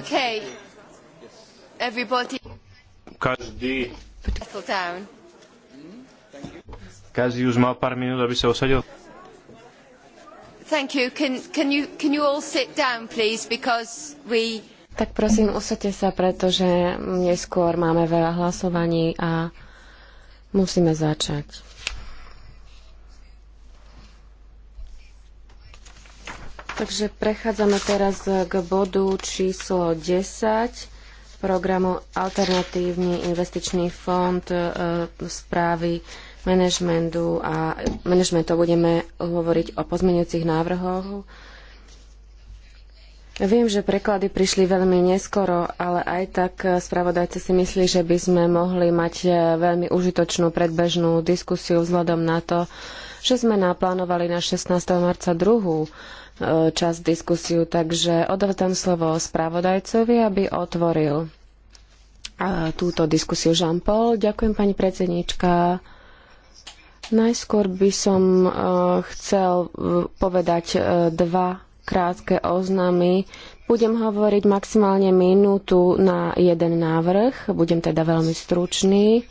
Okay. Everybody. Každý. Každý už mal pár minút, aby sa usadil. Thank you. Can, can you, can you all sit down, please, because we... Tak prosím, usadte sa, pretože neskôr máme veľa hlasovaní a musíme začať. Takže prechádzame teraz e, k bodu číslo 10 programu Alternatívny investičný fond e, správy manažmentu a manažmentu budeme hovoriť o pozmeňujúcich návrhoch. Viem, že preklady prišli veľmi neskoro, ale aj tak spravodajca si myslí, že by sme mohli mať e, veľmi užitočnú predbežnú diskusiu vzhľadom na to, že sme naplánovali na 16. marca druhú E, čas diskusiu, takže odovzdám slovo spravodajcovi, aby otvoril e, túto diskusiu. Jean-Paul, ďakujem pani predsednička. Najskôr by som e, chcel povedať dva krátke oznamy. Budem hovoriť maximálne minútu na jeden návrh, budem teda veľmi stručný.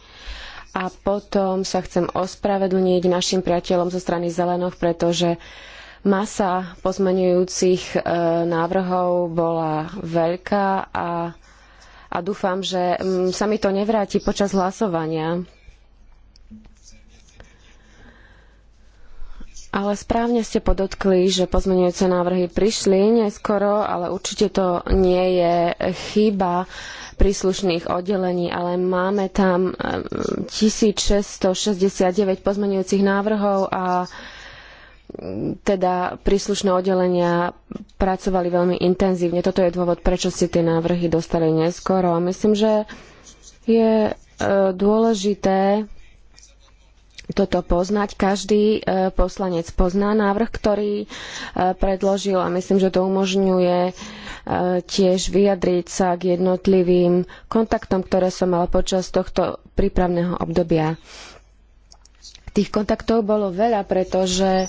A potom sa chcem ospravedlniť našim priateľom zo strany Zelenoch, pretože uh, Masa pozmenujúcich e, návrhov bola veľká a, a dúfam, že mm, sa mi to nevráti počas hlasovania. Ale správne ste podotkli, že pozmeňujúce návrhy prišli neskoro, ale určite to nie je chyba príslušných oddelení, ale máme tam 1669 mm, pozmeňujúcich návrhov a teda príslušné oddelenia pracovali veľmi intenzívne. Toto je dôvod, prečo ste tie návrhy dostali neskoro. A myslím, že je e, dôležité toto poznať. Každý e, poslanec pozná návrh, ktorý e, predložil a myslím, že to umožňuje tiež vyjadriť sa k jednotlivým kontaktom, ktoré som mala počas tohto prípravného obdobia. Tých kontaktov bolo veľa, pretože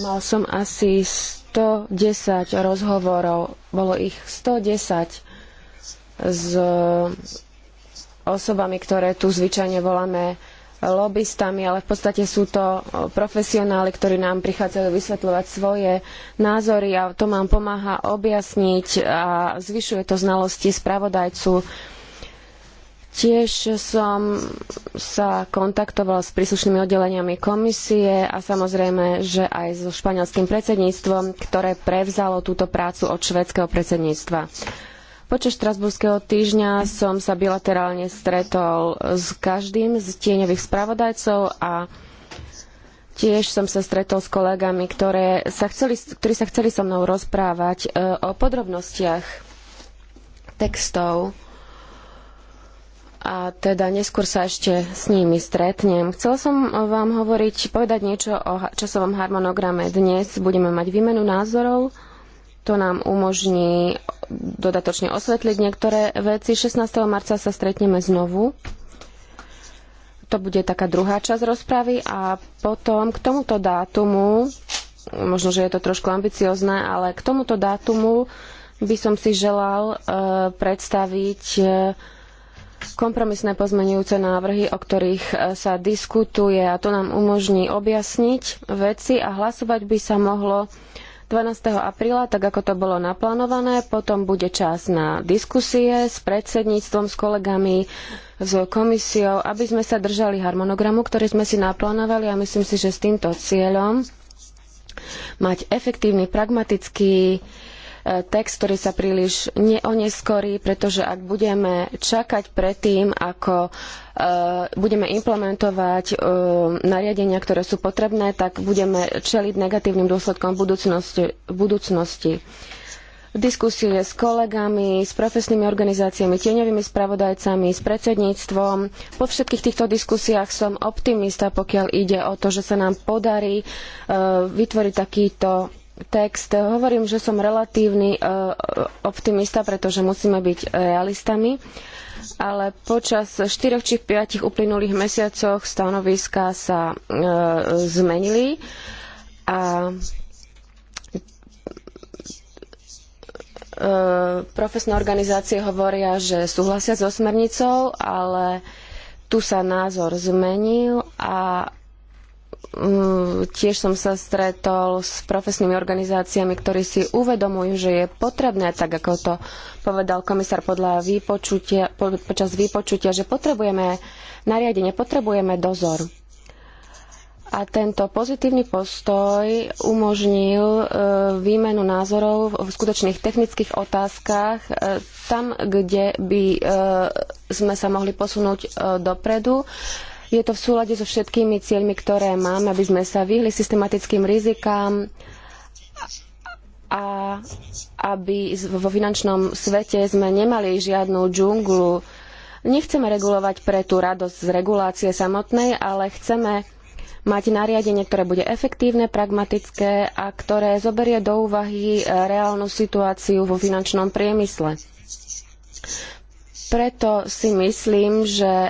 Mal som asi 110 rozhovorov. Bolo ich 110 s osobami, ktoré tu zvyčajne voláme lobbystami, ale v podstate sú to profesionáli, ktorí nám prichádzajú vysvetľovať svoje názory a to nám pomáha objasniť a zvyšuje to znalosti spravodajcu. Tiež som sa kontaktovala s príslušnými oddeleniami komisie a samozrejme, že aj so španielským predsedníctvom, ktoré prevzalo túto prácu od švedského predsedníctva. Počas štrasburského týždňa som sa bilaterálne stretol s každým z tieňových spravodajcov a tiež som sa stretol s kolegami, ktoré sa chceli, ktorí sa chceli so mnou rozprávať e, o podrobnostiach textov a teda neskôr sa ešte s nimi stretnem. Chcela som vám hovoriť, povedať niečo o časovom harmonograme. Dnes budeme mať výmenu názorov. To nám umožní dodatočne osvetliť niektoré veci. 16. marca sa stretneme znovu. To bude taká druhá časť rozpravy a potom k tomuto dátumu, možno, že je to trošku ambiciozne, ale k tomuto dátumu by som si želal uh, predstaviť uh, kompromisné pozmenujúce návrhy, o ktorých e, sa diskutuje a to nám umožní objasniť veci a hlasovať by sa mohlo 12. apríla, tak ako to bolo naplánované. Potom bude čas na diskusie s predsedníctvom, s kolegami, s komisiou, aby sme sa držali harmonogramu, ktorý sme si naplánovali a myslím si, že s týmto cieľom mať efektívny, pragmatický text, ktorý sa príliš neoneskorí, pretože ak budeme čakať predtým, ako e, budeme implementovať e, nariadenia, ktoré sú potrebné, tak budeme čeliť negatívnym dôsledkom budúcnosti. budúcnosti. Diskusie s kolegami, s profesnými organizáciami, tieňovými spravodajcami, s predsedníctvom. Po všetkých týchto diskusiách som optimista, pokiaľ ide o to, že sa nám podarí e, vytvoriť takýto text. Hovorím, že som relatívny e, optimista, pretože musíme byť realistami, ale počas štyroch či piatich uplynulých mesiacoch stanoviská sa e, zmenili a e, profesné organizácie hovoria, že súhlasia so smernicou, ale tu sa názor zmenil a Ehm, tiež som sa stretol s profesnými organizáciami, ktorí si uvedomujú, že je potrebné, tak ako to povedal komisár podľa výpočutia, po, počas výpočutia, že potrebujeme nariadenie, potrebujeme dozor. A tento pozitívny postoj umožnil ehm, výmenu názorov v skutočných technických otázkach ehm, tam, kde by sme sa mohli posunúť dopredu. E, je to v súlade so všetkými cieľmi, ktoré máme, aby sme sa vyhli systematickým rizikám a aby vo finančnom svete sme nemali žiadnu džunglu. Nechceme regulovať pre tú radosť z regulácie samotnej, ale chceme mať nariadenie, ktoré bude efektívne, pragmatické a ktoré zoberie do úvahy reálnu situáciu vo finančnom priemysle. Preto si myslím, že e,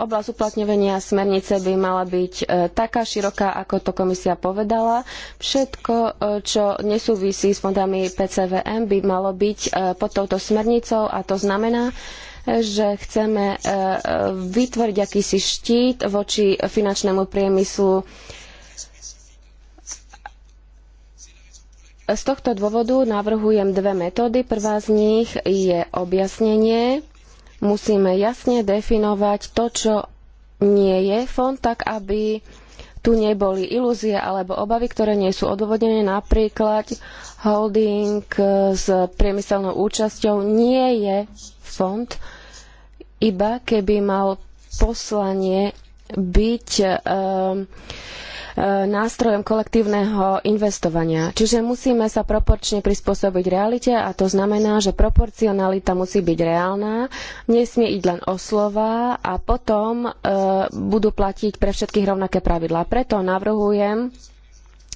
oblasť uplatňovania smernice by mala byť e, taká široká, ako to komisia povedala. Všetko, e, čo nesúvisí s fondami PCVM, by malo byť pod touto smernicou a to znamená, že chceme vytvoriť akýsi štít voči finančnému priemyslu. Z tohto dôvodu navrhujem dve metódy. Prvá z nich je objasnenie Musíme jasne definovať to, čo nie je fond, tak aby tu neboli ilúzie alebo obavy, ktoré nie sú odôvodnené. Napríklad holding eh, s priemyselnou účasťou nie je fond, iba keby mal poslanie byť um, nástrojom kolektívneho investovania. Čiže musíme sa proporčne prispôsobiť realite a to znamená, že proporcionalita musí byť reálna, nesmie ísť len o slova a potom e, budú platiť pre všetkých rovnaké pravidlá. Preto navrhujem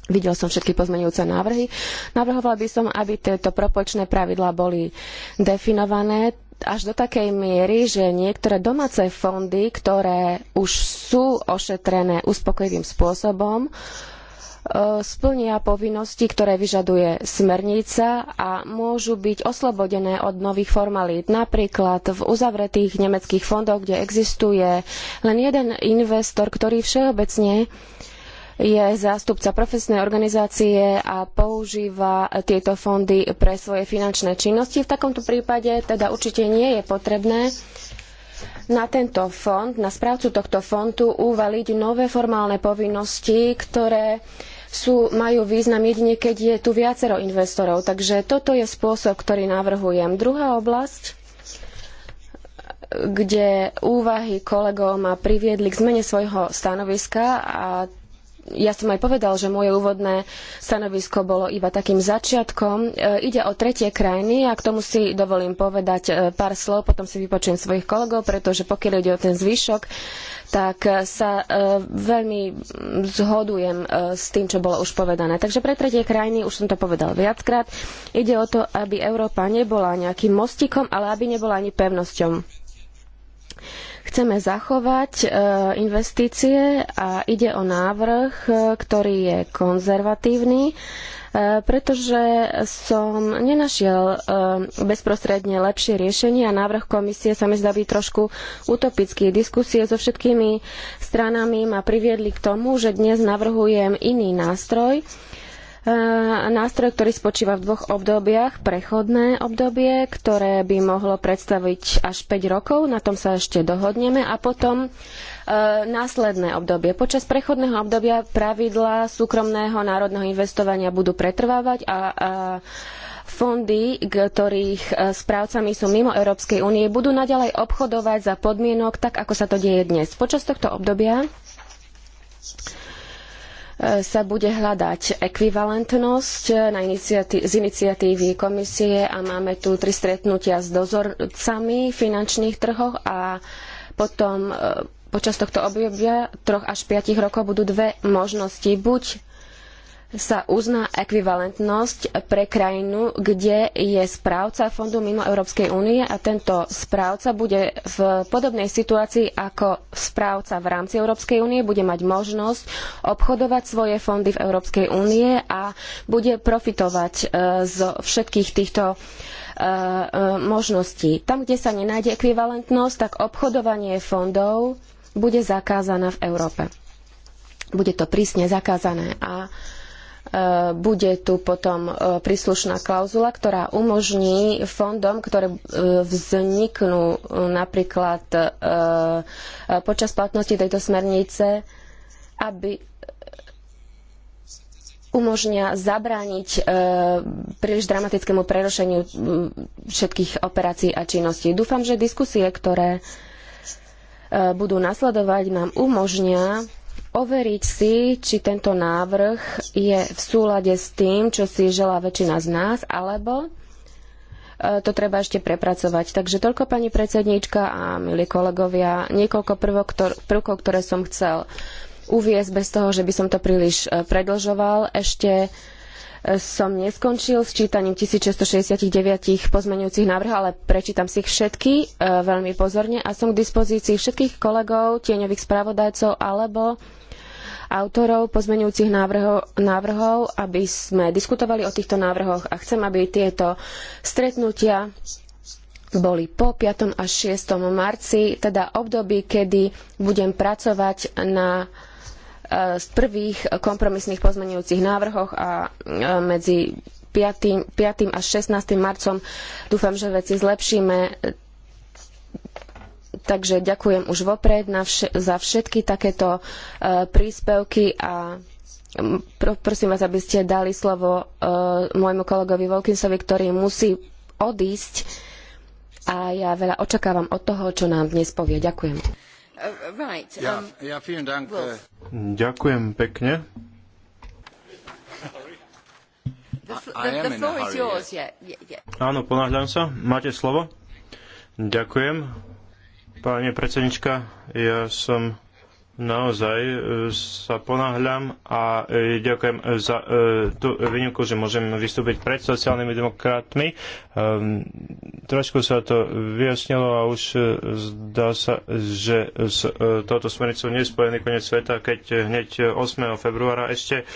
Videl som všetky pozmenujúce návrhy. navrhovala by som, aby tieto propočné pravidlá boli definované až do takej miery, že niektoré domáce fondy, ktoré už sú ošetrené uspokojivým spôsobom, e, splnia povinnosti, ktoré vyžaduje smernica a môžu byť oslobodené od nových formalít. Napríklad v uzavretých nemeckých fondoch, kde existuje len jeden investor, ktorý všeobecne uh, je zástupca profesnej organizácie a používa tieto fondy pre svoje finančné činnosti. V takomto prípade teda určite nie je potrebné na tento fond, na správcu tohto fondu uvaliť nové formálne povinnosti, ktoré sú, majú význam jedine, keď je tu viacero investorov. Takže toto je spôsob, ktorý navrhujem. Druhá oblasť kde úvahy kolegov ma priviedli k zmene svojho stanoviska a ja som aj povedal, že moje úvodné stanovisko bolo iba takým začiatkom. E, ide o tretie krajiny a k tomu si dovolím povedať e, pár slov, potom si vypočujem svojich kolegov, pretože pokiaľ ide o ten zvyšok, tak e, sa veľmi zhodujem s tým, čo bolo už povedané. Takže pre tretie krajiny, už som to povedal viackrát, ide o to, aby Európa nebola nejakým mostikom, ale aby nebola ani pevnosťou Chceme zachovať e, investície a ide o návrh, e, ktorý je konzervatívny, e, pretože som nenašiel bezprostredne lepšie riešenie a návrh komisie sa mi zdá byť trošku utopický. Diskusie so všetkými stranami ma priviedli k tomu, že dnes navrhujem iný nástroj, nástroj, ktorý spočíva v dvoch obdobiach. Prechodné obdobie, ktoré by mohlo predstaviť až 5 rokov, na tom sa ešte dohodneme, a potom e, následné obdobie. Počas prechodného obdobia pravidlá súkromného národného investovania budú pretrvávať a, a fondy, ktorých e, správcami sú mimo Európskej únie, budú naďalej obchodovať za podmienok, tak ako sa to deje dnes. Počas tohto obdobia sa bude hľadať ekvivalentnosť iniciatí z iniciatívy komisie a máme tu tri stretnutia s dozorcami finančných trhov a potom e, počas tohto obdobia troch až piatich rokov budú dve možnosti. Buď sa uzná ekvivalentnosť pre krajinu, kde je správca fondu mimo Európskej únie a tento správca bude v podobnej situácii ako správca v rámci Európskej únie, bude mať možnosť obchodovať svoje fondy v Európskej únie a bude profitovať e, zo všetkých týchto e, e, možností. Tam, kde sa nenájde ekvivalentnosť, tak obchodovanie fondov bude zakázané v Európe. Bude to prísne zakázané a bude tu potom e, príslušná klauzula, ktorá umožní fondom, ktoré e, vzniknú e, napríklad počas platnosti tejto smernice, aby umožnia zabrániť e, príliš dramatickému prerušeniu všetkých operácií a činností. Dúfam, že diskusie, ktoré e, budú nasledovať, nám umožnia overiť si, či tento návrh je v súlade s tým, čo si želá väčšina z nás, alebo e, to treba ešte prepracovať. Takže toľko pani predsedníčka a milí kolegovia, niekoľko prvkov, ktoré som chcel uviesť bez toho, že by som to príliš e, predlžoval. Ešte e, som neskončil s čítaním 1669 pozmeňujúcich návrhov, ale prečítam si ich všetky veľmi pozorne a som k dispozícii všetkých kolegov, tieňových spravodajcov alebo autorov pozmeňujúcich návrhov, návrhov, aby sme diskutovali o týchto návrhoch a chcem, aby tieto stretnutia boli po 5. až 6. marci, teda období, kedy budem pracovať na z eh, prvých kompromisných pozmeňujúcich návrhoch a eh, medzi 5. 5. až 16. marcom dúfam, že veci zlepšíme Takže ďakujem už vopred vš za všetky takéto uh, príspevky a prosím vás, aby ste dali slovo uh, môjmu kolegovi Volkinsovi, ktorý musí odísť a ja veľa očakávam od toho, čo nám dnes povie. Ďakujem. Uh, right, um, ja, ja, dank, uh... Ďakujem pekne. Áno, ponáhľam sa. Máte slovo? Ďakujem Pani predsednička, ja som naozaj e, sa ponáhľam a e, ďakujem za e, tú výnimku, že môžem vystúpiť pred sociálnymi demokratmi. Ehm, trošku sa to vyjasnilo a už zdá sa, že s touto smernicou nie je spojený koniec sveta, keď hneď 8. februára ešte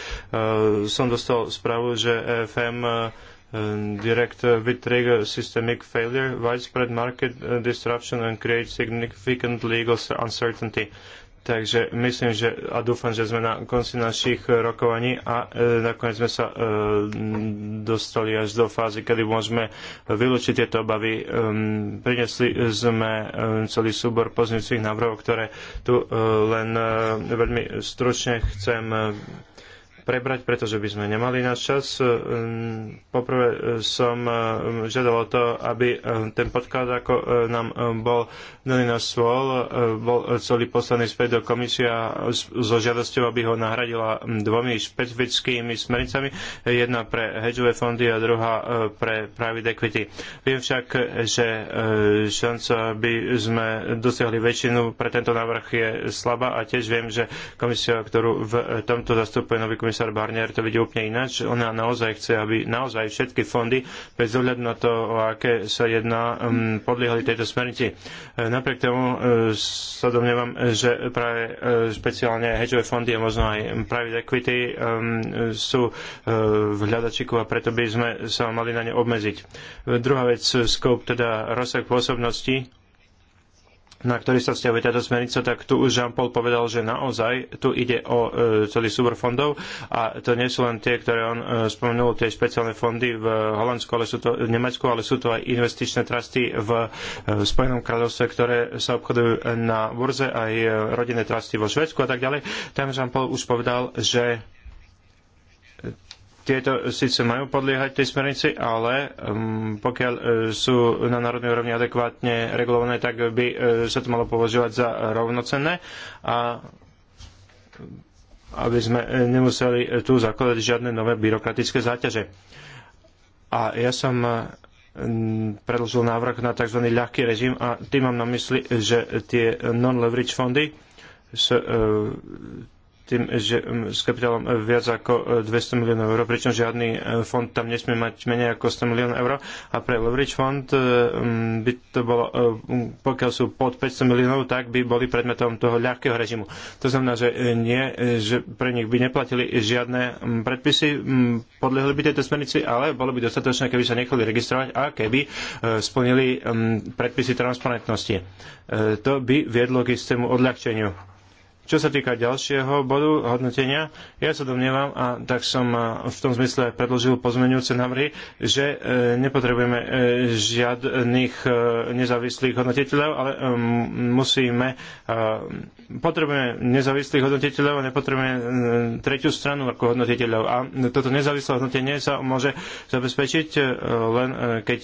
som dostal správu, že FM direct uh, will trigger systemic failure, widespread market uh, disruption and create significant legal uncertainty. Takže myslím, že a dúfam, že sme na konci našich uh, rokovaní a e, nakoniec sme sa e, dostali až do fázy, kedy môžeme vylúčiť tieto obavy. E, prinesli sme e, celý súbor pozniúcich návrhov, ktoré tu e, len e, veľmi stručne chcem e, prebrať, pretože by sme nemali náš čas. Ehm, poprvé eh, som eh, žiadal o to, aby eh, ten podklad, ako nám bol daný na stôl, bol celý poslaný späť do komisia so žiadosťou, aby ho nahradila mm, dvomi špecifickými smernicami. Jedna pre hedžové fondy a druhá pre private equity. Viem však, že šanca, aby sme dosiahli väčšinu pre tento návrh je slabá a tiež viem, že komisia, ktorú v tomto zastupuje nový komisár, komisár Barnier to vidí úplne ináč. Ona naozaj chce, aby naozaj všetky fondy, bez ohľadu na to, o aké sa jedná, um, podliehali tejto smernici. E, napriek tomu e, sa domnievam, že práve e, špeciálne hedžové fondy a možno aj private equity um, sú v hľadačiku a preto by sme sa mali na ne obmedziť. Druhá vec, scope, teda rozsah pôsobnosti na ktorý sa vzťahuje táto smernica, tak tu už Jean-Paul povedal, že naozaj tu ide o e, celý súbor fondov a to nie sú len tie, ktoré on e, spomenul, tie špeciálne fondy v Holandsku, ale sú to v Nemecku, ale sú to aj investičné trusty e, v Spojenom kráľovstve, ktoré sa obchodujú na burze, aj rodinné trusty vo Švedsku a tak ďalej. Tam Jean-Paul už povedal, že tieto síce majú podliehať tej smernici, ale mm, pokiaľ e, sú na národnej úrovni adekvátne regulované, tak by e, sa to malo považovať za rovnocenné a aby sme e, nemuseli tu zakladať žiadne nové byrokratické záťaže. A ja som predložil návrh na tzv. ľahký režim a tým mám na mysli, že tie non-leverage fondy s tým, že mm, s kapitálom viac ako 200 e, miliónov eur, pričom žiadny e, fond tam nesmie mať menej ako 100 miliónov eur a pre leverage fond e, by to bolo, pokiaľ sú pod 500 miliónov, tak by boli predmetom toho ľahkého režimu. To znamená, že nie, že pre nich by neplatili žiadne predpisy, podliehli by tejto smernici, ale bolo by dostatočné, keby sa nechali registrovať a keby splnili predpisy transparentnosti. To by viedlo k istému odľahčeniu čo sa týka ďalšieho bodu hodnotenia, ja sa domnievam, a tak som v tom zmysle predložil pozmeňujúce návrhy, že e, nepotrebujeme e, žiadnych e, nezávislých hodnotiteľov, ale musíme, potrebujeme nezávislých hodnotiteľov a nepotrebujeme tretiu stranu ako hodnotiteľov. A toto nezávislé hodnotenie sa môže zabezpečiť len keď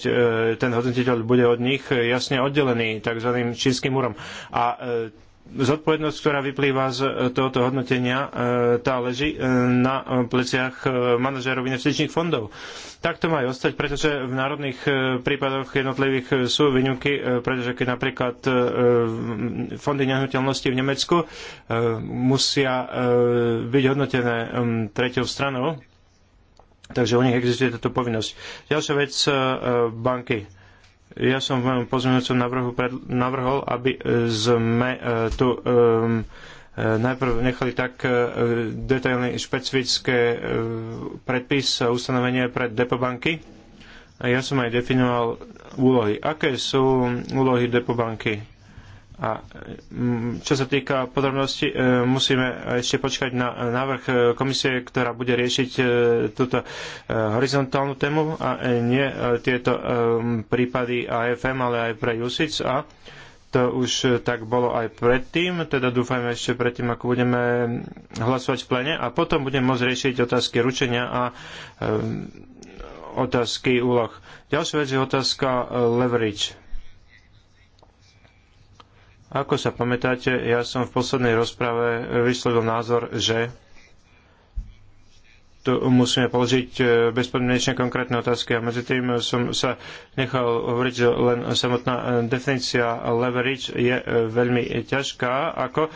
ten hodnotiteľ bude od nich jasne oddelený tzv. čínskym úrom. A zodpovednosť, ktorá vyplýva z e, tohoto hodnotenia, e, tá leží e, na pleciach manažérov investičných fondov. Tak to má aj ostať, pretože v národných prípadoch jednotlivých sú výnimky, pretože keď napríklad fondy nehnuteľnosti v Nemecku musia byť hodnotené tretou stranou, takže u nich existuje táto povinnosť. Ďalšia vec, banky ja som v mojom pozmeňujúcom navrhu navrhol, aby e, sme e, tu e, najprv nechali tak detailné špecifické predpis a ustanovenie pre depobanky. Ja som aj definoval úlohy. Aké sú úlohy depobanky? A mm, čo sa týka podrobností, e, musíme ešte počkať na návrh e, komisie, ktorá bude riešiť e, túto horizontálnu tému a nie tieto prípady AFM, ale aj pre USIC a to už tak bolo aj predtým, teda dúfajme ešte predtým, ako budeme hlasovať v plene a potom budeme môcť riešiť otázky ručenia a otázky úloh. Ďalšia vec je otázka leverage ako sa pamätáte, ja som v poslednej rozprave vyslovil názor, že tu musíme položiť e, bezpodmienečne konkrétne otázky a medzi tým som sa nechal hovoriť, že len samotná e, definícia leverage je e, veľmi ťažká, ako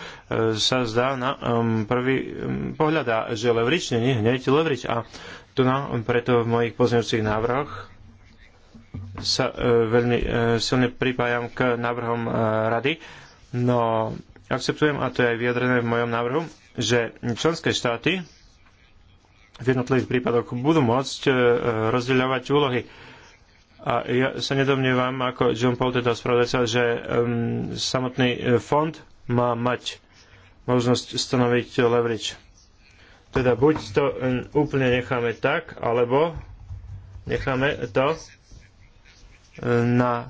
sa zdá na prvý pohľad a že leverage nie je hneď leverage a tu na, preto v mojich pozmeňujúcich návrhoch sa veľmi silne pripájam k návrhom rady No, akceptujem, a to je aj vyjadrené v mojom návrhu, že členské štáty v jednotlivých prípadoch budú môcť e, rozdeľovať úlohy. A ja sa nedomnievam, ako John Paul teda spravodajca, že um, samotný e, fond má mať možnosť stanoviť leverage. Teda buď to um, úplne necháme tak, alebo necháme to um, na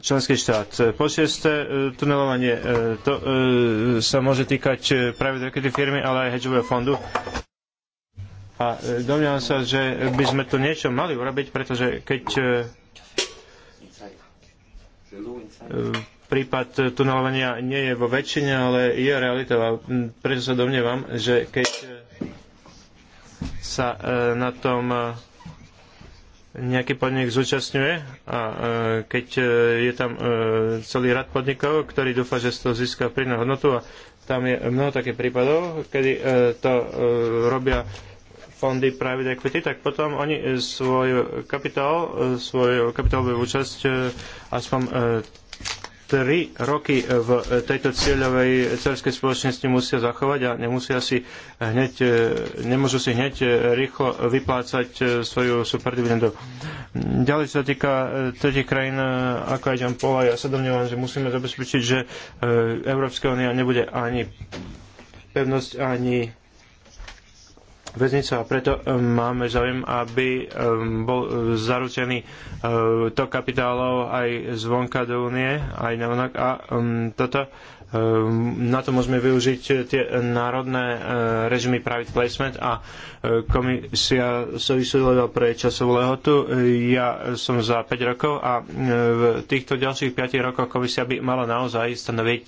členský štát. Po šieste, e, tunelovanie. E, to e, sa môže týkať private equity firmy, ale aj hedžového fondu. A domňam sa, že by sme tu niečo mali urobiť, pretože keď prípad tunelovania nie je vo väčšine, ale je realita. preto sa domnievam, že keď sa na tom nejaký podnik zúčastňuje a e, keď e, je tam e, celý rad podnikov, ktorý dúfa, že z toho získa prínu hodnotu a tam je mnoho takých prípadov, kedy to robia fondy private equity, tak potom oni svoj kapitál, svoju kapitálovú účasť aspoň tri roky v tejto cieľovej cerskej spoločnosti musia zachovať a nemusia si hneď, e, nemôžu si hneď e, rýchlo vyplácať e, svoju superdividendu. Ďalej sa týka tretich krajín, ako aj Jan Pola, ja sa domnievam, že musíme zabezpečiť, že Európska únia nebude ani pevnosť, ani väznicou a preto e, máme záujem, aby e, bol zaručený e, to kapitálov aj zvonka do únie, aj navonok a toto Ehm, na to môžeme využiť tie národné e, režimy private placement a e, komisia sa vysúdila pre časovú lehotu. Ja som za 5 rokov a e, v týchto ďalších 5 rokoch komisia by mala naozaj stanoviť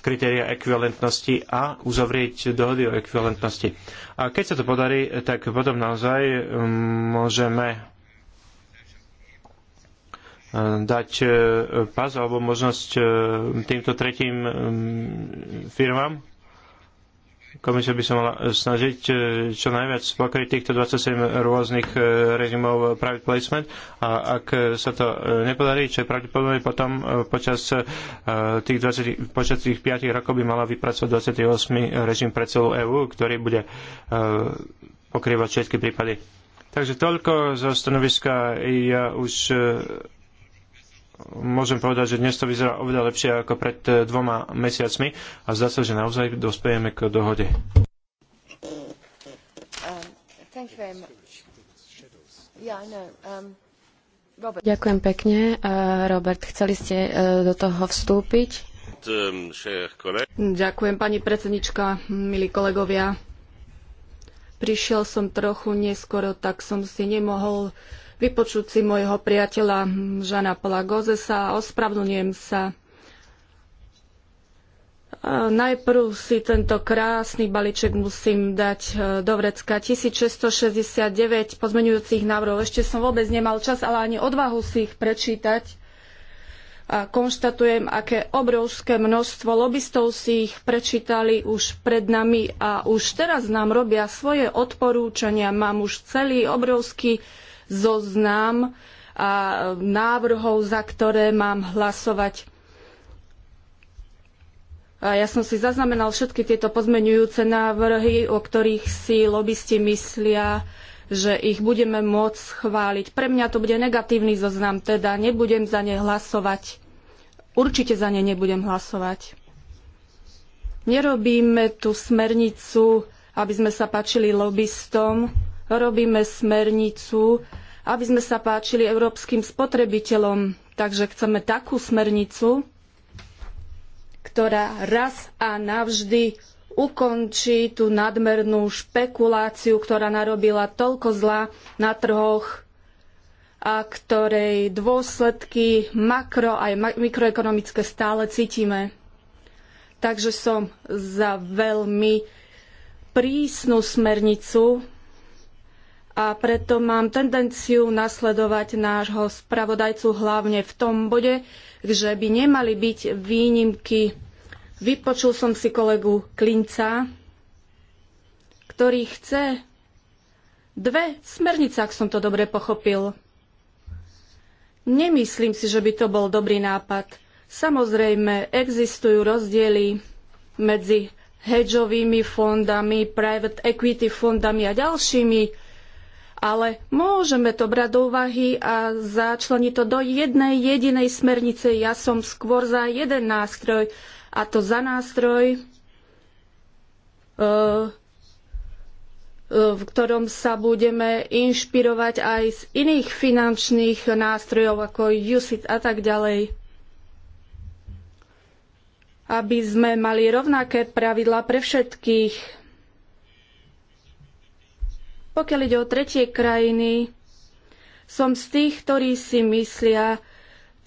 kritéria ekvivalentnosti a uzavrieť dohody o ekvivalentnosti. A keď sa to podarí, tak potom naozaj môžeme dať e, pas alebo možnosť e, týmto tretím e, firmám? Komisia by sa mala snažiť čo najviac pokryť týchto 27 rôznych režimov private placement a ak sa to nepodarí, čo je pravdepodobné, potom počas tých, 20, počas tých 5 rokov by mala vypracovať 28 režim pre celú EÚ, ktorý bude pokrývať všetky prípady. Takže toľko zo stanoviska. Ja už môžem povedať, že dnes to vyzerá oveľa lepšie ako pred eh, dvoma mesiacmi a zdá sa, že naozaj dospejeme k dohode. Um, Ďakujem pekne. Eh, Robert, chceli ste eh, do toho vstúpiť? Ďakujem, pani predsednička, milí kolegovia. Prišiel som trochu neskoro, tak som si nemohol uh, vypočuť si môjho priateľa Žana Pola Gozesa a ospravdujem sa. Najprv si tento krásny balíček musím dať e, do vrecka. 1669 pozmenujúcich návrhov. Ešte som vôbec nemal čas, ale ani odvahu si ich prečítať. A konštatujem, aké obrovské množstvo lobistov si ich prečítali už pred nami a už teraz nám robia svoje odporúčania. Mám už celý obrovský zoznam a návrhov, za ktoré mám hlasovať. A ja som si zaznamenal všetky tieto pozmenujúce návrhy, o ktorých si lobisti myslia, že ich budeme môcť schváliť. Pre mňa to bude negatívny zoznam, teda nebudem za ne hlasovať. Určite za ne nebudem hlasovať. Nerobíme tú smernicu, aby sme sa páčili lobbystom robíme smernicu, aby sme sa páčili európskym spotrebiteľom. Takže chceme takú smernicu, ktorá raz a navždy ukončí tú nadmernú špekuláciu, ktorá narobila toľko zla na trhoch a ktorej dôsledky makro aj mikroekonomické stále cítime. Takže som za veľmi prísnu smernicu, a preto mám tendenciu nasledovať nášho spravodajcu hlavne v tom bode, že by nemali byť výnimky. Vypočul som si kolegu Klinca, ktorý chce dve smernice, ak som to dobre pochopil. Nemyslím si, že by to bol dobrý nápad. Samozrejme, existujú rozdiely medzi hedžovými fondami, private equity fondami a ďalšími ale môžeme to brať do úvahy a začleniť to do jednej jedinej smernice. Ja som skôr za jeden nástroj a to za nástroj, e, e, v ktorom sa budeme inšpirovať aj z iných finančných nástrojov ako USIT a tak ďalej aby sme mali rovnaké pravidlá pre všetkých pokiaľ ide o tretie krajiny, som z tých, ktorí si myslia,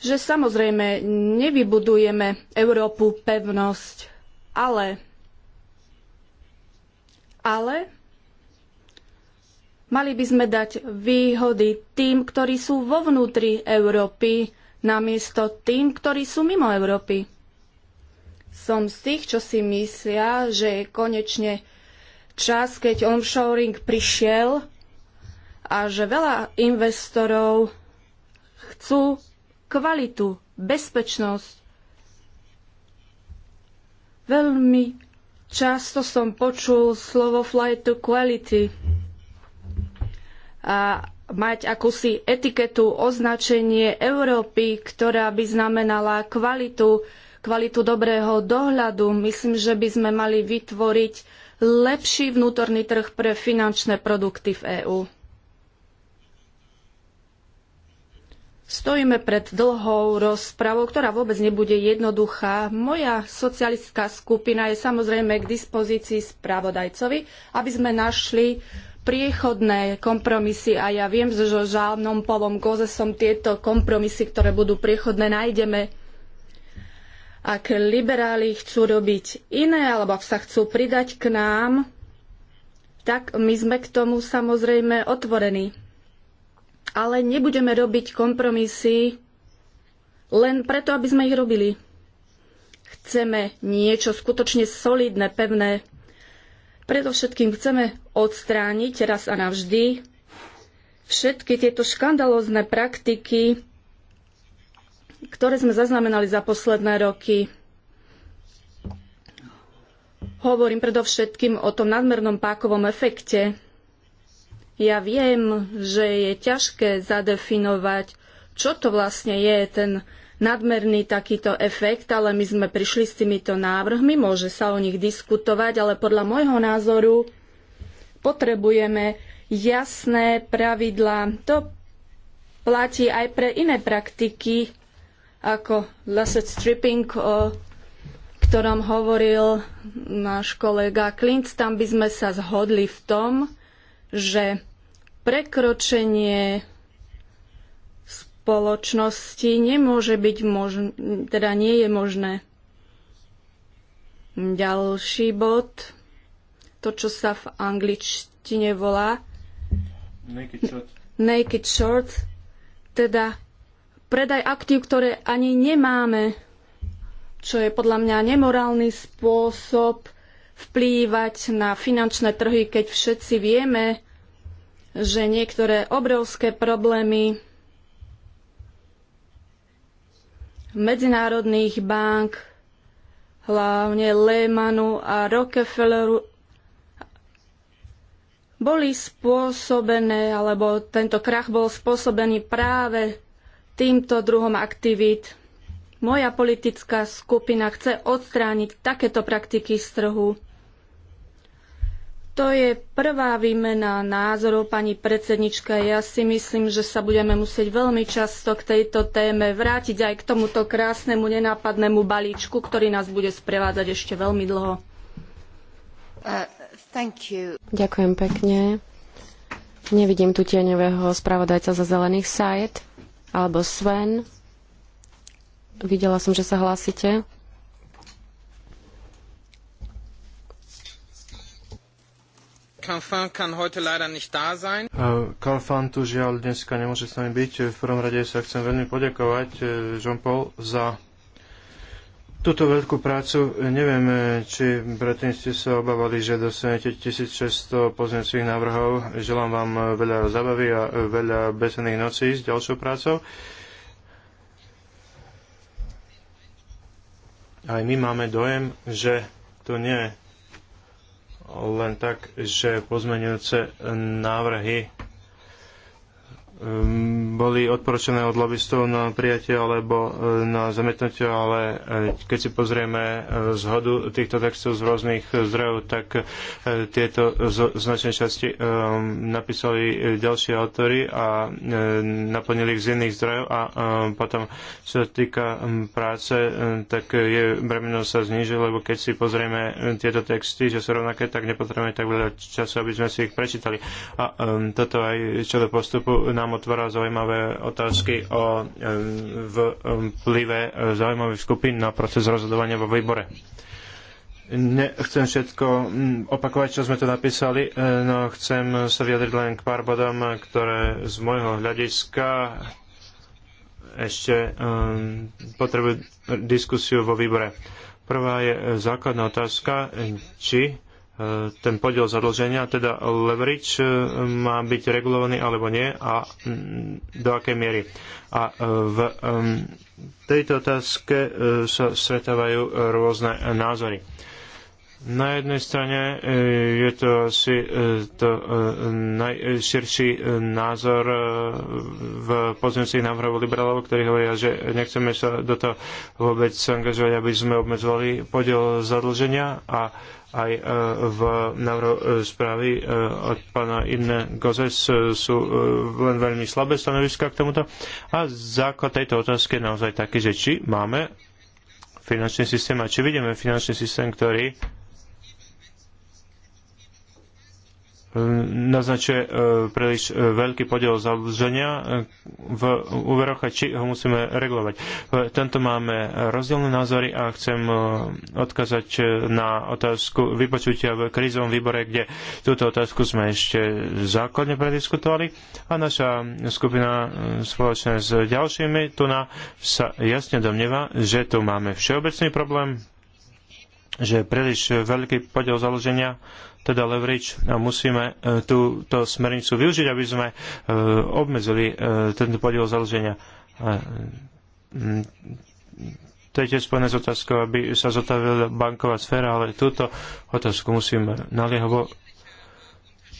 že samozrejme nevybudujeme Európu pevnosť, ale, ale mali by sme dať výhody tým, ktorí sú vo vnútri Európy, namiesto tým, ktorí sú mimo Európy. Som z tých, čo si myslia, že je konečne čas, keď onshoring prišiel a že veľa investorov chcú kvalitu, bezpečnosť. Veľmi často som počul slovo flight to quality a mať akúsi etiketu, označenie Európy, ktorá by znamenala kvalitu, kvalitu dobrého dohľadu. Myslím, že by sme mali vytvoriť lepší vnútorný trh pre finančné produkty v EÚ. Stojíme pred dlhou rozpravou, ktorá vôbec nebude jednoduchá. Moja socialistická skupina je samozrejme k dispozícii spravodajcovi, aby sme našli priechodné kompromisy a ja viem, že so Žálnom Polom Gozesom tieto kompromisy, ktoré budú priechodné, nájdeme. Ak liberáli chcú robiť iné, alebo ak sa chcú pridať k nám, tak my sme k tomu samozrejme otvorení. Ale nebudeme robiť kompromisy len preto, aby sme ich robili. Chceme niečo skutočne solidné, pevné. Predovšetkým chceme odstrániť raz a navždy všetky tieto škandalózne praktiky, ktoré sme zaznamenali za posledné roky. Hovorím predovšetkým o tom nadmernom pákovom efekte. Ja viem, že je ťažké zadefinovať, čo to vlastne je ten nadmerný takýto efekt, ale my sme prišli s týmito návrhmi, môže sa o nich diskutovať, ale podľa môjho názoru potrebujeme jasné pravidlá. To platí aj pre iné praktiky, ako Lasset Stripping, o ktorom hovoril náš kolega Klinc, tam by sme sa zhodli v tom, že prekročenie spoločnosti nemôže byť možné, teda nie je možné. Ďalší bod, to, čo sa v angličtine volá naked shorts, naked teda predaj aktív, ktoré ani nemáme, čo je podľa mňa nemorálny spôsob vplývať na finančné trhy, keď všetci vieme, že niektoré obrovské problémy medzinárodných bank, hlavne Lehmanu a Rockefelleru, boli spôsobené, alebo tento krach bol spôsobený práve týmto druhom aktivít. Moja politická skupina chce odstrániť takéto praktiky z trhu. To je prvá výmena názorov, pani predsednička. Ja si myslím, že sa budeme musieť veľmi často k tejto téme vrátiť aj k tomuto krásnemu nenápadnému balíčku, ktorý nás bude sprevádzať ešte veľmi dlho. Uh, Ďakujem pekne. Nevidím tu tieňového spravodajca za zelených sajt alebo Sven. Videla som, že sa hlásite. Kalfan kan heute leider nicht da sein. Kalfan tu žiaľ dneska nemôže s nami byť. V prvom rade sa chcem veľmi poďakovať eh, Jean-Paul za túto veľkú prácu. E, Neviem, či predtým ste sa obávali, že dostanete 1600 pozmeňujúcich návrhov. Želám vám e, veľa zabavy a e, veľa besených nocí s ďalšou prácou. Aj my máme dojem, že to nie je len tak, že pozmenujúce návrhy Ehm, boli odporúčané od lobbystov na prijatie alebo e, na zametnutie, ale e, keď si pozrieme e, zhodu týchto textov z rôznych zdrojov, tak tieto značné značnej časti napísali ďalší autory a naplnili ich z iných zdrojov a potom, čo sa týka práce, tak je bremeno sa znižilo, lebo keď si pozrieme tieto texty, že sú rovnaké, tak nepotrebujeme tak veľa času, aby sme si ich prečítali. A toto aj čo do postupu nám nám otvára zaujímavé otázky o vplyve eh, zaujímavých skupín na proces rozhodovania vo výbore. Nechcem všetko hm, opakovať, čo sme tu napísali, eh, no chcem sa vyjadriť len k pár bodom, ktoré z môjho hľadiska ešte potrebujú diskusiu vo výbore. Prvá je eh, základná otázka, hm, či ten podiel zadlženia, teda leverage e, má byť regulovaný alebo nie a do akej miery. A e, v e, tejto otázke sa stretávajú rôzne názory. Na jednej strane e, je to asi e, to e, najširší názor v pozemských návrhov liberálov, ktorí hovoria, že nechceme sa do toho vôbec angažovať, aby sme obmedzovali podiel zadlženia a aj v návrhu správy od pána Inne Gozes sú len veľmi slabé stanoviska k tomuto. A základ tejto otázky je naozaj taký, že či máme finančný systém a či vidíme finančný systém, ktorý naznačuje e, príliš e, veľký podiel zadlženia e, v úveroch a či ho musíme regulovať. V tomto máme rozdielne názory a chcem odkazať na otázku vypočutia v krizovom výbore, kde túto otázku sme ešte základne prediskutovali a naša skupina spoločne s ďalšími tu na sa jasne domnieva, že tu máme všeobecný problém, že príliš veľký podiel založenia teda leverage a musíme e, túto smernicu využiť, aby sme e, obmedzili e, tento podiel založenia. Mm, to je tiež spojené s otázkou, aby sa zotavila banková sféra, ale túto otázku musíme naliehovo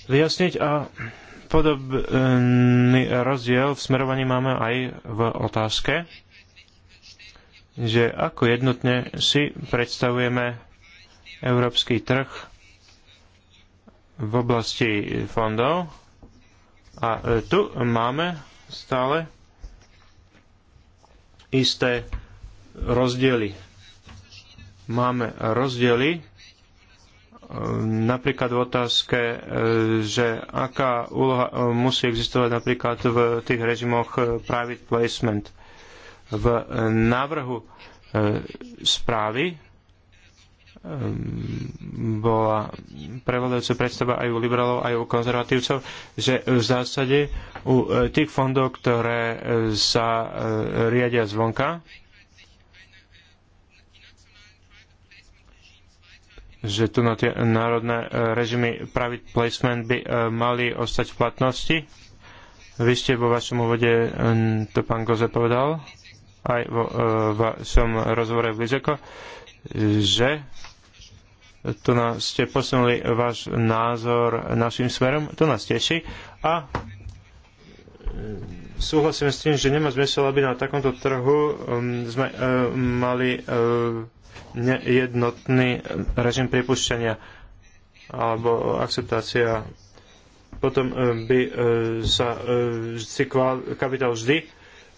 vyjasniť a podobný rozdiel v smerovaní máme aj v otázke, že ako jednotne si predstavujeme európsky trh v oblasti fondov. A e, tu máme stále isté rozdiely. Máme rozdiely e, napríklad v otázke, e, že aká úloha musí existovať napríklad v tých režimoch private placement. V návrhu správy Ehm, bola prevodajúca predstava aj u liberálov, aj u konzervatívcov, že v zásade u e, tých fondov, ktoré e, sa e, riadia zvonka, že tu na tie národné režimy private placement by mali ostať v platnosti. Vy ste vo vašom úvode, to pán Goze povedal, aj vo vašom rozhovore v Lizeko, že tu nás ste posunuli váš názor našim smerom, to nás teší a e, súhlasím s tým, že nemá zmysel, aby na takomto trhu um, sme e, mali e, nejednotný režim pripušťania alebo akceptácia potom by sa kapitál vždy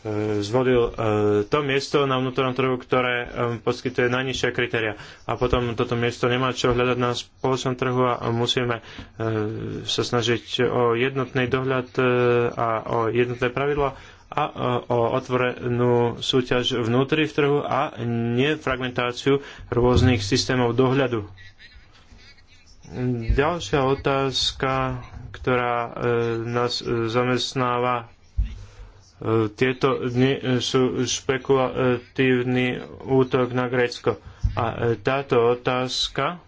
E, zvolil e, to miesto na vnútornom trhu, ktoré e, poskytuje najnižšie kritéria. A potom toto miesto nemá čo hľadať na spoločnom trhu a musíme sa snažiť o jednotný dohľad a o jednotné pravidlá a o otvorenú súťaž vnútri v trhu a nie fragmentáciu rôznych systémov dohľadu. Ďalšia otázka, ktorá nás zamestnáva tieto dni e, sú špekulatívny útok na Grécko. A e, táto otázka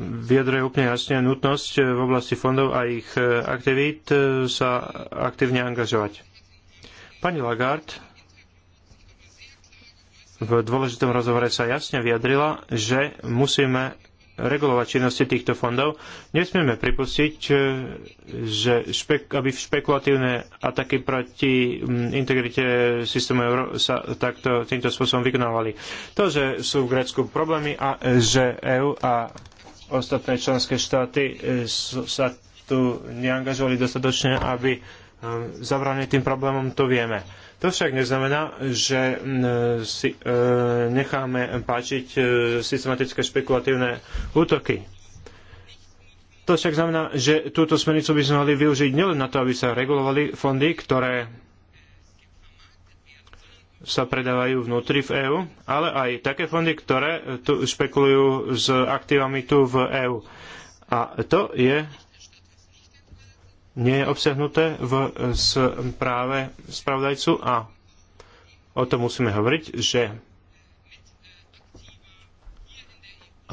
vyjadruje úplne jasne nutnosť e, v oblasti fondov a ich aktivít sa aktívne angažovať. Pani Lagarde v dôležitom rozhovore sa jasne vyjadrila, že musíme regulovať činnosti týchto fondov. Nesmieme pripustiť, e, že špek, aby špekulatívne ataky proti integrite systému euro sa takto, týmto spôsobom vykonávali. To, že sú v Grécku problémy a že EU a ostatné členské štáty e, sa tu neangažovali dostatočne, aby e, zavrali tým problémom, to vieme to však neznamená, že si e, necháme páčiť e, systematické špekulatívne útoky. To však znamená, že túto smernicu by sme mohli využiť nielen na to, aby sa regulovali fondy, ktoré sa predávajú vnútri v EÚ, ale aj také fondy, ktoré tu špekulujú s aktívami tu v EÚ. A to je nie je obsiahnuté v správe spravodajcu a o tom musíme hovoriť, že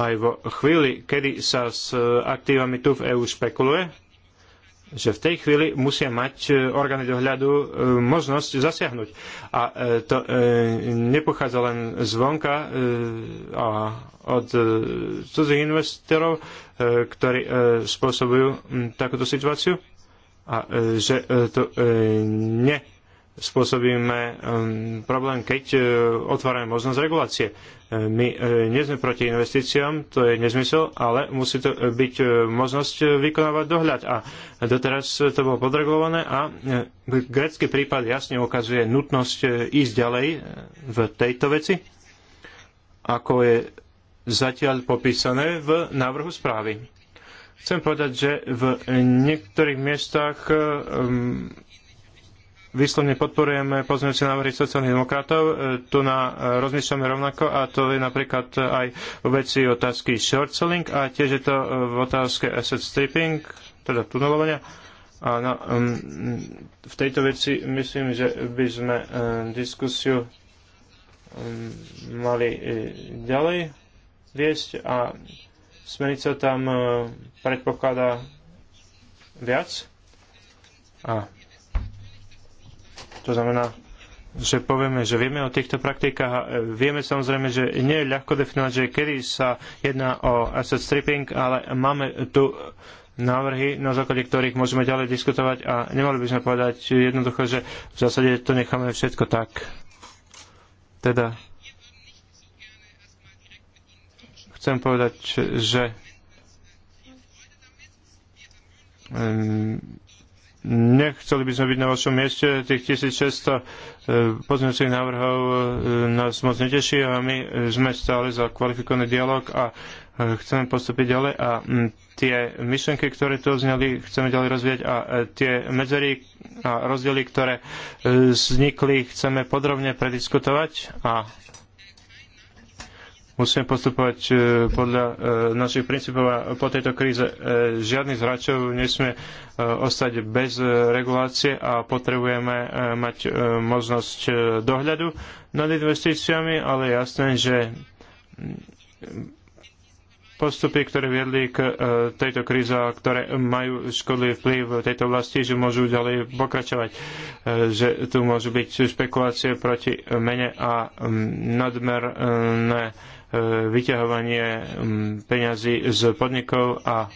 aj vo chvíli, kedy sa s aktívami tu v EÚ špekuluje, že v tej chvíli musia mať e, orgány dohľadu e, možnosť zasiahnuť. A e, to nepochádza len zvonka a od cudzích investorov, ktorí spôsobujú takúto situáciu, a e, že e, to e, ne spôsobíme problém, keď otvárame možnosť regulácie. My nie sme proti investíciám, to je nezmysel, ale musí to byť možnosť vykonávať dohľad. A doteraz to bolo podregulované a grecký prípad jasne ukazuje nutnosť ísť ďalej v tejto veci, ako je zatiaľ popísané v návrhu správy. Chcem povedať, že v niektorých miestach um, výslovne podporujeme pozmeňujúce návrhy sociálnych demokratov. E, tu na, e, rozmýšľame rovnako a to je napríklad aj v veci otázky short selling a tiež je to e, v otázke asset stripping, teda tunelovania. A na, um, v tejto veci myslím, že by sme um, diskusiu um, mali ďalej viesť a Smernica tam e, predpokladá viac. A to znamená, že povieme, že vieme o týchto praktikách a e, vieme samozrejme, že nie je ľahko definovať, že kedy sa jedná o asset stripping, ale máme tu návrhy, na základe ktorých môžeme ďalej diskutovať a nemali by sme povedať jednoducho, že v zásade to necháme všetko tak. Teda chcem povedať, že nechceli by sme byť na vašom mieste. Tých 1600 eh, pozmeňujúcich návrhov eh, nás moc neteší a my sme stále za kvalifikovaný dialog a eh, chceme postúpiť ďalej a mm, tie myšlenky, ktoré tu zneli, chceme ďalej rozvíjať a tie medzery a rozdiely, ktoré vznikli, chceme podrobne prediskutovať a musíme postupovať e, podľa e, našich princípov a po tejto kríze e, žiadny z hráčov nesmie ostať bez regulácie a potrebujeme mať možnosť dohľadu nad investíciami, ale jasné, že postupy, ktoré viedli k tejto kríze, ktoré majú škodlivý vplyv v tejto oblasti, že môžu ďalej pokračovať, že tu môžu byť špekulácie proti mene a nadmerné E, vyťahovanie peňazí z podnikov a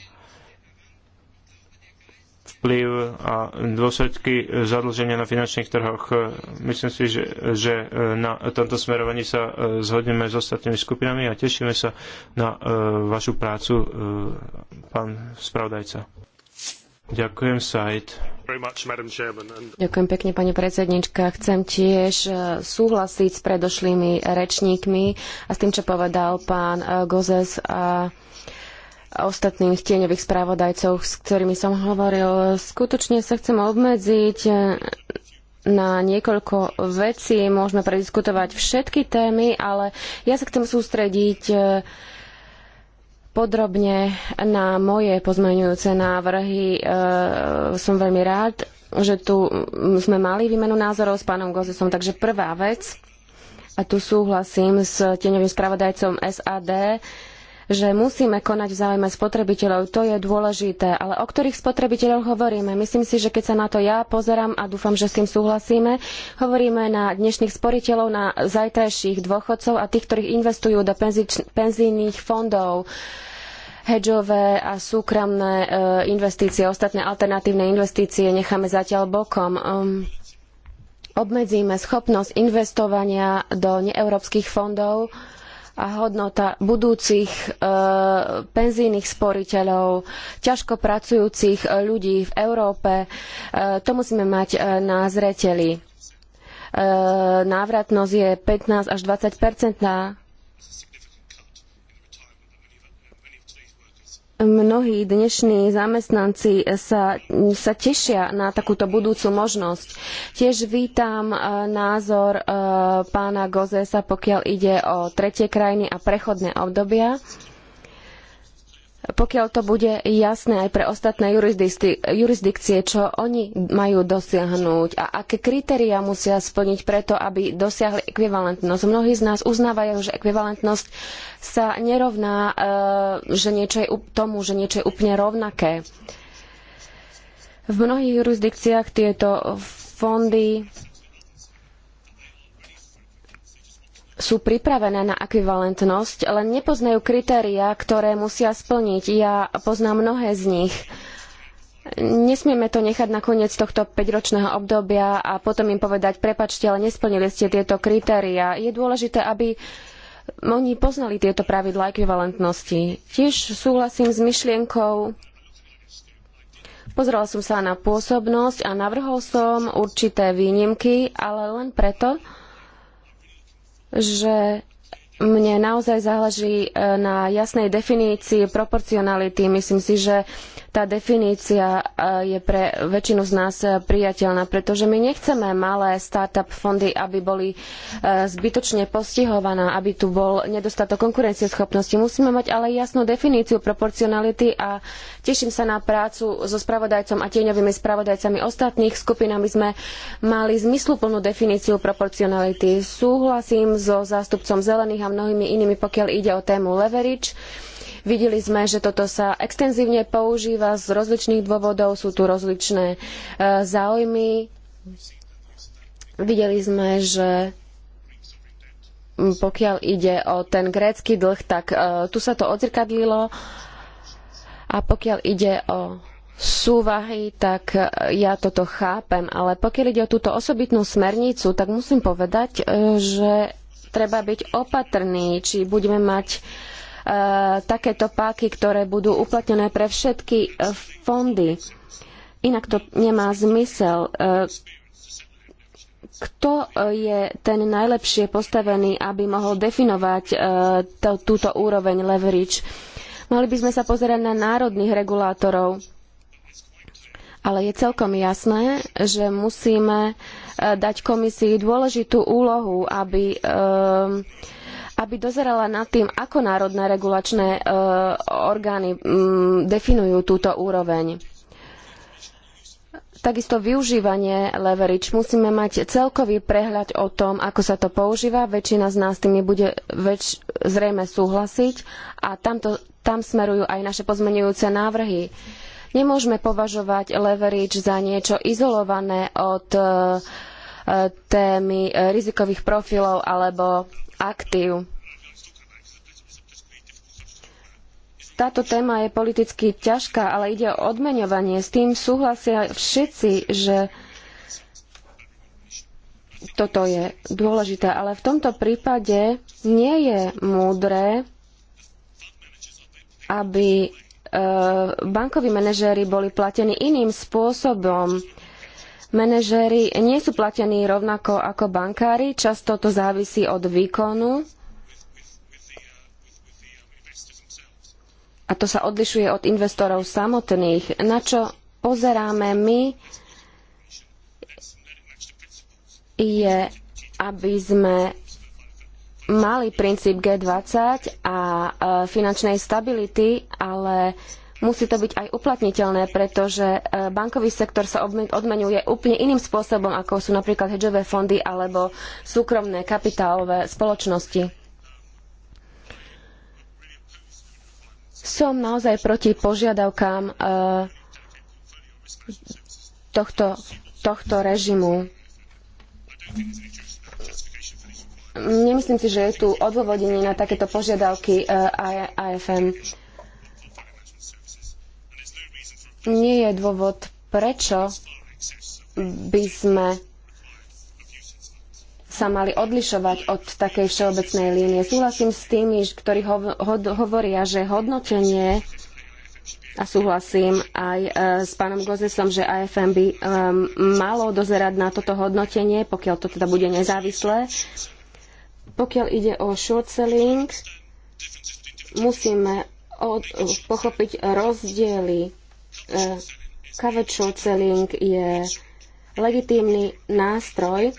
vplyv a dôsledky zadlženia na finančných trhoch. Myslím si, že, že e, na tomto smerovaní sa e, zhodneme s ostatnými skupinami a tešíme sa na vašu prácu, pán spravodajca. Ďakujem, Said. Ďakujem pekne, pani predsednička. Chcem tiež e, súhlasiť s predošlými rečníkmi a s tým, čo povedal pán e, Gozes a ostatných tieňových správodajcov, s ktorými som hovoril. Skutočne sa chcem obmedziť e, na niekoľko vecí. Môžeme prediskutovať všetky témy, ale ja sa chcem sústrediť podrobne na moje pozmeňujúce návrhy. E, som veľmi rád, že tu sme mali výmenu názorov s pánom Gozesom. Takže prvá vec, a tu súhlasím s tieňovým spravodajcom SAD, že musíme konať v záujme spotrebiteľov. To je dôležité. Ale o ktorých spotrebiteľoch hovoríme? Myslím si, že keď sa na to ja pozerám a dúfam, že s tým súhlasíme, hovoríme na dnešných sporiteľov, na zajtrajších dôchodcov a tých, ktorí investujú do penzič- penzijných fondov hedžové a súkromné e, investície, ostatné alternatívne investície necháme zatiaľ bokom. Um, obmedzíme schopnosť investovania do neeurópskych fondov, a hodnota budúcich e, penzijných sporiteľov, ťažko pracujúcich e, ľudí v Európe. E, to musíme mať e, na zreteli. E, návratnosť je 15 až 20 percentná Mnohí dnešní zamestnanci sa, sa, tešia na takúto budúcu možnosť. Tiež vítam e, názor e, pána Gozesa, pokiaľ ide o tretie krajiny a prechodné obdobia pokiaľ to bude jasné aj pre ostatné jurisdikcie, čo oni majú dosiahnuť a aké kritériá musia splniť preto, aby dosiahli ekvivalentnosť. Mnohí z nás uznávajú, že ekvivalentnosť sa nerovná e, že niečo je, tomu, že niečo je úplne rovnaké. V mnohých jurisdikciách tieto fondy sú pripravené na ekvivalentnosť, len nepoznajú kritériá, ktoré musia splniť. Ja poznám mnohé z nich. Nesmieme to nechať na koniec tohto 5-ročného obdobia a potom im povedať, prepačte, ale nesplnili ste tieto kritériá. Je dôležité, aby oni poznali tieto pravidlá ekvivalentnosti. Tiež súhlasím s myšlienkou Pozrela som sa na pôsobnosť a navrhol som určité výnimky, ale len preto, že mne naozaj záleží e, na jasnej definícii proporcionality. Myslím si, že tá definícia e, je pre väčšinu z nás prijateľná, pretože my nechceme malé startup fondy, aby boli e, zbytočne postihované, aby tu bol nedostatok konkurencieschopnosti. Musíme mať ale jasnú definíciu proporcionality a teším sa na prácu so spravodajcom a tieňovými spravodajcami ostatných skupín, aby sme mali zmysluplnú definíciu proporcionality. Súhlasím so zástupcom zelených a mnohými inými, pokiaľ ide o tému leverage Videli sme, že toto sa extenzívne používa z rozličných dôvodov, sú tu rozličné e, záujmy. Videli sme, že pokiaľ ide o ten grécky dlh, tak e, tu sa to odzrkadlilo. A pokiaľ ide o súvahy, tak e, ja toto chápem. Ale pokiaľ ide o túto osobitnú smernicu, tak musím povedať, že treba byť opatrný, či budeme mať uh, Eh, takéto páky, ktoré budú uplatnené pre všetky eh, fondy. Inak to nemá zmysel. Eh, kto je ten najlepšie postavený, aby mohol definovať túto úroveň leverage? Mali by sme sa pozerať na národných regulátorov, ale je celkom jasné, že musíme dať komisii dôležitú úlohu, aby aby dozerala nad tým, ako národné regulačné e, orgány mm, definujú túto úroveň. Takisto využívanie leverage. Musíme mať celkový prehľad o tom, ako sa to používa. Väčšina z nás tým bude väč- zrejme súhlasiť a tamto, tam smerujú aj naše pozmenujúce návrhy. Nemôžeme považovať leverage za niečo izolované od e, e, témy rizikových profilov alebo aktív. Táto téma je politicky ťažká, ale ide o odmeňovanie. S tým súhlasia všetci, že toto je dôležité, ale v tomto prípade nie je múdre, aby eh, bankoví manažéri boli platení iným spôsobom Manažéri nie sú platení rovnako ako bankári, často to závisí od výkonu a to sa odlišuje od investorov samotných. Na čo pozeráme my je, aby sme mali princíp G20 a e, finančnej stability, ale musí to byť aj uplatniteľné, pretože e, bankový sektor sa odmenuje úplne iným spôsobom, ako sú napríklad hedžové fondy alebo súkromné kapitálové spoločnosti. Som naozaj proti požiadavkám e, tohto, tohto režimu. Nemyslím si, že je tu odôvodenie na takéto požiadavky e, AFM nie je dôvod, prečo by sme sa mali odlišovať od takej všeobecnej línie. Súhlasím s tými, ktorí ho, ho, hovoria, že hodnotenie a súhlasím aj e, s pánom Gozesom, že AFM by e, malo dozerať na toto hodnotenie, pokiaľ to teda bude nezávislé. Pokiaľ ide o short selling, musíme od, pochopiť rozdiely Coverage selling je legitímny nástroj,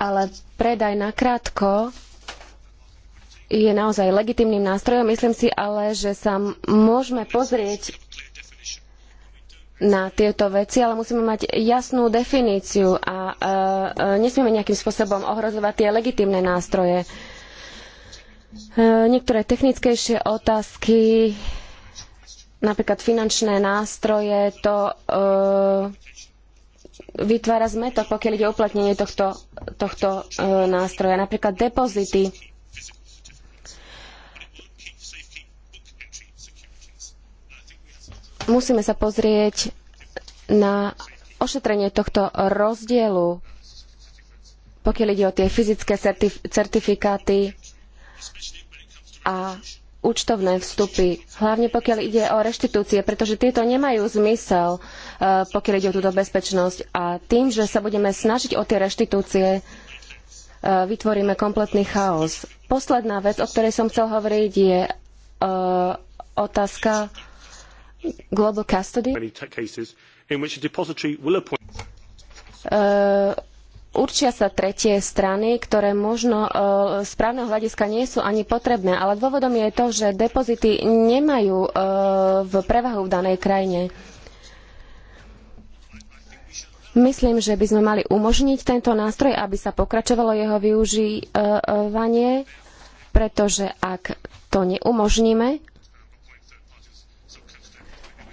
ale predaj na krátko je naozaj legitímnym nástrojom. Myslím si ale, že sa môžeme pozrieť na tieto veci, ale musíme mať jasnú definíciu a uh, nesmieme nejakým spôsobom ohrozovať tie legitímne nástroje. Eh, niektoré technickejšie otázky, napríklad finančné nástroje, to eh, vytvára zmetok, pokiaľ ide o uplatnenie tohto, tohto eh, nástroja. Napríklad depozity. Musíme sa pozrieť na ošetrenie tohto rozdielu, pokiaľ ide o tie fyzické certif certifikáty a účtovné vstupy, hlavne pokiaľ ide o reštitúcie, pretože tieto nemajú zmysel, e, pokiaľ ide o túto bezpečnosť. A tým, že sa budeme snažiť o tie reštitúcie, e, vytvoríme kompletný chaos. Posledná vec, o ktorej som chcel hovoriť, je e, otázka global custody. Uh, určia sa tretie strany, ktoré možno e, z právneho hľadiska nie sú ani potrebné, ale dôvodom je to, že depozity nemajú e, v prevahu v danej krajine. Myslím, že by sme mali umožniť tento nástroj, aby sa pokračovalo jeho využívanie, pretože ak to neumožníme,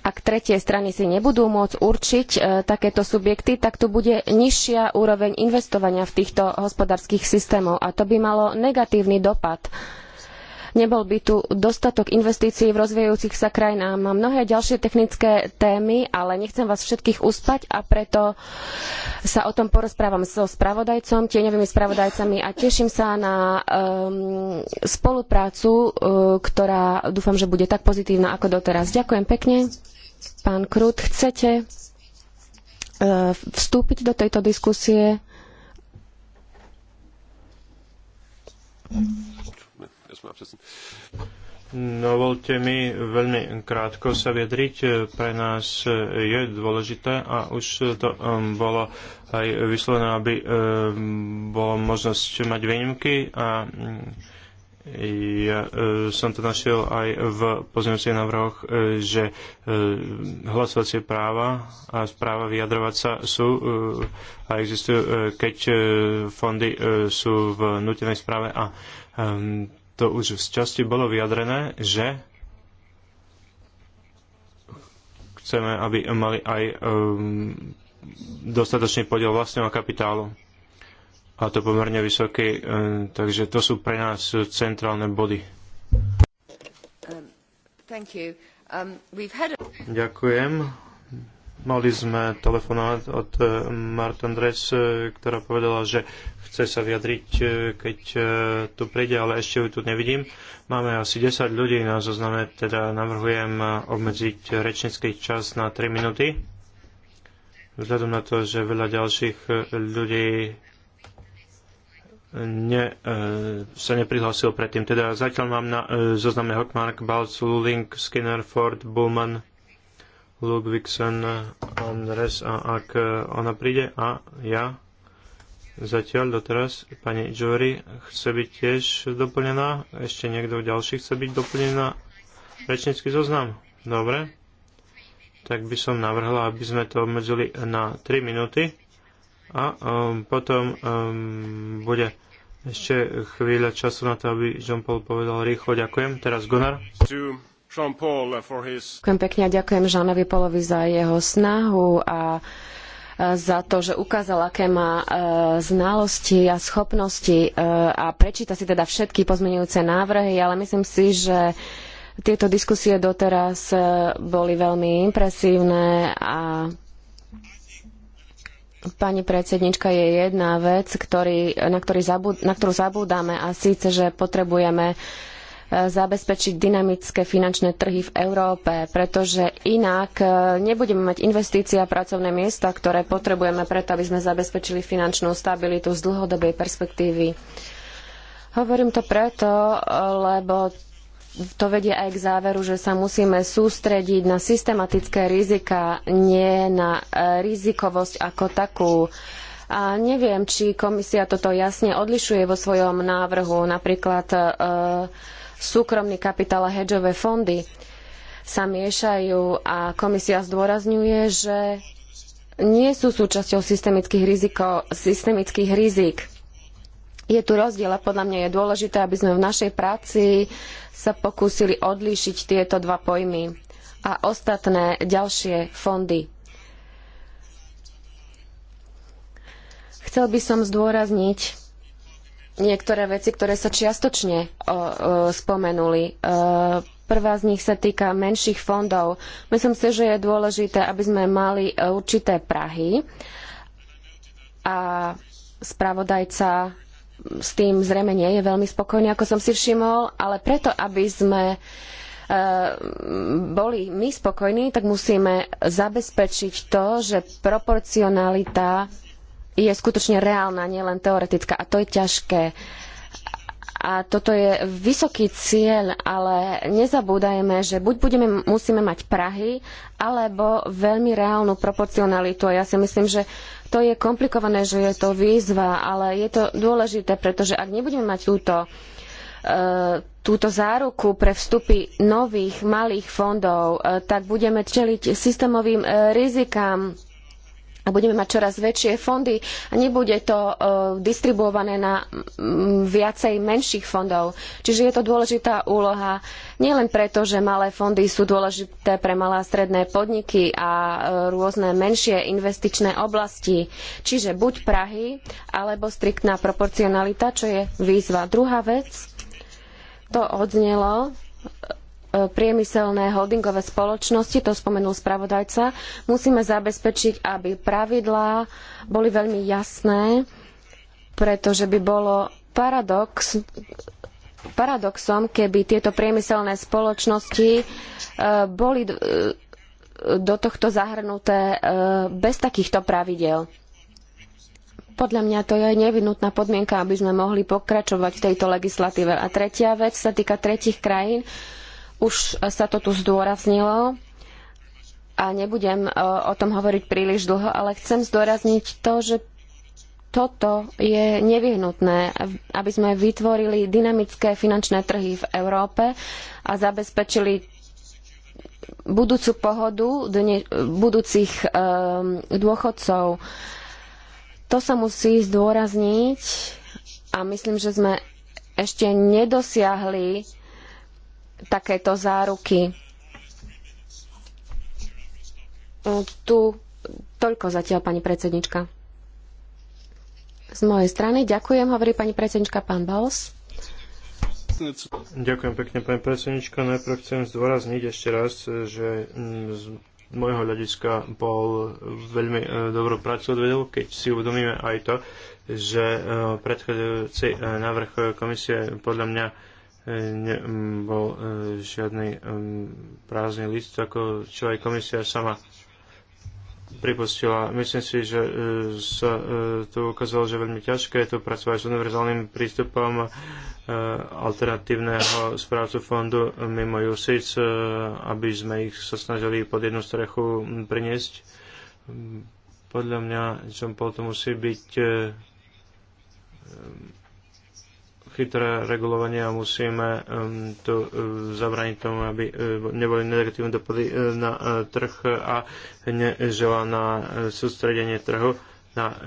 ak tretie strany si nebudú môcť určiť e, takéto subjekty, tak tu bude nižšia úroveň investovania v týchto hospodárskych systémov a to by malo negatívny dopad. Nebol by tu dostatok investícií v rozvíjajúcich sa krajinách. Mám mnohé ďalšie technické témy, ale nechcem vás všetkých uspať a preto sa o tom porozprávam so spravodajcom, tieňovými spravodajcami a teším sa na um, spoluprácu, uh, ktorá dúfam, že bude tak pozitívna ako doteraz. Ďakujem pekne. Pán Krut, chcete e, vstúpiť do tejto diskusie? Dovolte mi veľmi krátko sa vyjadriť. Pre nás je dôležité a už to um, bolo aj vyslovené, aby um, bola možnosť mať výnimky a um, ja e, som to našiel aj v pozemských návrhoch, e, že e, hlasovacie práva a práva vyjadrovať sa sú e, a existujú, e, keď e, fondy e, sú v nutenej správe a e, to už v časti bolo vyjadrené, že chceme, aby mali aj e, dostatočný podiel vlastného kapitálu a to pomerne vysoký, e, takže to sú pre nás centrálne body. Um, um, Ďakujem. Mali sme telefonát od e, Mart Andres, e, ktorá povedala, že chce sa vyjadriť, keď tu príde, ale ešte ju tu nevidím. Máme asi 10 ľudí na zozname, teda navrhujem obmedziť rečnický čas na 3 minúty. Vzhľadom na to, že veľa ďalších ľudí ne, e, sa neprihlásil predtým. Teda zatiaľ mám na e, zozname Hockmark, Balc, Luling, Skinner, Ford, Bullman, Ludvigsen, Andres a ak ona príde a ja zatiaľ doteraz pani Jory chce byť tiež doplnená. Ešte niekto ďalší chce byť doplnená. Rečnícky zoznam. Dobre. Tak by som navrhla, aby sme to obmedzili na 3 minúty a um, potom um, bude ešte chvíľa času na to, aby Jean-Paul povedal rýchlo ďakujem. Teraz Gunnar. Ďakujem pekne a ďakujem Žanovi Polovi za jeho snahu a za to, že ukázal, aké má e, znalosti a schopnosti e, a prečíta si teda všetky pozmenujúce návrhy, ale myslím si, že tieto diskusie doteraz e, boli veľmi impresívne a Pani predsednička, je jedna vec, ktorý, na, ktorý zabud, na ktorú zabúdame a síce, že potrebujeme e, zabezpečiť dynamické finančné trhy v Európe, pretože inak e, nebudeme mať investície a pracovné miesta, ktoré potrebujeme preto, aby sme zabezpečili finančnú stabilitu z dlhodobej perspektívy. Hovorím to preto, lebo to vedie aj k záveru, že sa musíme sústrediť na systematické rizika, nie na e, rizikovosť ako takú. A neviem, či komisia toto jasne odlišuje vo svojom návrhu, napríklad e, súkromný kapitál a hedžové fondy sa miešajú a komisia zdôrazňuje, že nie sú súčasťou systemických, riziko, systemických rizik je tu rozdiel a podľa mňa je dôležité, aby sme v našej práci sa pokúsili odlíšiť tieto dva pojmy a ostatné ďalšie fondy. Chcel by som zdôrazniť niektoré veci, ktoré sa čiastočne o, o, spomenuli. E, prvá z nich sa týka menších fondov. Myslím si, že je dôležité, aby sme mali e, určité prahy a spravodajca s tým zrejme nie je veľmi spokojný, ako som si všimol, ale preto, aby sme e, boli my spokojní, tak musíme zabezpečiť to, že proporcionalita je skutočne reálna, nielen teoretická. A to je ťažké. Uh, a toto je vysoký cieľ, ale nezabúdajme, že buď budeme, musíme mať Prahy, alebo veľmi reálnu proporcionalitu. A ja si myslím, že to je komplikované, že je to výzva, ale je to dôležité, pretože ak nebudeme mať túto e, túto záruku pre vstupy nových malých fondov, e, tak budeme čeliť systémovým e, rizikám a budeme mať čoraz väčšie fondy a nebude to uh, distribuované na um, viacej menších fondov. Čiže je to dôležitá úloha nielen preto, že malé fondy sú dôležité pre malé a stredné podniky a uh, rôzne menšie investičné oblasti. Čiže buď Prahy, alebo striktná proporcionalita, čo je výzva. Druhá vec, to odznelo E, priemyselné holdingové spoločnosti, to spomenul spravodajca, musíme zabezpečiť, aby pravidlá boli veľmi jasné, pretože by bolo paradox, paradoxom, keby tieto priemyselné spoločnosti e, boli e, do tohto zahrnuté bez takýchto pravidel. Podľa mňa to je nevyhnutná podmienka, aby sme mohli pokračovať v tejto legislatíve. A tretia vec sa týka tretich krajín. Uh, už e, sa to tu zdôraznilo a nebudem e, o tom hovoriť príliš dlho, ale chcem zdôrazniť to, že toto je nevyhnutné, aby sme vytvorili dynamické finančné trhy v Európe a zabezpečili budúcu pohodu budúcich e, dôchodcov. To sa musí zdôrazniť a myslím, že sme ešte nedosiahli takéto záruky. Mm, tu toľko zatiaľ, pani predsednička. Z mojej strany ďakujem, hovorí pani predsednička pán Bals. Ďakujem pekne, pani predsednička. Najprv chcem zdôrazniť ešte raz, že mm, z môjho hľadiska bol veľmi e, dobrú prácu odvedol, keď si uvedomíme aj to, že e, predchádzajúci e, návrh komisie podľa mňa nebol e, žiadny e, prázdny list, ako čo aj komisia sama pripustila. Myslím si, že e, sa to ukázalo, že veľmi ťažké je to pracovať s univerzálnym prístupom alternatívneho správcu fondu mimo USIC, aby sme ich sa snažili pod jednu strechu priniesť. Podľa mňa, čo potom to musí byť chytré regulovanie a musíme um, uh, zabraniť tomu, aby uh, neboli negatívne dopady uh, na uh, trh a uh, sústredenie trhu na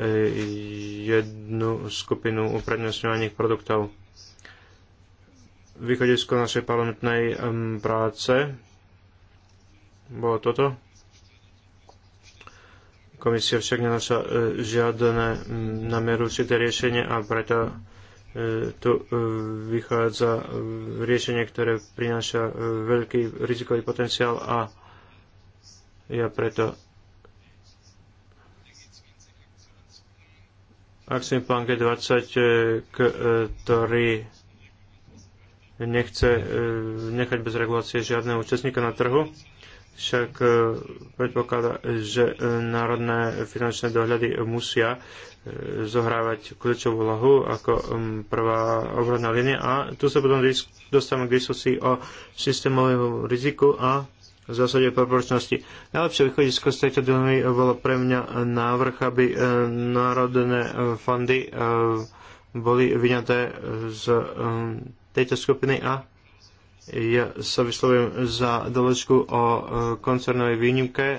jednu skupinu uprednostňovaných produktov. Východisko našej parlamentnej um, práce bolo toto. Komisia však nenašla žiadne um, namieru určité riešenie a preto tu e, vychádza e, riešenie, ktoré prináša e, veľký rizikový potenciál a ja preto akčný plán G20, ktorý nechce nechať bez regulácie žiadneho účastníka na trhu, však predpokladá, že národné finančné dohľady musia zohrávať kľúčovú lohu ako um, prvá obranná línia a tu sa potom dostávame k diskusii o systémovom riziku a v zásade proporčnosti. Najlepšie východisko z tejto dilemy bolo pre mňa návrh, aby eh, národné eh, fondy eh, boli vyňaté z tejto skupiny a ja sa vyslovujem za doložku o e, koncernovej výnimke, e,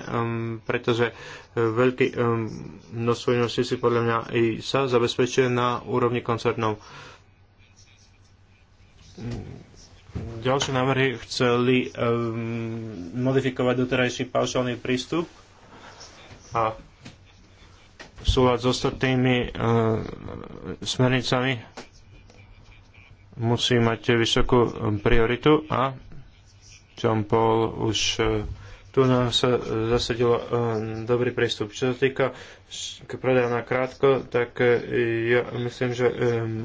pretože e, veľký množstvo investícií podľa mňa i sa zabezpečuje na úrovni koncernov. Ďalšie návrhy chceli modifikovať doterajší paušálny prístup a súľad s ostatnými smernicami musí mať vysokú prioritu a John Paul už e, tu sa zasadil e, dobrý prístup. Čo sa týka predaja na krátko, tak e, ja myslím, že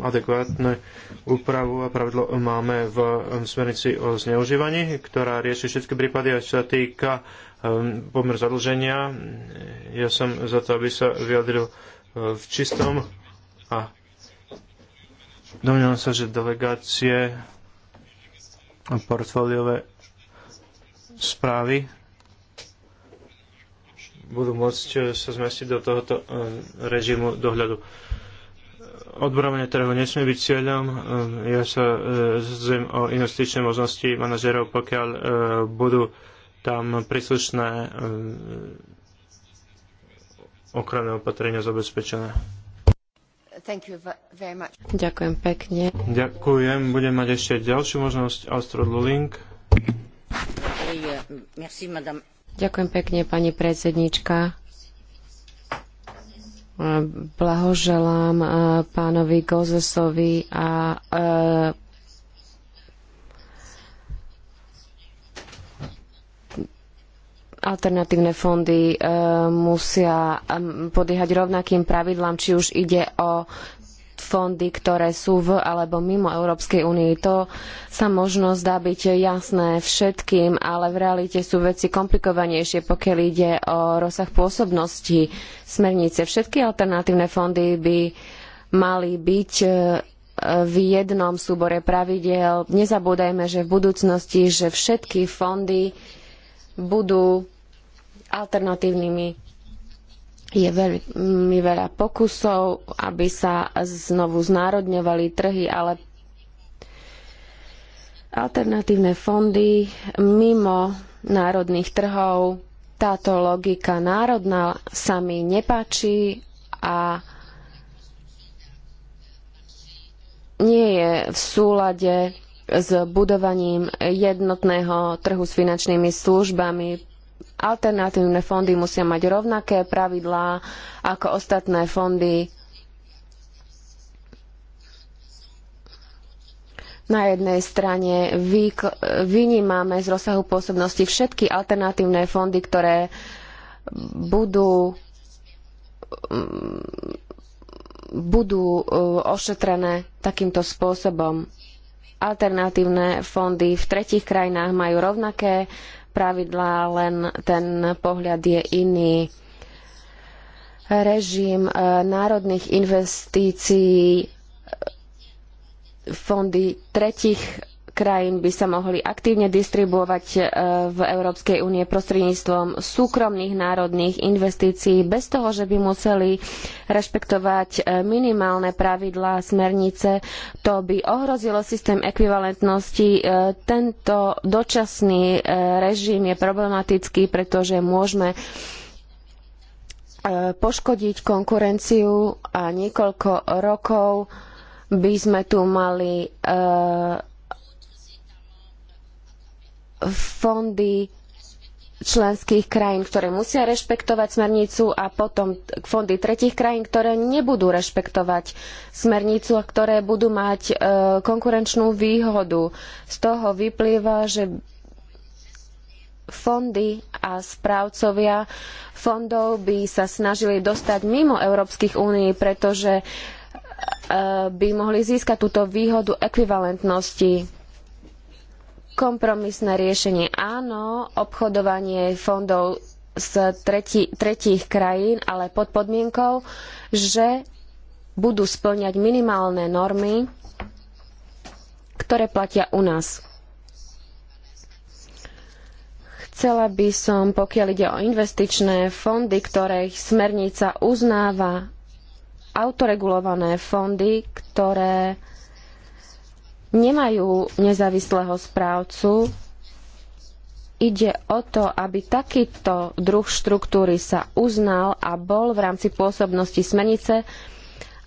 adekvátne úpravu a pravidlo máme v smernici o zneužívaní, ktorá rieši všetky prípady a čo sa týka pomer zadlženia. Ja som za to, aby sa vyjadril v čistom a Domnívam sa, že delegácie a portfóliové správy budú môcť eh, sa zmestiť do tohoto eh, režimu dohľadu. Odborovanie trhu nesmie byť cieľom. Eh, ja sa zem o investičné možnosti manažerov, pokiaľ budú tam príslušné ochranné opatrenia zabezpečené. Ďakujem pekne. Ďakujem. Budem mať ešte ďalšiu možnosť. Astrid Luling. Ďakujem pekne, pani predsednička. Blahoželám eh, pánovi Gozesovi a eh, alternatívne fondy eh, musia podliehať rovnakým pravidlám, či už ide o fondy, ktoré sú v alebo mimo Európskej únie. To sa možno zdá byť jasné všetkým, ale v realite sú veci komplikovanejšie, pokiaľ ide o rozsah pôsobnosti smernice. Všetky alternatívne fondy by mali byť eh, v jednom súbore pravidiel. Nezabúdajme, že v budúcnosti, že všetky fondy budú alternatívnymi je veľmi veľa pokusov, aby sa znovu znárodňovali trhy, ale alternatívne fondy mimo národných trhov, táto logika národná sa mi nepáči a nie je v súlade s budovaním jednotného trhu s finančnými službami alternatívne fondy musia mať rovnaké pravidlá ako ostatné fondy. Na jednej strane vynímame z rozsahu pôsobnosti všetky alternatívne fondy, ktoré budú mm, budú e, ošetrené takýmto spôsobom. Alternatívne fondy v tretích krajinách majú rovnaké pravidlá, len ten pohľad je iný. Režim e, národných investícií, e, fondy tretich krajín by sa mohli aktívne distribuovať e, v Európskej únie prostredníctvom súkromných národných investícií bez toho, že by museli rešpektovať e, minimálne pravidlá smernice. To by ohrozilo systém ekvivalentnosti. E, tento dočasný režim je problematický, pretože môžeme poškodiť konkurenciu a niekoľko rokov by sme tu mali fondy členských krajín, ktoré musia rešpektovať smernicu a potom fondy tretích krajín, ktoré nebudú rešpektovať smernicu a ktoré budú mať e, konkurenčnú výhodu. Z toho vyplýva, že fondy a správcovia fondov by sa snažili dostať mimo Európskych únií, pretože e, by mohli získať túto výhodu ekvivalentnosti kompromisné riešenie. Áno, obchodovanie fondov z tretí, tretích krajín, ale pod podmienkou, že budú splňať minimálne normy, ktoré platia u nás. Chcela by som, pokiaľ ide o investičné fondy, ktorých smernica uznáva autoregulované fondy, ktoré nemajú nezávislého správcu. Ide o to, aby takýto druh štruktúry sa uznal a bol v rámci pôsobnosti smernice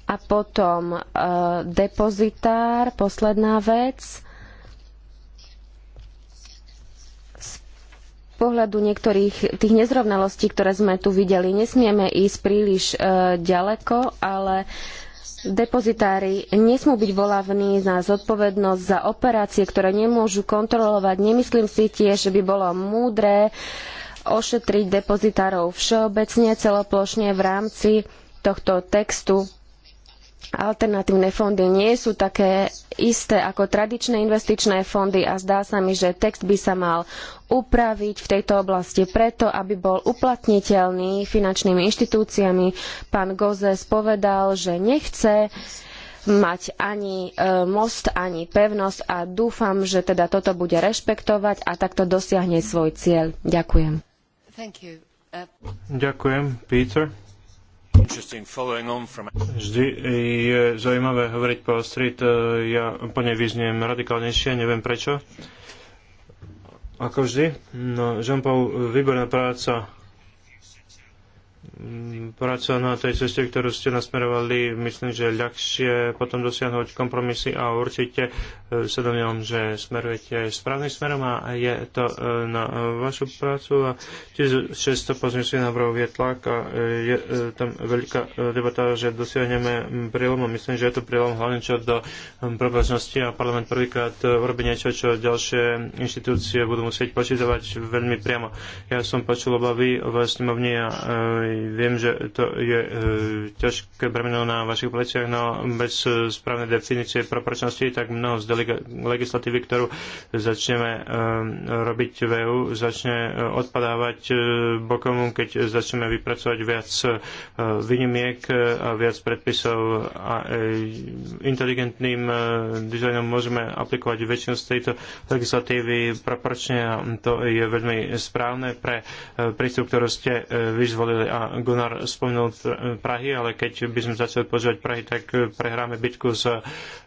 a potom e, depozitár, posledná vec. Z pohľadu niektorých tých nezrovnalostí, ktoré sme tu videli, nesmieme ísť príliš e, ďaleko, ale depozitári nesmú byť volavní na zodpovednosť za operácie, ktoré nemôžu kontrolovať. Nemyslím si tiež, že by bolo múdre ošetriť depozitárov všeobecne, celoplošne v rámci tohto textu alternatívne fondy nie sú také isté ako tradičné investičné fondy a zdá sa mi, že text by sa mal upraviť v tejto oblasti preto, aby bol uplatniteľný finančnými inštitúciami. Pán Gozes povedal, že nechce mať ani e, most, ani pevnosť a dúfam, že teda toto bude rešpektovať a takto dosiahne svoj cieľ. Ďakujem. Uh, Ďakujem, Peter. Vždy je zaujímavé hovoriť po Street. E, ja úplne vyzniem radikálnejšie, neviem prečo. Ako vždy. No, Jean-Paul, výborná práca Mm, práca na tej ceste, ktorú ste nasmerovali, myslím, že ľahšie potom dosiahnuť kompromisy a určite e, sa domnievam, že smerujete správnym smerom a je to e, na vašu prácu a 1600 pozmeňujúcich návrhov je tlak a e, je tam veľká debata, že dosiahneme prílom a myslím, že je to prílom hlavne čo do probačnosti a parlament prvýkrát urobí niečo, čo ďalšie inštitúcie budú musieť počítovať veľmi priamo. Ja som počul obavy v snemovni a Viem, že to je e, ťažké bremeno na vašich pleciach, no bez e, správnej definície proporčnosti, tak mnoho z legislatívy, ktorú začneme e, robiť v EU, začne e, odpadávať e, bokom, keď začneme vypracovať viac e, výnimiek e, a viac predpisov a e, inteligentným e, dizajnom môžeme aplikovať väčšinu z tejto legislatívy proporčne a to je veľmi správne pre e, prístup, ktorú ste vyzvolili a Gunnar spomenul Prahy, ale keď by sme začali pozvať Prahy, tak prehráme bitku s eh,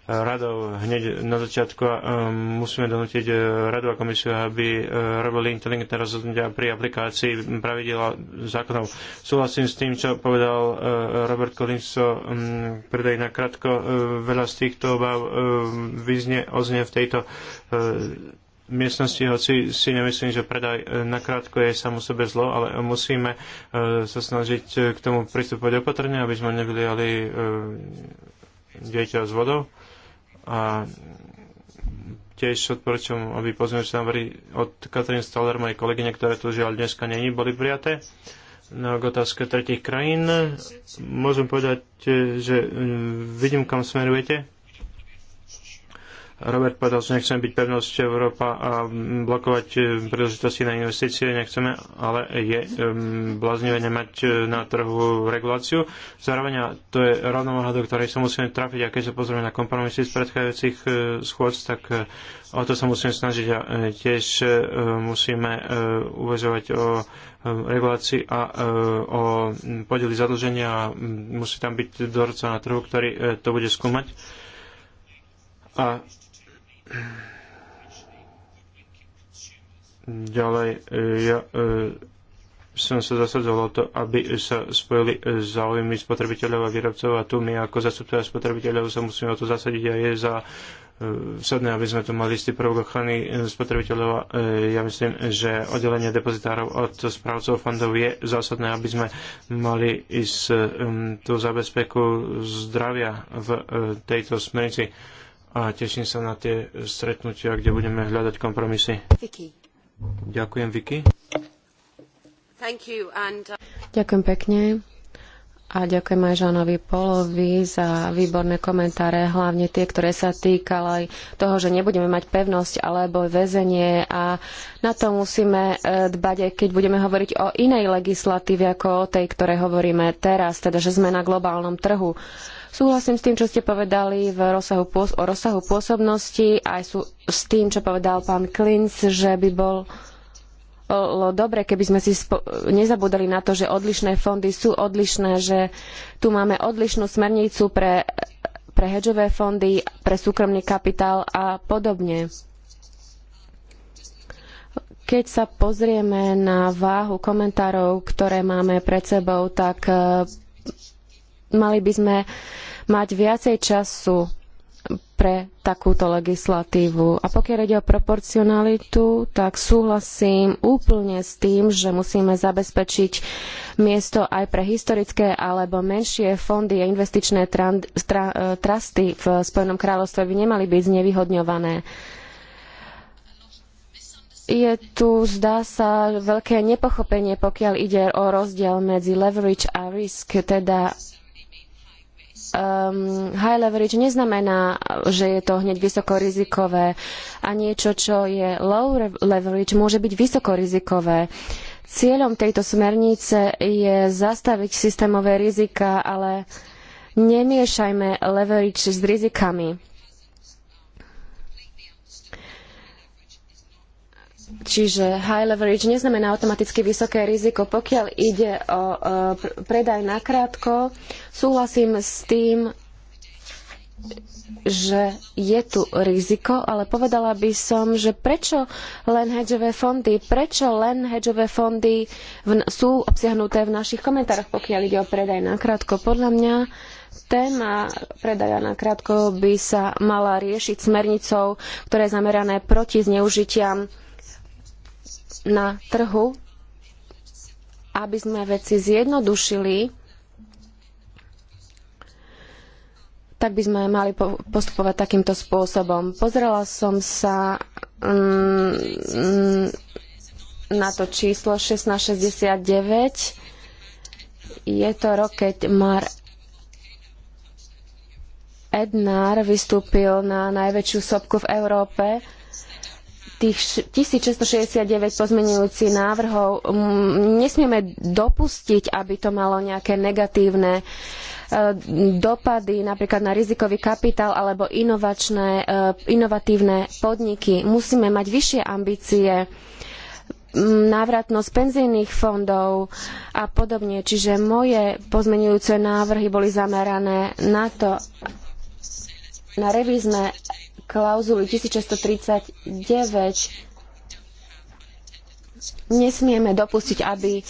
radou hneď na začiatku a eh, musíme donútiť eh, radu a komisiu, aby robili inteligentné rozhodnutia pri aplikácii pravidel a zákonov. Súhlasím s tým, čo povedal Robert Collins, mm, predaj na krátko veľa z týchto obav vyznie oznie v tejto miestnosti, hoci si nemyslím, že predaj e, nakrátko je samo sebe zlo, ale musíme e, sa snažiť e, k tomu pristupovať opatrne, aby sme nevyliali dieťa s vodou. A tiež odporúčam, aby pozmeňujúce návrhy od Katrin Staller, mojej kolegyne, ktoré tu žiaľ dneska není, boli prijaté. No, k otázke tretich krajín môžem povedať, že vidím, kam smerujete Robert povedal, že nechceme byť pevnosť Európa a blokovať eh, príležitosti na investície, nechceme, ale je bláznivé nemať eh, na trhu reguláciu. Zároveň a to je rovnováha, do ktorej sa musíme trafiť a keď sa pozrieme na kompromisy z predchádzajúcich eh, schôd, tak o to sa musíme snažiť a tiež musíme uvažovať o regulácii a o podeli zadlženia a mm, musí tam byť dorca na trhu, ktorý to bude skúmať. A Ďalej, e, ja e, som sa zasadzoval o to, aby sa spojili e, záujmy spotrebiteľov a výrobcov a tu my ako zastupcovia spotrebiteľov sa musíme o to zasadiť a je za vsadné, aby sme tu mali istý prvok ochrany spotrebiteľov. a Ja myslím, že oddelenie depozitárov od správcov fondov je zásadné, aby sme mali ísť tú zabezpeku zdravia v tejto smerici A teším sa na tie stretnutia, kde budeme hľadať kompromisy. Vicky. Ďakujem, Vicky. And... Uh, ďakujem pekne. A ďakujem aj Žanovi Polovi za výborné komentáre, hlavne tie, ktoré sa týkali toho, že nebudeme mať pevnosť alebo väzenie a na to musíme e, dbať, aj keď budeme hovoriť o inej legislatíve ako o tej, ktoré hovoríme teraz, teda že sme na globálnom trhu. Súhlasím s tým, čo ste povedali v rozsahu, o rozsahu pôsobnosti, aj sú, s tým, čo povedal pán Klinc, že by bol dobre, keby sme si nezabudali na to, že odlišné fondy sú odlišné, že tu máme odlišnú smernicu pre, pre hedžové fondy, pre súkromný kapitál a podobne. Keď sa pozrieme na váhu komentárov, ktoré máme pred sebou, tak mali by sme mať viacej času pre takúto legislatívu. A pokiaľ ide o proporcionalitu, tak súhlasím úplne s tým, že musíme zabezpečiť miesto aj pre historické alebo menšie fondy a investičné trusty e, v Spojenom kráľovstve by nemali byť znevýhodňované. Je tu, zdá sa, veľké nepochopenie, pokiaľ ide o rozdiel medzi leverage a risk, teda um, high leverage neznamená, že je to hneď vysokorizikové a niečo, čo je low leverage, môže byť vysokorizikové. Cieľom tejto smernice je zastaviť systémové rizika, ale nemiešajme leverage s rizikami. Čiže high leverage neznamená automaticky vysoké riziko. Pokiaľ ide o predaj nakrátko, súhlasím s tým, že je tu riziko, ale povedala by som, že prečo len hedžové fondy, prečo len hedžové fondy v, sú obsiahnuté v našich komentároch, pokiaľ ide o predaj nakrátko. Podľa mňa Téma predaja na krátko by sa mala riešiť smernicou, ktorá je zamerané proti zneužitiam na trhu, aby sme veci zjednodušili, tak by sme mali postupovať takýmto spôsobom. Pozrela som sa mm, na to číslo 1669. Je to rok, keď Mar Ednár vystúpil na najväčšiu sopku v Európe tých 1669 pozmenujúcich návrhov nesmieme dopustiť, aby to malo nejaké negatívne e, dopady napríklad na rizikový kapitál alebo inovačné, e, inovatívne podniky. Musíme mať vyššie ambície návratnosť penzijných fondov a podobne. Čiže moje pozmenujúce návrhy boli zamerané na to, na revízne klauzuly 1639 nesmieme dopustiť, aby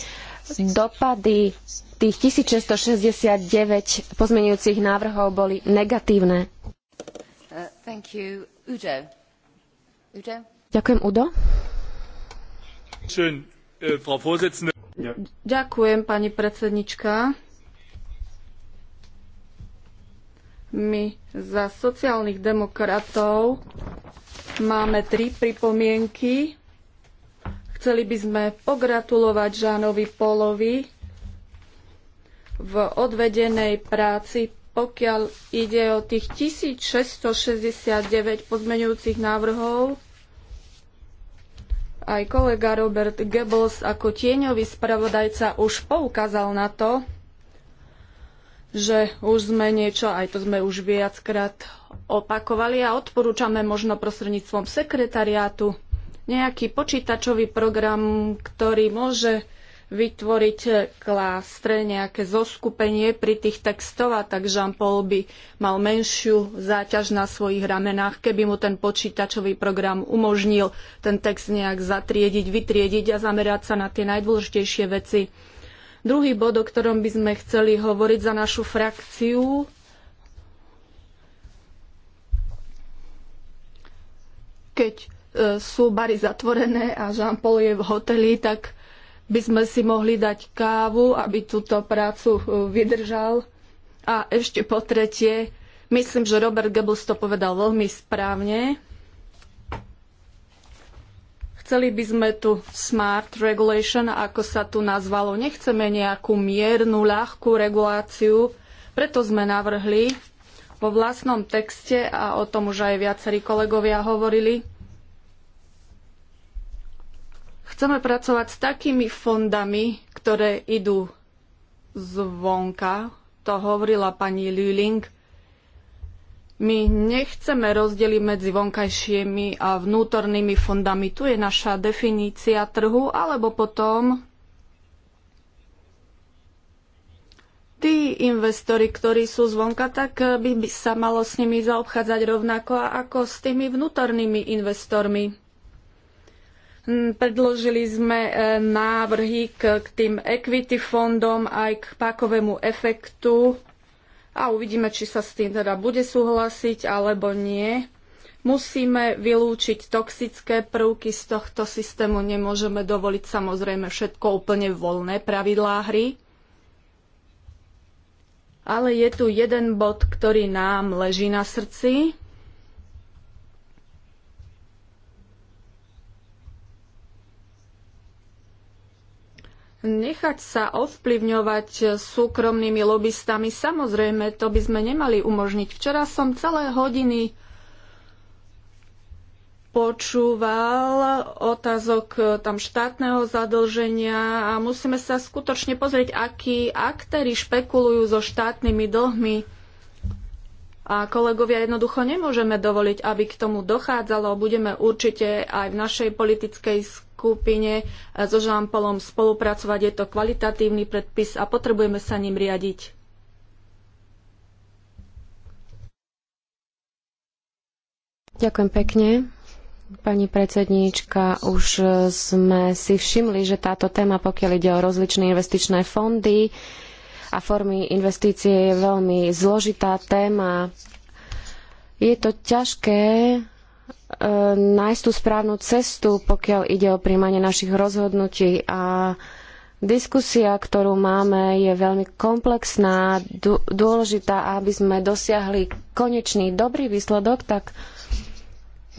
dopady tých 1669 pozmenujúcich návrhov boli negatívne. Uh, Ďakujem, Udo. Äh, Ďakujem, pani predsednička. My za sociálnych demokratov máme tri pripomienky. Chceli by sme pogratulovať Žánovi Polovi v odvedenej práci, pokiaľ ide o tých 1669 pozmeňujúcich návrhov. Aj kolega Robert Goebbels ako tieňový spravodajca už poukázal na to, že už sme niečo, aj to sme už viackrát opakovali a odporúčame možno prostredníctvom sekretariátu nejaký počítačový program, ktorý môže vytvoriť klástre, nejaké zoskupenie pri tých textov a tak Jean-Paul by mal menšiu záťaž na svojich ramenách, keby mu ten počítačový program umožnil ten text nejak zatriediť, vytriediť a zamerať sa na tie najdôležitejšie veci. Druhý bod, o ktorom by sme chceli hovoriť za našu frakciu, keď e, sú bary zatvorené a Jean-Paul je v hoteli, tak by sme si mohli dať kávu, aby túto prácu e, vydržal. A ešte po tretie, myslím, že Robert Goebbels to povedal veľmi správne, Chceli by sme tu smart regulation, ako sa tu nazvalo. Nechceme nejakú miernu, ľahkú reguláciu, preto sme navrhli vo vlastnom texte, a o tom už aj viacerí kolegovia hovorili, chceme pracovať s takými fondami, ktoré idú zvonka, to hovorila pani Lüling, my nechceme rozdeliť medzi vonkajšími a vnútornými fondami. Tu je naša definícia trhu, alebo potom tí investori, ktorí sú zvonka, tak by, by sa malo s nimi zaobchádzať rovnako ako s tými vnútornými investormi. Hm, predložili sme e, návrhy k, k tým equity fondom aj k pákovému efektu a uvidíme, či sa s tým teda bude súhlasiť alebo nie. Musíme vylúčiť toxické prvky z tohto systému. Nemôžeme dovoliť samozrejme všetko úplne voľné pravidlá hry. Ale je tu jeden bod, ktorý nám leží na srdci Nechať sa ovplyvňovať súkromnými lobbystami, samozrejme, to by sme nemali umožniť. Včera som celé hodiny počúval otázok eh, tam štátneho zadlženia a musíme sa skutočne pozrieť, akí aktéry špekulujú so štátnymi dlhmi. A kolegovia, jednoducho nemôžeme dovoliť, aby k tomu dochádzalo. Budeme určite aj v našej politickej skupine skupine e, so Žampolom spolupracovať. Je to kvalitatívny predpis a potrebujeme sa ním riadiť. Ďakujem pekne. Pani predsedníčka, už sme si všimli, že táto téma, pokiaľ ide o rozličné investičné fondy a formy investície, je veľmi zložitá téma. Je to ťažké nájsť tú správnu cestu, pokiaľ ide o príjmanie našich rozhodnutí a Diskusia, ktorú máme, je veľmi komplexná, dôležitá, aby sme dosiahli konečný dobrý výsledok, tak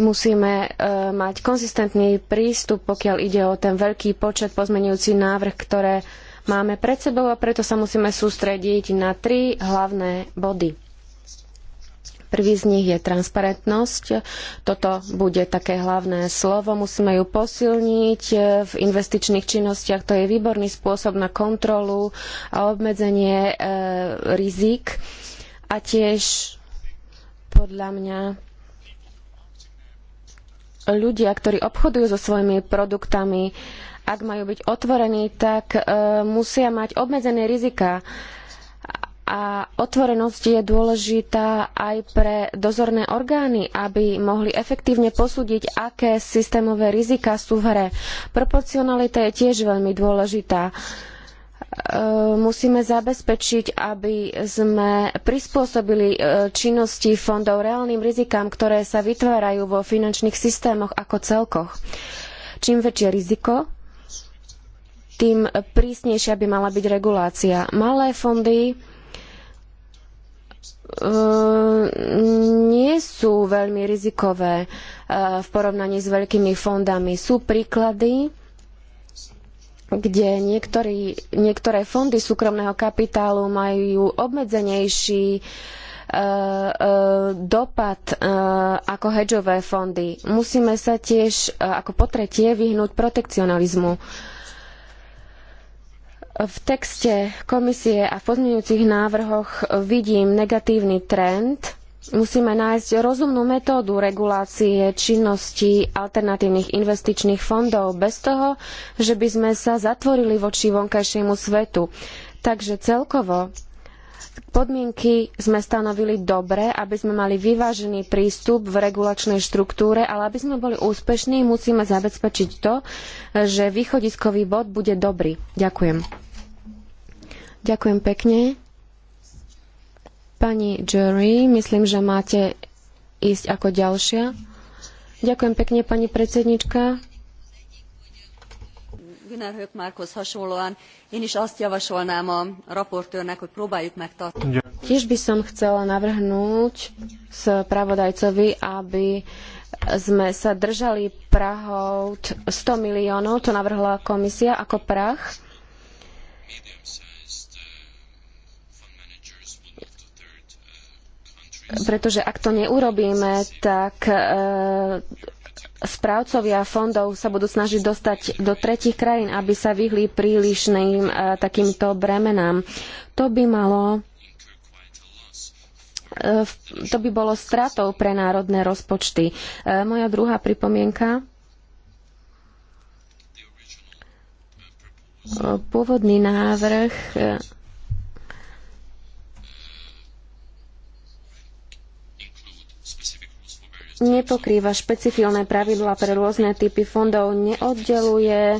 musíme e, mať konzistentný prístup, pokiaľ ide o ten veľký počet pozmenujúci návrh, ktoré máme pred sebou a preto sa musíme sústrediť na tri hlavné body. Prvý z nich je transparentnosť. Toto bude také hlavné slovo. Musíme ju posilniť v investičných činnostiach. To je výborný spôsob na kontrolu a obmedzenie e, rizik. A tiež podľa mňa ľudia, ktorí obchodujú so svojimi produktami, ak majú byť otvorení, tak e, musia mať obmedzené riziká. A otvorenosť je dôležitá aj pre dozorné orgány, aby mohli efektívne posúdiť, aké systémové riziká sú v hre. Proporcionalita je tiež veľmi dôležitá e, musíme zabezpečiť, aby sme prispôsobili e, činnosti fondov reálnym rizikám, ktoré sa vytvárajú vo finančných systémoch ako celkoch. Čím väčšie riziko, tým prísnejšia by mala byť regulácia. Malé fondy Ehm, nie sú veľmi rizikové eh, v porovnaní s veľkými fondami. Sú príklady, kde niektorí, niektoré fondy súkromného kapitálu majú obmedzenejší eh, eh, dopad ako hedžové fondy. Musíme sa tiež ako po tretie vyhnúť protekcionalizmu. V texte komisie a v pozmeňujúcich návrhoch vidím negatívny trend. Musíme nájsť rozumnú metódu regulácie činnosti alternatívnych investičných fondov bez toho, že by sme sa zatvorili voči vonkajšiemu svetu. Takže celkovo podmienky sme stanovili dobre, aby sme mali vyvážený prístup v regulačnej štruktúre, ale aby sme boli úspešní, musíme zabezpečiť to, že východiskový bod bude dobrý. Ďakujem. Ďakujem pekne. Pani Jury, myslím, že máte ísť ako ďalšia. Ďakujem pekne, pani predsednička. hasonlóan én is azt javasolnám a raportőrnek, hogy próbáljuk megtartani. Tiež by som chcela navrhnúť spravodajcovi, aby sme sa držali prahov 100 miliónov, to navrhla komisia ako prach. pretože ak to neurobíme, tak e, správcovia fondov sa budú snažiť dostať do tretich krajín, aby sa vyhli prílišným e, takýmto bremenám. To by malo e, to by bolo stratou pre národné rozpočty. Moja druhá pripomienka. Pôvodný návrh nepokrýva špecifilné pravidlá pre rôzne typy fondov, neoddeluje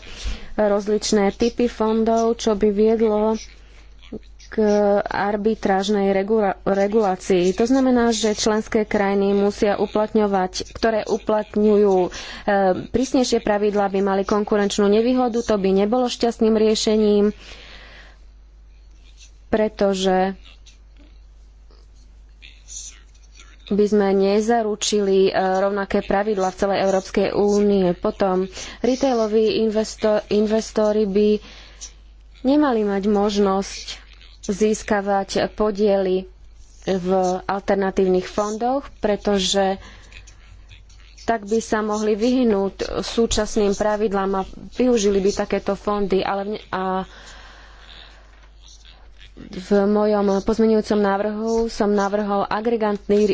rozličné typy fondov, čo by viedlo k arbitrážnej regula- regulácii. To znamená, že členské krajiny musia uplatňovať, ktoré uplatňujú e, prísnejšie pravidlá, by mali konkurenčnú nevýhodu. To by nebolo šťastným riešením, pretože by sme nezaručili e, rovnaké pravidla v celej Európskej únie. Potom retailoví investor, investori by nemali mať možnosť získavať podiely v alternatívnych fondoch, pretože tak by sa mohli vyhnúť súčasným pravidlám a využili by takéto fondy. Ale a v mojom pozmenujúcom návrhu som navrhol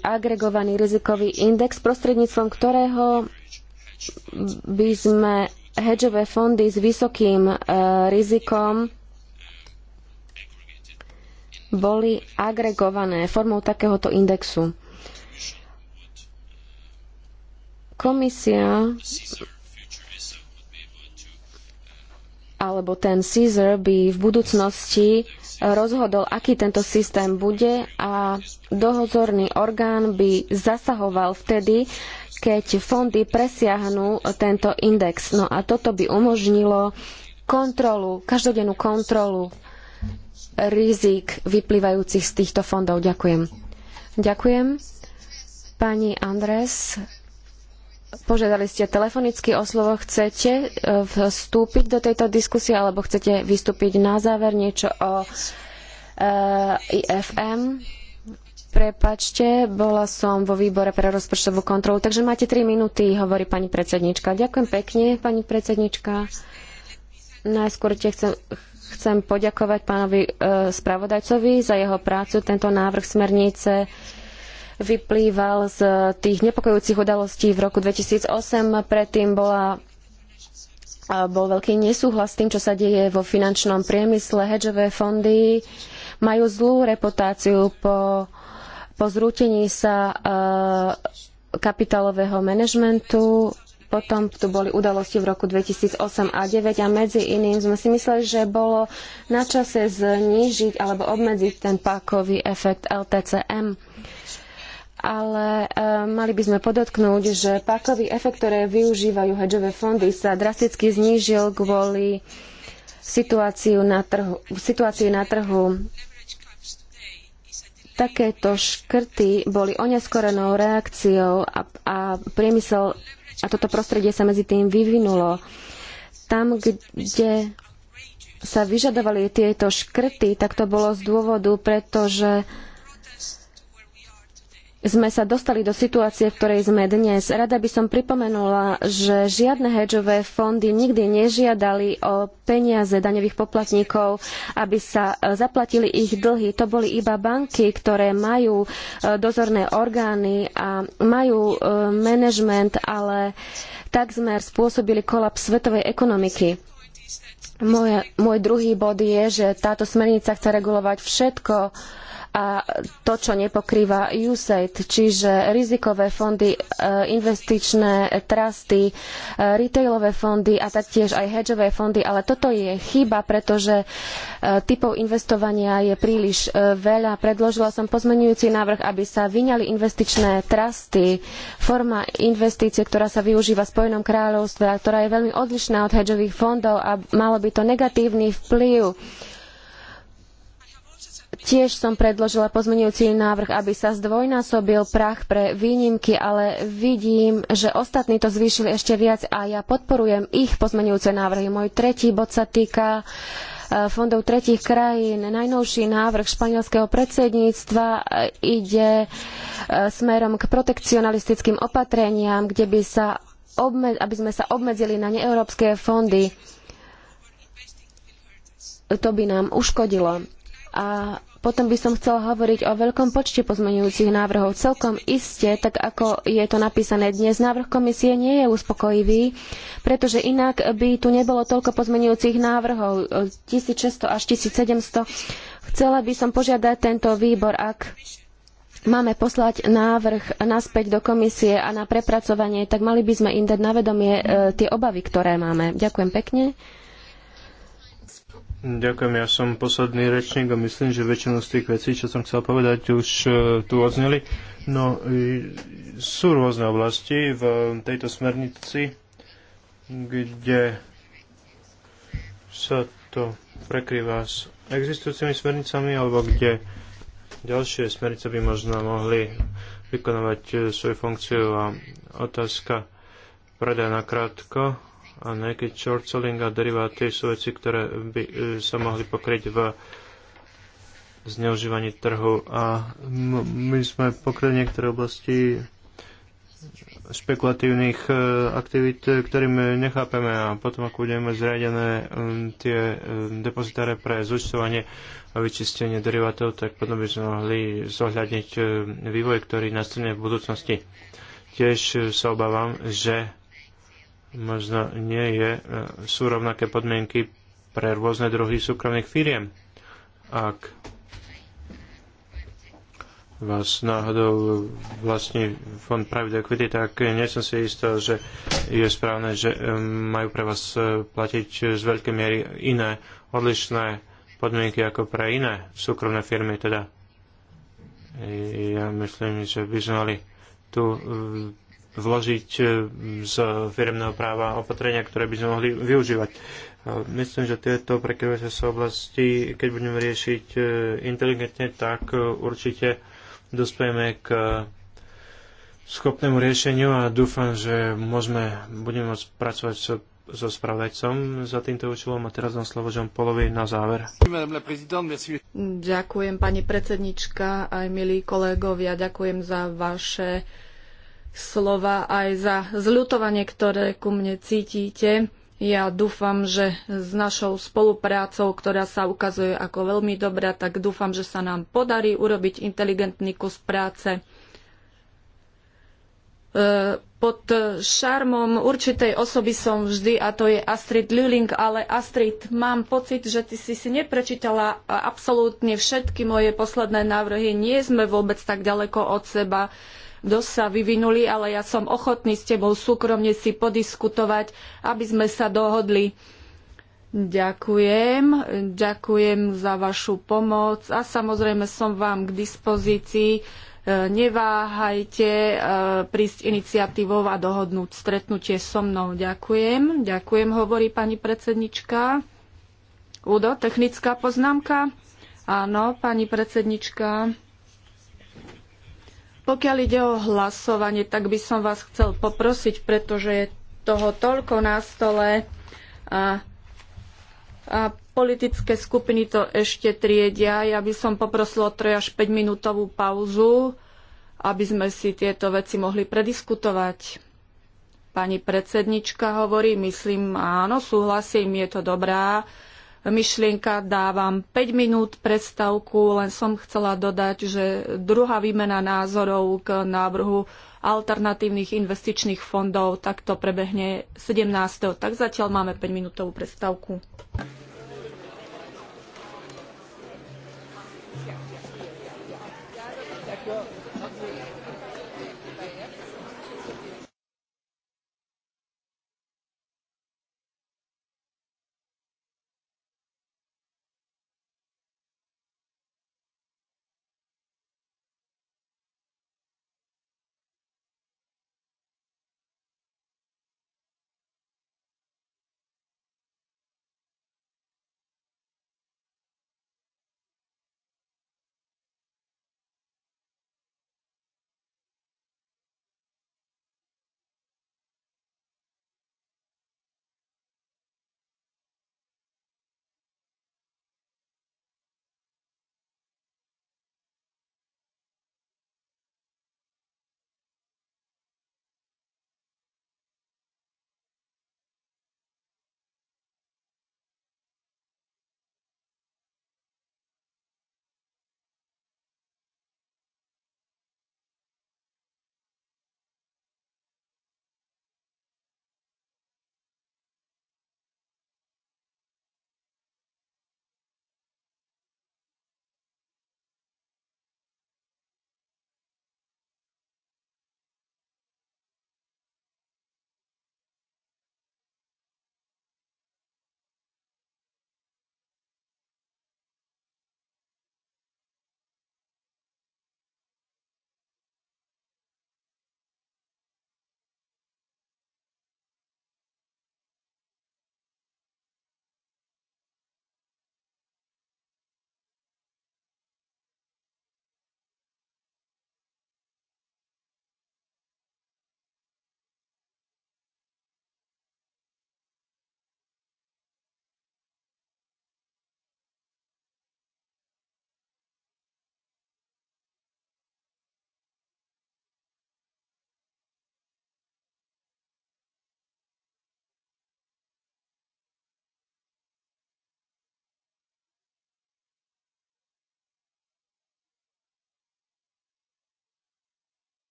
agregovaný rizikový index, prostredníctvom ktorého by sme hedžové fondy s vysokým e, rizikom boli agregované formou takéhoto indexu. Komisia alebo ten Caesar by v budúcnosti rozhodol, aký tento systém bude a dohozorný orgán by zasahoval vtedy, keď fondy presiahnu tento index. No a toto by umožnilo kontrolu, každodennú kontrolu rizik vyplývajúcich z týchto fondov. Ďakujem. Ďakujem. Pani Andres, Požiadali ste telefonicky o slovo. Chcete e, vstúpiť do tejto diskusie alebo chcete vystúpiť na záver niečo o uh, e, IFM? Prepačte, bola som vo výbore pre rozpočtovú kontrolu, takže máte 3 minúty, hovorí pani predsednička. Ďakujem pekne, pani predsednička. Najskôr te chcem, chcem poďakovať pánovi e, spravodajcovi za jeho prácu. Tento návrh smernice vyplýval z tých nepokojujúcich udalostí v roku 2008. Predtým bola bol veľký nesúhlas s tým, čo sa deje vo finančnom priemysle. Hedžové fondy majú zlú reputáciu po, po zrútení sa e, kapitálového manažmentu. Potom tu boli udalosti v roku 2008 a 2009 a medzi iným sme si mysleli, že bolo na čase znížiť alebo obmedziť ten pákový efekt LTCM. Uh, ale e, mali by sme podotknúť, že pákový efekt, ktoré využívajú hedžové fondy, sa drasticky znížil kvôli situáciu na trhu, situácii na trhu. Takéto škrty boli oneskorenou reakciou a, a priemysel a toto prostredie sa medzi tým vyvinulo. Tam, kde sa vyžadovali tieto škrty, tak to bolo z dôvodu, pretože sme sa dostali do situácie, v ktorej sme dnes. Rada by som pripomenula, že žiadne hedžové fondy nikdy nežiadali o peniaze daňových poplatníkov, aby sa e, zaplatili ich dlhy. To boli iba banky, ktoré majú e, dozorné orgány a majú e, manažment, ale takmer spôsobili kolaps svetovej ekonomiky. Moje, môj druhý bod je, že táto smernica chce regulovať všetko, a to, čo nepokrýva USAID, čiže rizikové fondy, e, investičné trusty, e, retailové fondy a taktiež aj hedžové fondy, ale toto je chyba, pretože e, typov investovania je príliš veľa. Predložila som pozmenujúci návrh, aby sa vyňali investičné trusty, forma investície, ktorá sa využíva v Spojenom kráľovstve a ktorá je veľmi odlišná od hedžových fondov a malo by to negatívny vplyv Tiež som predložila pozmenujúci návrh, aby sa zdvojnásobil prach pre výnimky, ale vidím, že ostatní to zvýšili ešte viac a ja podporujem ich pozmenujúce návrhy. Môj tretí bod sa týka e, fondov tretích krajín. Najnovší návrh španielského predsedníctva e, ide e, smerom k protekcionalistickým opatreniam, kde by sa aby sme sa obmedzili na neeurópske fondy. To by nám uškodilo. A potom by som chcela hovoriť o veľkom počte pozmeňujúcich návrhov. Celkom iste, tak ako je to napísané dnes, návrh komisie nie je uspokojivý, pretože inak by tu nebolo toľko pozmeňujúcich návrhov, 1600 až 1700. Chcela by som požiadať tento výbor, ak máme poslať návrh naspäť do komisie a na prepracovanie, tak mali by sme im dať na vedomie e, tie obavy, ktoré máme. Ďakujem pekne. Ďakujem, ja som posledný rečník a myslím, že väčšinu z tých vecí, čo som chcel povedať, už e, tu odzneli. No, e, sú rôzne oblasti v tejto smernici, kde sa to prekrýva s existujúcimi smernicami, alebo kde ďalšie smernice by možno mohli vykonávať e, svoju funkciu a otázka predaj na krátko a nejaký short selling a deriváty sú veci, ktoré by e, sa mohli pokryť v zneužívaní trhu. A my sme pokryli niektoré oblasti špekulatívnych e, aktivít, ktorým nechápeme a potom, ako budeme zriadené e, tie depozitáre pre zúčtovanie a vyčistenie derivátov, tak potom by sme mohli zohľadniť vývoj, ktorý nastane v budúcnosti. Tiež sa obávam, že možno nie je, e, sú rovnaké podmienky pre rôzne druhy súkromných firiem. Ak vás náhodou vlastní fond Private Equity, tak nie som si istý, že je správne, že e, majú pre vás e, platiť z veľkej miery iné, odlišné podmienky ako pre iné súkromné firmy. Teda ja myslím, že by sme mali tu vložiť e, z firemného práva opatrenia, ktoré by sme mohli využívať. Myslím, že tieto prekrývajúce sa oblasti, keď budeme riešiť e, inteligentne, tak e, určite dospejeme k schopnému riešeniu a dúfam, že môžeme, budeme môcť pracovať so, so spravodajcom za týmto účelom a teraz dám slovo Jean Polovi na záver. Ďakujem pani predsednička aj milí kolegovia, ďakujem za vaše slova aj za zľutovanie, ktoré ku mne cítite. Ja dúfam, že s našou spoluprácou, ktorá sa ukazuje ako veľmi dobrá, tak dúfam, že sa nám podarí urobiť inteligentný kus práce. E, pod šarmom určitej osoby som vždy, a to je Astrid Luling, ale Astrid, mám pocit, že ty si si neprečítala absolútne všetky moje posledné návrhy. Nie sme vôbec tak ďaleko od seba. Uh, dosť sa vyvinuli, ale ja som ochotný s tebou súkromne si podiskutovať, aby sme sa dohodli. Ďakujem, ďakujem za vašu pomoc a samozrejme som vám k dispozícii. E, neváhajte e, prísť iniciatívou a dohodnúť stretnutie so mnou. Ďakujem, ďakujem, hovorí pani predsednička. Udo, technická poznámka? Áno, pani predsednička. Pokiaľ ide o hlasovanie, tak by som vás chcel poprosiť, pretože je toho toľko na stole a, a politické skupiny to ešte triedia. Ja by som poprosila o 3 až 5 minútovú pauzu, aby sme si tieto veci mohli prediskutovať. Pani predsednička hovorí, myslím, áno, súhlasím, je to dobrá myšlienka. Dávam 5 minút predstavku, len som chcela dodať, že druhá výmena názorov k návrhu alternatívnych investičných fondov takto prebehne 17. Tak zatiaľ máme 5 minútovú predstavku.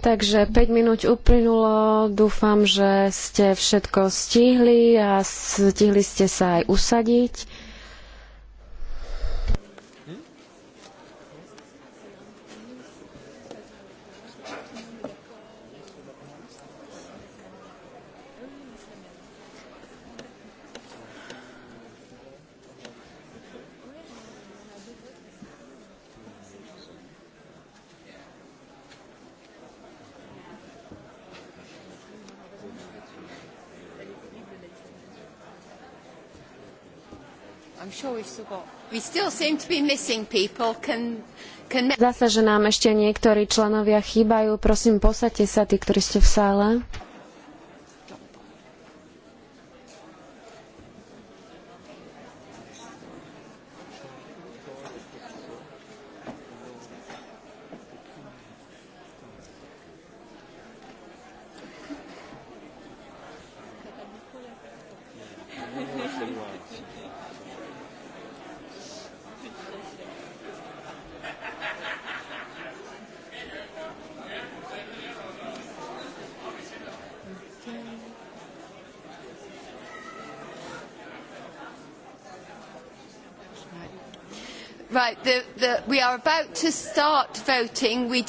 Takže 5 minút uplynulo, dúfam, že ste všetko stihli a stihli ste sa aj usadiť. Zdá sa, že nám ešte niektorí členovia chýbajú. Prosím, posaďte sa, tí, ktorí ste v sále.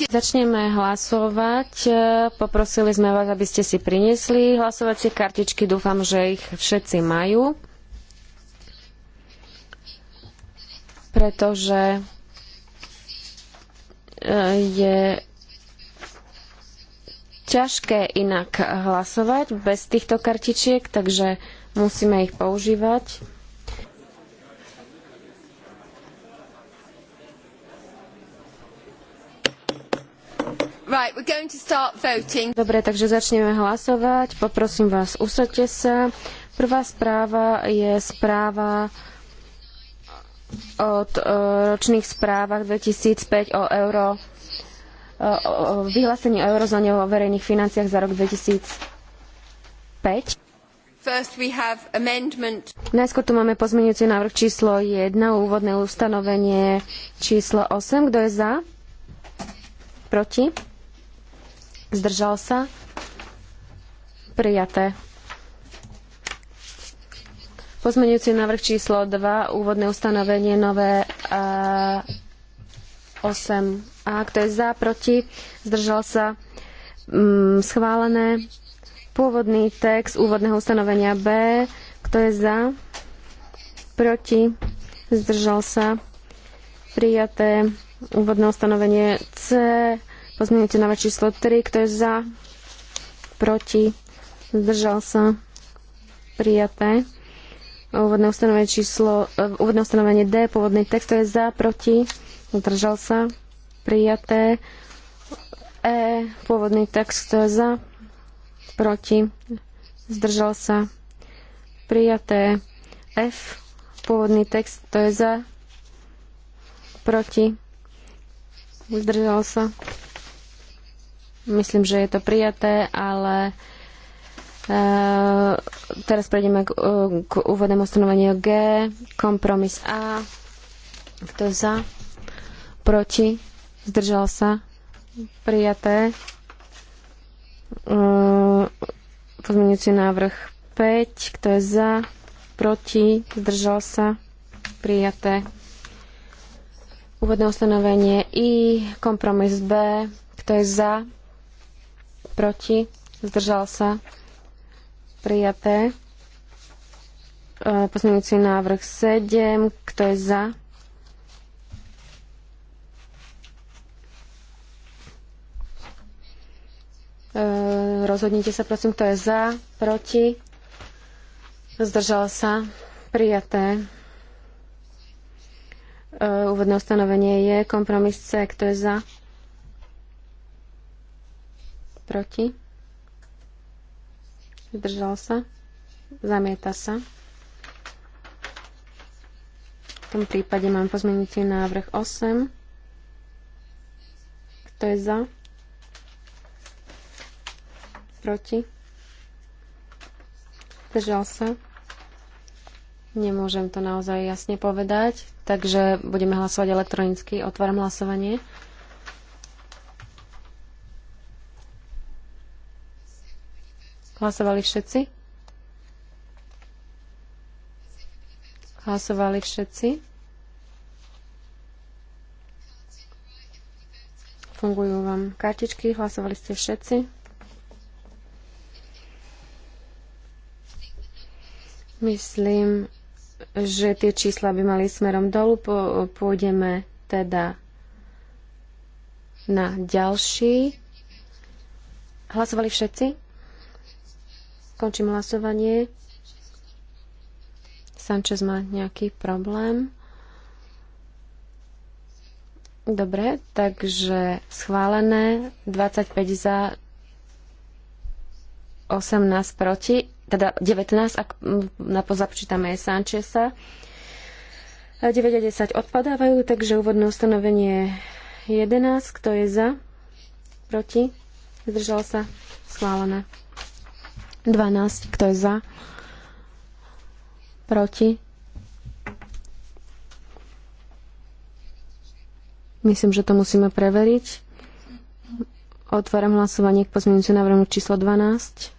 Začneme hlasovať. E, poprosili sme vás, aby ste si priniesli hlasovacie kartičky. Dúfam, že ich všetci majú. Pretože e, je ťažké inak hlasovať bez týchto kartičiek, takže musíme ich používať. Right, we're going to start voting. Dobre, takže začneme hlasovať. Poprosím vás, usadte sa. Prvá správa je správa od e, ročných správach 2005 o euro e, vyhlásení o eurozóne o verejných financiách za rok 2005. Najskôr tu máme pozmeňujúci návrh číslo 1, úvodné ustanovenie číslo 8. Kto je za? Proti? Zdržal sa? Prijaté. Pozmenujúci návrh číslo 2, úvodné ustanovenie nové a 8a. Kto je za, proti? Zdržal sa? Mm, schválené. Pôvodný text úvodného ustanovenia B. Kto je za? Proti? Zdržal sa? Prijaté. Úvodné ustanovenie C Pozmienujte na číslo 3, kto je za, proti, zdržal sa, prijaté. Úvodné ustanovenie číslo, e, úvodné ustanovenie D, pôvodný text, to je za, proti, zdržal sa, prijaté. E, pôvodný text, to je za, proti, zdržal sa, prijaté. F, pôvodný text, to je za, proti, zdržal sa, Myslím, že je to prijaté, ale e, teraz prejdeme k, k úvodnému stanoveniu G. Kompromis A. Kto je za? Proti? Zdržal sa? Prijaté. E, pozmeňujúci návrh 5. Kto je za? Proti? Zdržal sa? Prijaté. Úvodné ustanovenie I. Kompromis B. Kto je za? proti, zdržal sa, prijaté. E, pozmeňujúci návrh 7, kto je za? E, rozhodnite sa, prosím, kto je za, proti, zdržal sa, prijaté. E, úvodné ustanovenie je kompromis C, kto je za? proti, zdržal sa, zamieta sa. V tom prípade mám pozmenujúci návrh 8. Kto je za? Proti? Zdržal sa? Nemôžem to naozaj jasne povedať, takže budeme hlasovať elektronicky. Otváram hlasovanie. Hlasovali všetci? Hlasovali všetci? Fungujú vám kartičky, hlasovali ste všetci? Myslím, že tie čísla by mali smerom dolu. Pôjdeme teda na ďalší. Hlasovali všetci? Končím hlasovanie. Sanchez má nejaký problém. Dobre, takže schválené 25 za 18 proti, teda 19, ak započítame je Sančesa. 9 a 10 odpadávajú, takže úvodné ustanovenie 11, kto je za, proti, zdržal sa, schválené. 12. Kto je za? Proti? Myslím, že to musíme preveriť. Otváram hlasovanie k pozmeňujúcemu návrhu číslo 12.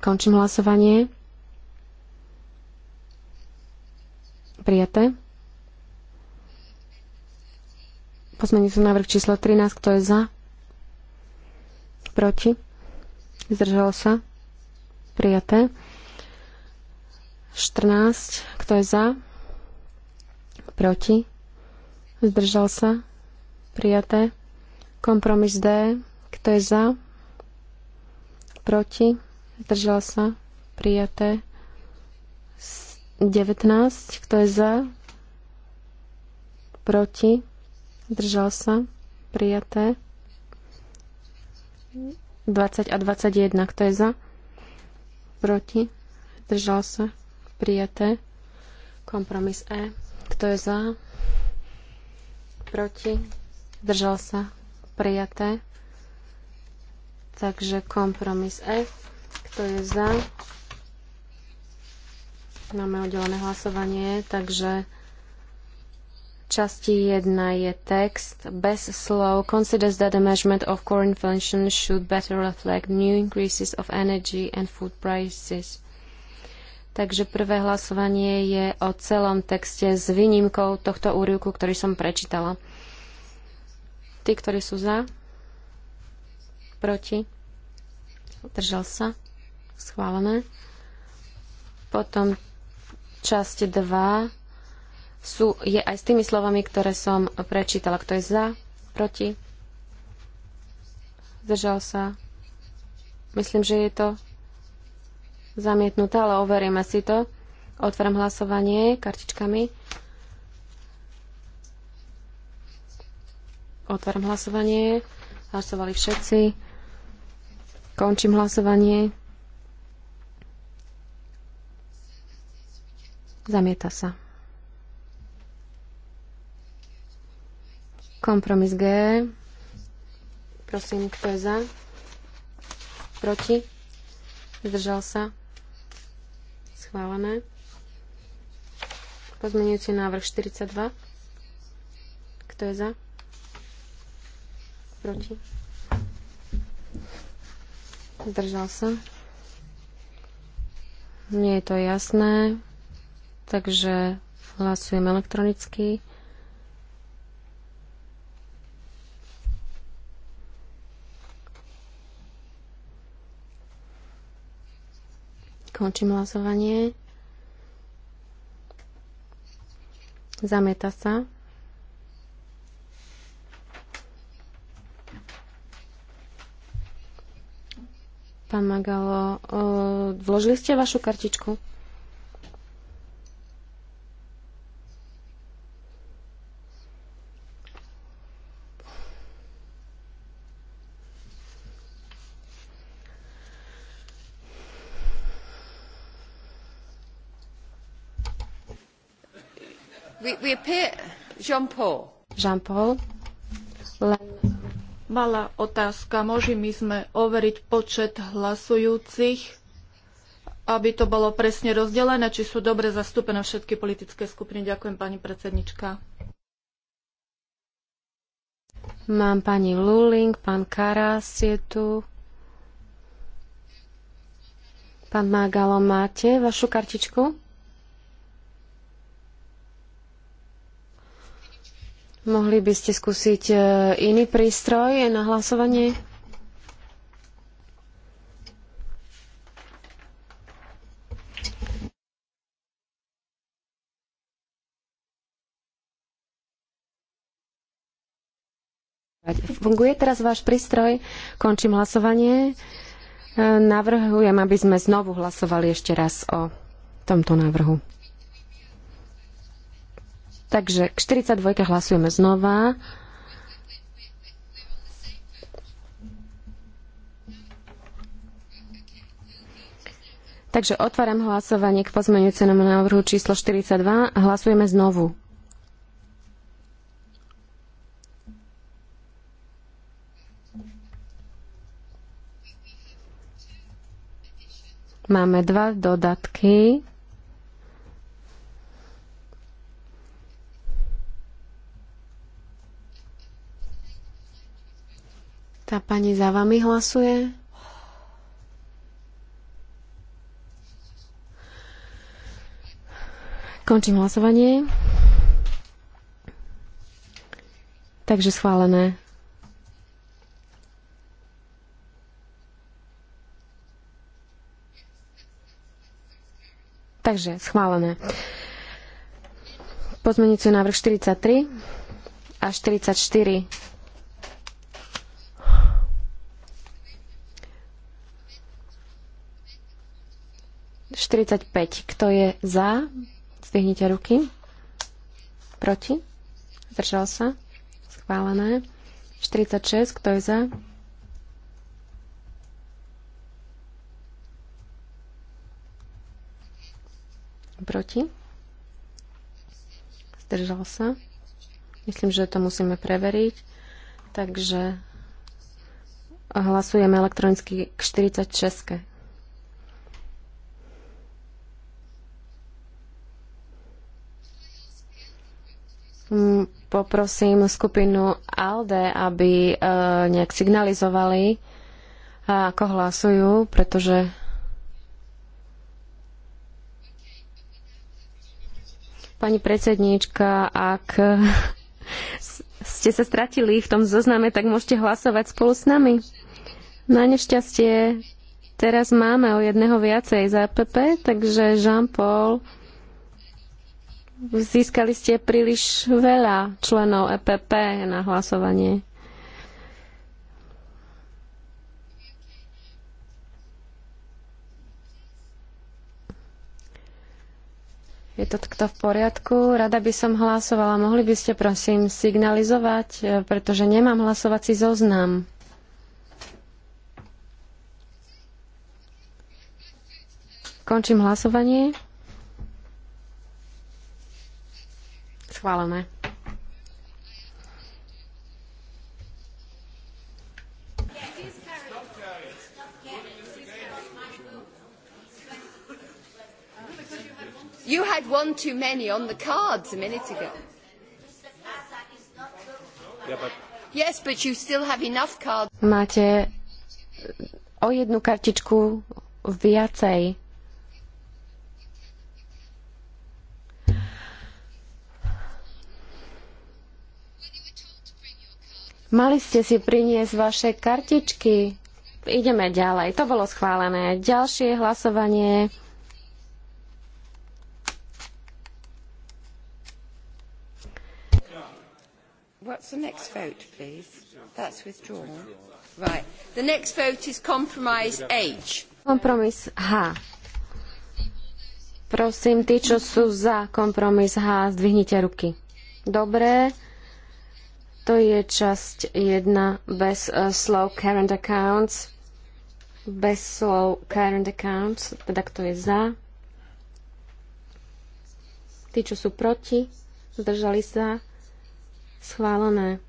Končím hlasovanie. Prijaté. Pozmeňujúci návrh číslo 13, kto je za? Proti? Zdržal sa? Prijaté. 14, kto je za? Proti? Zdržal sa? Prijaté. Kompromis D, kto je za? Proti? Zdržal sa? Prijaté. 19, kto je za? Proti? držal sa? Prijaté. 20 a 21. Kto je za? Proti? držal sa? Prijaté. Kompromis E. Kto je za? Proti? držal sa? Prijaté. Takže kompromis E. Kto je za? Máme oddelené hlasovanie, takže časti 1 je text bez slov considers that the measurement of core inflation should better reflect new increases of energy and food prices. Takže prvé hlasovanie je o celom texte s výnimkou tohto úrivku, ktorý som prečítala. Tí, ktorí sú za, proti, držal sa, schválené. Potom časť 2 sú, je aj s tými slovami, ktoré som prečítala. Kto je za, proti, zdržal sa. Myslím, že je to zamietnuté, ale overíme si to. Otváram hlasovanie kartičkami. Otváram hlasovanie. Hlasovali všetci. Končím hlasovanie. Zamieta sa. Kompromis G. Prosím, kto je za? Proti? Zdržal sa? Schválené. Pozmenujúci návrh 42. Kto je za? Proti? Zdržal sa? Nie je to jasné, takže hlasujem elektronicky. Končím hlasovanie. Zameta sa. Pán Magalo, e, vložili ste vašu kartičku? Jean-Paul. Jean-Paul. Malá otázka. Môže my sme overiť počet hlasujúcich, aby to bolo presne rozdelené, či sú dobre zastúpené všetky politické skupiny. Ďakujem, pani predsednička. Mám pani Luling, pán Karas je tu. Pán Magalo, máte vašu kartičku? Mohli by ste skúsiť e, iný prístroj na hlasovanie? Funguje teraz váš prístroj? Končím hlasovanie. E, navrhujem, aby sme znovu hlasovali ešte raz o tomto návrhu. Takže k 42 hlasujeme znova. Takže otváram hlasovanie k pozmeňujúcemu návrhu číslo 42 a hlasujeme znovu. Máme dva dodatky. Tá pani za vami hlasuje. Končím hlasovanie. Takže schválené. Takže schválené. Pozmenujúci návrh 43 a 44 45. Kto je za? Zdvihnite ruky. Proti? Zdržal sa? Schválené. 46. Kto je za? Proti? Zdržal sa? Myslím, že to musíme preveriť. Takže hlasujeme elektronicky k 46. Mm, poprosím skupinu ALDE, aby e, nejak signalizovali, e, ako hlasujú, pretože Pani predsedníčka, ak ste sa stratili v tom zozname, tak môžete hlasovať spolu s nami. Na nešťastie teraz máme o jedného viacej za PP, takže Jean-Paul Získali ste príliš veľa členov EPP na hlasovanie. Je to takto v poriadku. Rada by som hlasovala. Mohli by ste prosím signalizovať, e, pretože nemám hlasovací zoznam. Končím hlasovanie. Schválené. You had one too many on the cards a minute ago. Yes, but you still have enough cards. Máte o jednu kartičku viacej. Mali ste si priniesť vaše kartičky. Ideme ďalej. To bolo schválené. Ďalšie hlasovanie. What's the next vote, please? That's withdrawn. Right. The next vote is compromise H. Kompromis H. Prosím, tí, čo sú za kompromis H, zdvihnite ruky. Dobre. To je časť jedna bez uh, slov current accounts. Bez slov current accounts, teda kto je za. Tí, čo sú proti, zdržali sa. Schválené.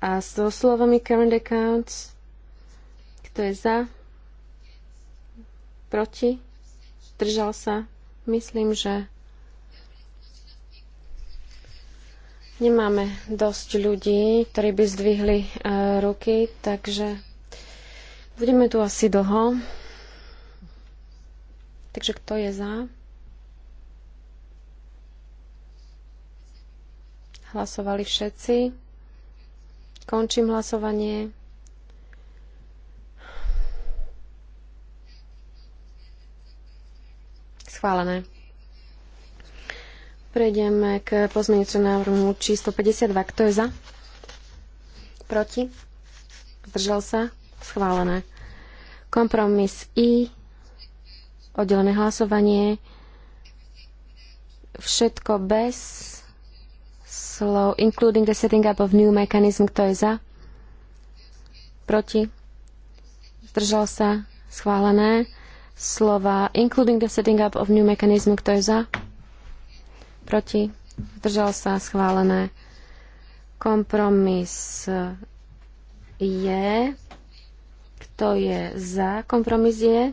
A so slovami current accounts, kto je za, proti, zdržal sa. Myslím, že Nemáme dosť ľudí, ktorí by zdvihli e, ruky, takže budeme tu asi dlho. Takže kto je za? Hlasovali všetci. Končím hlasovanie. Schválené. Prejdeme k pozmeňujúcu návrhu číslo 52. Kto je za? Proti? Zdržal sa? Schválené. Kompromis I. Oddelené hlasovanie. Všetko bez slov including the setting up of new mechanism. Kto je za? Proti? Zdržal sa? Schválené. Slova including the setting up of new mechanism. Kto je za? proti, zdržal sa, schválené. Kompromis e, je, kto je za, kompromis je,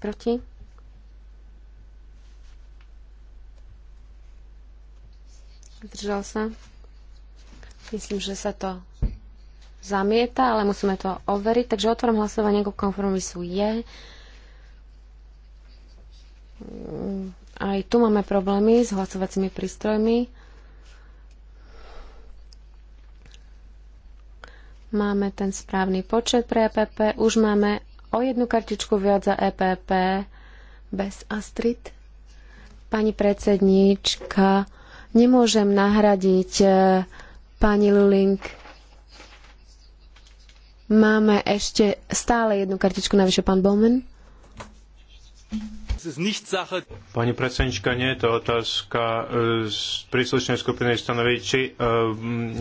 proti. Zdržal sa. Myslím, že sa to zamieta, ale musíme to overiť. Takže otvorím hlasovanie ku kompromisu je. Mm, aj tu máme problémy s hlasovacími prístrojmi. Máme ten správny počet pre EPP. Už máme o jednu kartičku viac za EPP bez Astrid. Pani predsedníčka, nemôžem nahradiť e, pani Luling. Máme ešte stále jednu kartičku navyše, pán Bowman. Mm-hmm. Pani predsednička, nie je to otázka e, z príslušnej skupiny stanoviť, či e,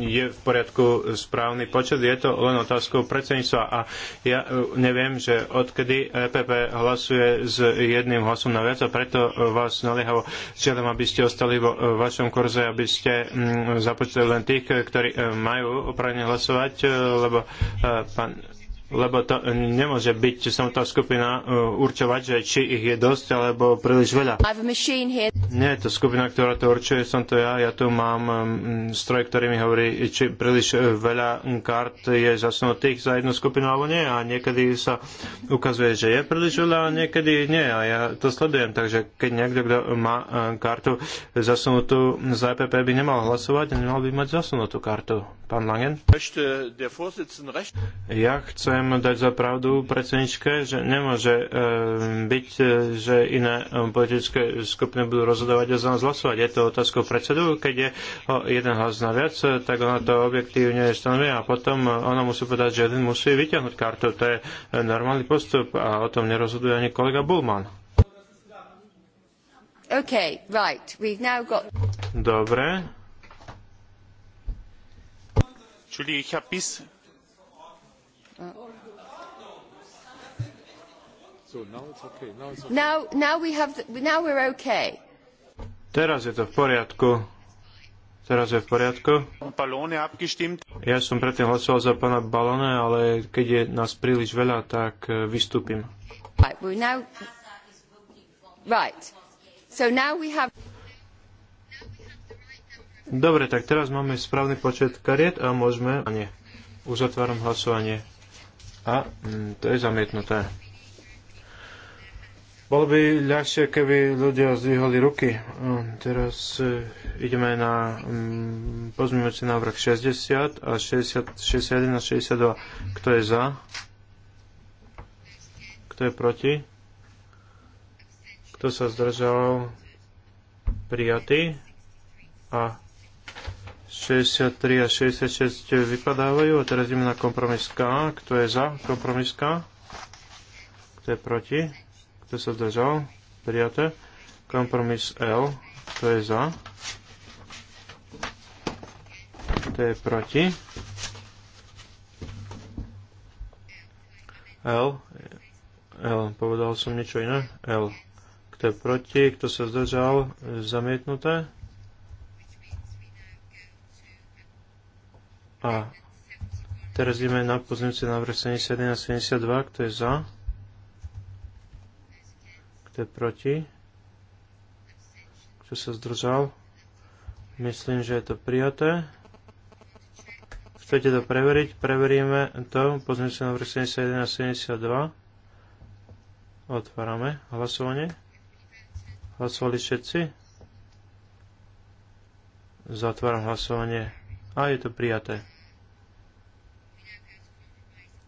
je v poriadku správny počet. Je to len otázkou predsedníctva a ja e, neviem, že odkedy EPP hlasuje s jedným hlasom na viac a preto vás naliehavo žiadam, aby ste ostali vo vašom kurze, aby ste započítali len tých, ktorí majú oprávne hlasovať, lebo pán lebo to nemôže byť samotná skupina uh, určovať, že či ich je dosť alebo príliš veľa. Nie je to skupina, ktorá to určuje, som to ja. Ja tu mám um, stroj, ktorý mi hovorí, či príliš uh, veľa kart je zasunutých za jednu skupinu alebo nie. A niekedy sa ukazuje, že je príliš veľa a niekedy nie. A ja to sledujem, takže keď niekto, kto má uh, kartu zasunutú za EPP, by nemal hlasovať, nemal by mať zasunutú kartu. Pán Langen? Ja chcem chcem dať za pravdu predsedničke, že nemôže e, byť, e, že iné eh, politické skupiny budú rozhodovať a za nás hlasovať. Je to otázka predsedu, keď je o jeden hlas na viac, tak ona to objektívne stanovuje a potom ona musí povedať, že jeden musí vyťahnuť kartu. To je normálny postup a o tom nerozhoduje ani kolega Bulman. Okay, right. We've now got... Dobre. Čili ich habe bis Teraz je to v poriadku. Teraz je v poriadku. Ja som predtým hlasoval za pána Balone, ale keď je nás príliš veľa, tak e, vystúpim. Right, now... right. so have... Dobre, tak teraz máme správny počet kariet a môžeme... A nie. Uzatváram hlasovanie. A mm, to je zamietnuté. Bolo by ľahšie, keby ľudia zvýhali ruky. Teraz e, ideme na mm, pozmývací návrh 60 a 60, 61 a 62. Kto je za? Kto je proti? Kto sa zdržal? Prijatý. A 63 a 66 vypadávajú a teraz ideme na kompromis K. Kto je za kompromis K? Kto je proti? Kto sa zdržal? Prijaté. Kompromis L. Kto je za? Kto je proti? L. L. Povedal som niečo iné. L. Kto je proti? Kto sa zdržal? Zamietnuté. A teraz ideme na pozornice návrh 71 a 72, kto je za, kto je proti, kto sa zdržal. Myslím, že je to prijaté. Chcete to preveriť? Preveríme to. Pozrite sa na 71 a 72. Otvárame hlasovanie. Hlasovali všetci? Zatváram hlasovanie. A je to prijaté.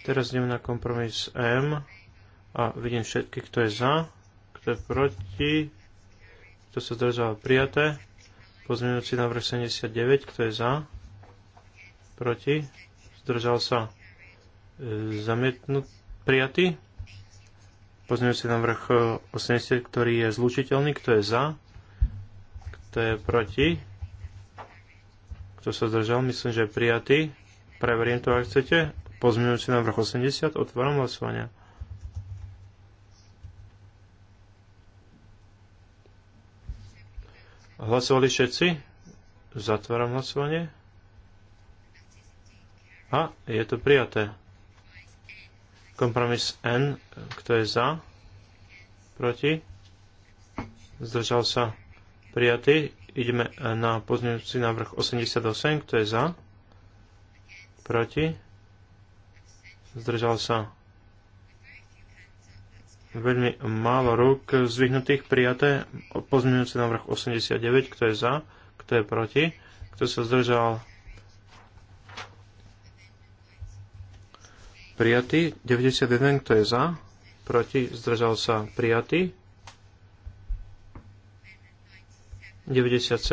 Teraz idem na kompromis M a vidím všetky, kto je za, kto je proti, kto sa zdržal prijaté. Pozmeňujúci návrh 79, kto je za, proti, zdržal sa e, zamietnut, prijatý. Pozmeňujúci návrh 80, e, ktorý je zlučiteľný, kto je za, kto je proti, kto sa zdržal, myslím, že je prijatý. Preverím to, ak chcete. Pozmeňujúci návrh 80. Otváram hlasovanie. Hlasovali všetci? Zatváram hlasovanie. A je to prijaté. Kompromis N, kto je za? Proti? Zdržal sa prijatý. Ideme na pozmeňujúci návrh 88, kto je za? Proti? zdržal sa veľmi málo rúk zvyhnutých prijaté. Pozmeňujúci návrh 89, kto je za, kto je proti, kto sa zdržal prijatý. 91, kto je za, proti, zdržal sa prijatý. 97,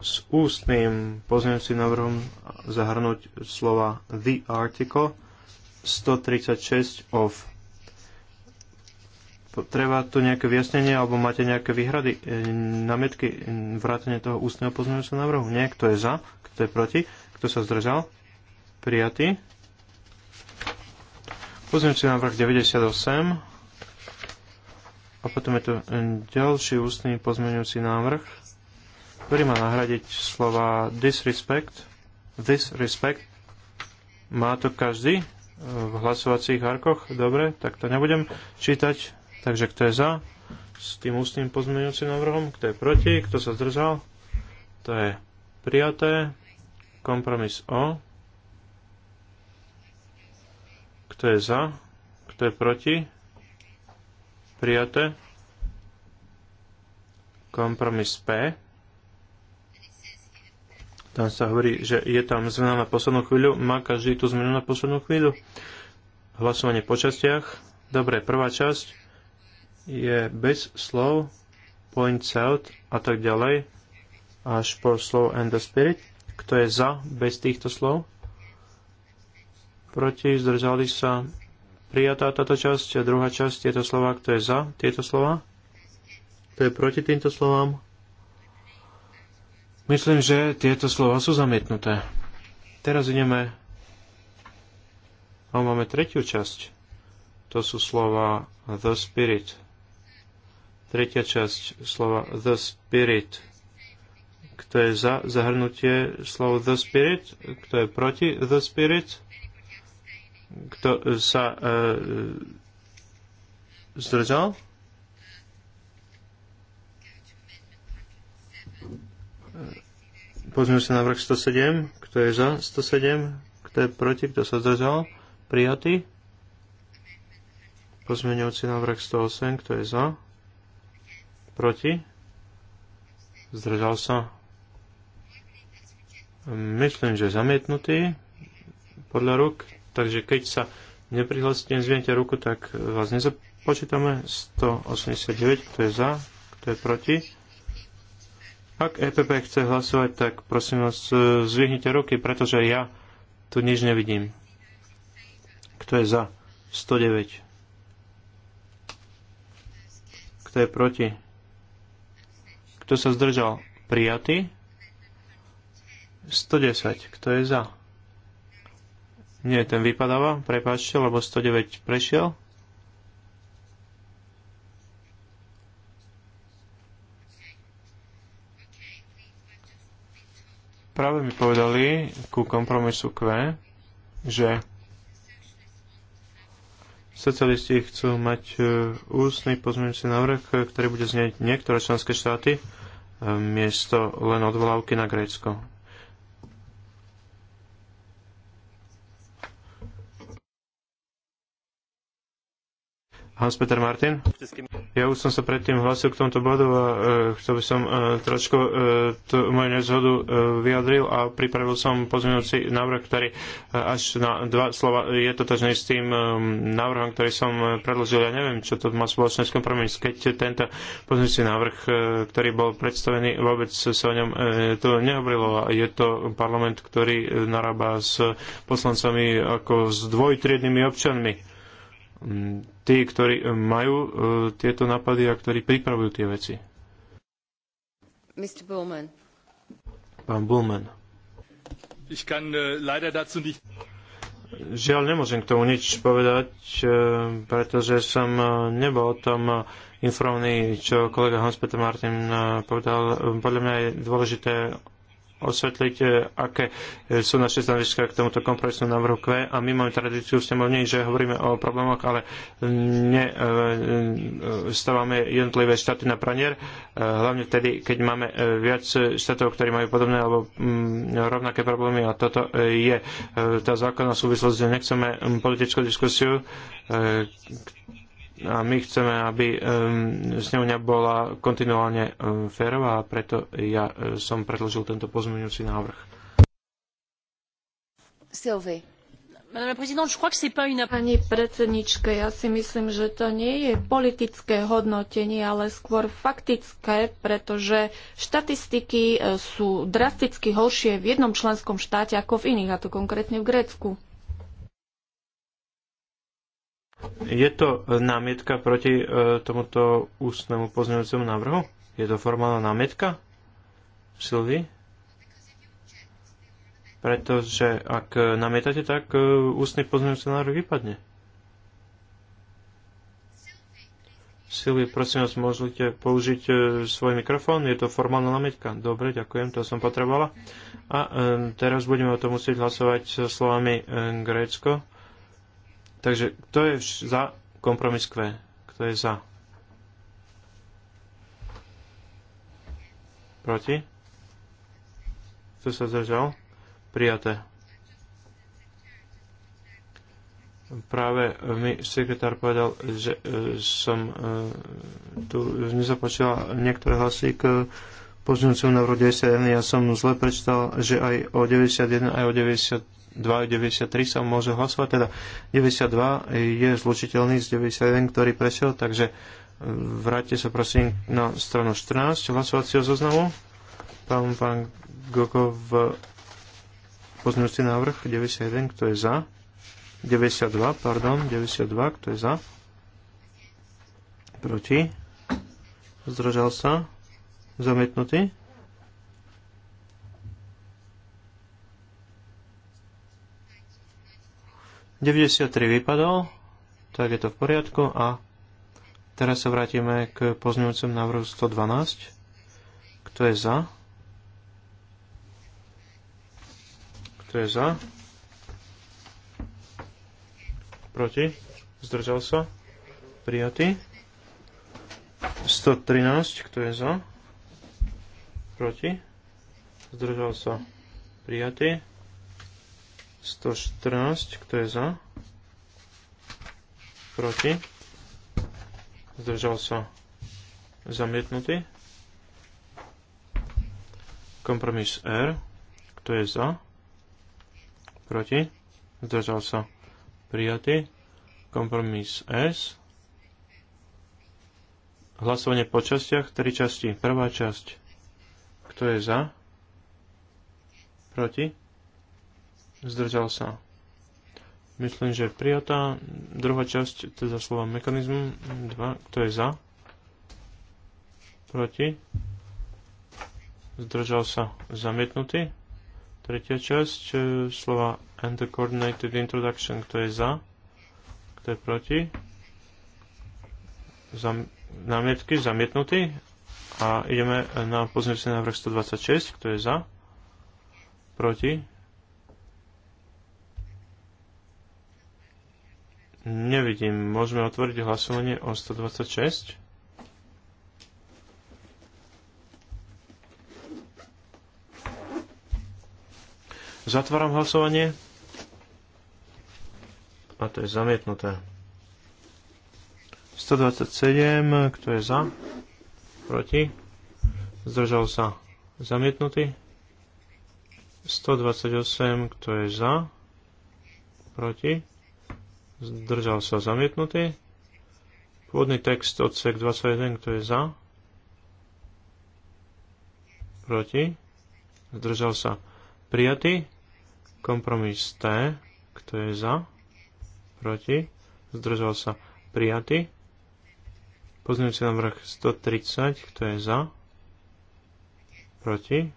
s ústnym pozmeňujúcim návrhom zahrnúť slova the article 136 of. Treba tu nejaké vyjasnenie, alebo máte nejaké výhrady, e, námietky, e, vrátenie toho ústneho pozmeňujúceho návrhu? Nie, kto je za, kto je proti, kto sa zdržal? Prijatý. Pozmeňujúci návrh 98. A potom je tu e, ďalší ústny pozmeňujúci návrh ktorý má nahradiť slova disrespect. Disrespect. Má to každý e, v hlasovacích harkoch? Dobre, tak to nebudem čítať. Takže kto je za? S tým ústnym pozmeňujúcim návrhom. Kto je proti? Kto sa zdržal? To je prijaté. Kompromis O. Kto je za? Kto je proti? Prijaté. Kompromis P. Tam sa hovorí, že je tam zmena na poslednú chvíľu. Má každý tú zmenu na poslednú chvíľu? Hlasovanie po častiach. Dobre, prvá časť je bez slov, points out a tak ďalej, až po slov and the spirit. Kto je za bez týchto slov? Proti, zdržali sa. Prijatá táto časť a druhá časť tieto slova, kto je za tieto slova? Kto je proti týmto slovám? Myslím, že tieto slova sú zamietnuté. Teraz ideme... A máme tretiu časť. To sú slova The Spirit. Tretia časť slova The Spirit. Kto je za zahrnutie slov The Spirit? Kto je proti The Spirit? Kto sa e, zdržal? Pozrieme sa na vrch 107. Kto je za 107? Kto je proti? Kto sa zdržal? Prijatý. Pozmeňujúci návrh 108. Kto je za? Proti? Zdržal sa? Myslím, že zamietnutý podľa ruk, Takže keď sa neprihlasíte, nezviente ruku, tak vás nezapočítame. 189, kto je za, kto je proti ak EPP chce hlasovať, tak prosím vás, e, zvihnite ruky, pretože ja tu nič nevidím. Kto je za? 109. Kto je proti? Kto sa zdržal? Prijatý? 110. Kto je za? Nie, ten vypadáva, prepáčte, lebo 109 prešiel. práve mi povedali ku kompromisu Q, že socialisti chcú mať e, ústny pozmeňujúci návrh, ktorý bude znieť niektoré členské štáty e, miesto len odvolávky na Grécko. Hans-Peter Martin. Ja už som sa predtým hlásil k tomuto bodu a e, chcel by som e, trošku e, tú moju nezhodu e, vyjadril a pripravil som pozmeňujúci návrh, ktorý e, až na dva slova je totožný s tým e, návrhom, ktorý som e, predložil. Ja neviem, čo to má spoločné s kompromis, keď tento pozmeňujúci návrh, e, ktorý bol predstavený, vôbec sa o ňom e, tu nehovorilo. Je to parlament, ktorý e, narába s poslancami ako s dvojtriednými občanmi Mm, tí, ktorí e, majú e, tieto nápady a ktorí pripravujú tie veci. Mr. Bullman. Pán Bullman. Ich kann äh, leider dazu nicht... Žiaľ, nemôžem k tomu nič povedať, e, pretože som nebol o tom informovaný, čo kolega Hans-Peter Martin povedal. Podľa mňa je dôležité osvetliť, e, aké e, sú naše stanoviská k tomuto kompromisnú návrhu Q. A my máme tradíciu v snemovni, že hovoríme o problémoch, ale ne, e, stávame jednotlivé štáty na pranier, hlavne vtedy, keď máme viac štátov, ktorí majú podobné alebo mm, rovnaké problémy a toto je tá základná súvislosť, že nechceme politickú diskusiu, a my chceme, aby snemovňa bola kontinuálne férová a preto ja e, som predložil tento pozmeňujúci návrh. Sylvie. Pani predsednička, ja si myslím, že to nie je politické hodnotenie, ale skôr faktické, pretože štatistiky e, sú drasticky horšie v jednom členskom štáte ako v iných, a to konkrétne v Grécku. Je to námietka proti e, tomuto ústnemu pozmeňujúcemu návrhu? Je to formálna námietka? Silvi? Pretože ak namietate, tak e, ústny pozmeňujúci návrh vypadne. Silvi, prosím vás, môžete použiť e, svoj mikrofón, je to formálna námietka. Dobre, ďakujem, to som potrebovala. A teraz budeme o tom musieť hlasovať slovami Grécko Takže kto je za kompromis Q? Kto je za? Proti? Kto sa zdržal? Prijaté. Práve mi sekretár povedal, že e, som e, tu nezapočila niektoré hlasy k pozňujúcemu na 91. Ja som zle prečítal, že aj o 91, aj o 90 92 93 sa môže hlasovať, teda 92 je zlučiteľný z 91, ktorý prešiel, takže e, vráťte sa prosím na stranu 14 hlasovacieho zoznamu. Pán, pán Goko v pozmeňujúci návrh 91, kto je za. 92, pardon, 92, kto je za. Proti. Zdržal sa. Zamietnutý. 93 vypadol, tak je to v poriadku a teraz sa vrátime k pozňujúcem návrhu 112. Kto je za? Kto je za? Proti? Zdržal sa? Prijatý? 113. Kto je za? Proti? Zdržal sa? Prijatý? 114, kto je za? Proti? Zdržal sa zamietnutý. Kompromis R, kto je za? Proti? Zdržal sa prijatý. Kompromis S. Hlasovanie po častiach, tri časti. Prvá časť, kto je za? Proti? zdržal sa. Myslím, že prijatá. Druhá časť, teda slova mechanizm 2, kto je za, proti, zdržal sa, zamietnutý. Tretia časť, e, slova and the coordinated introduction, kto je za, kto je proti, Zam, námietky, zamietnutý. A ideme na pozmeňujúci návrh 126, kto je za, proti, Nevidím. Môžeme otvoriť hlasovanie o 126. Zatváram hlasovanie. A to je zamietnuté. 127, kto je za? Proti? Zdržal sa. Zamietnutý. 128, kto je za? Proti? zdržal sa zamietnutý. Pôvodný text odsek 21, kto je za, proti, zdržal sa prijatý. Kompromis T, kto je za, proti, zdržal sa prijatý. Pozmeňujúci návrh 130, kto je za, proti,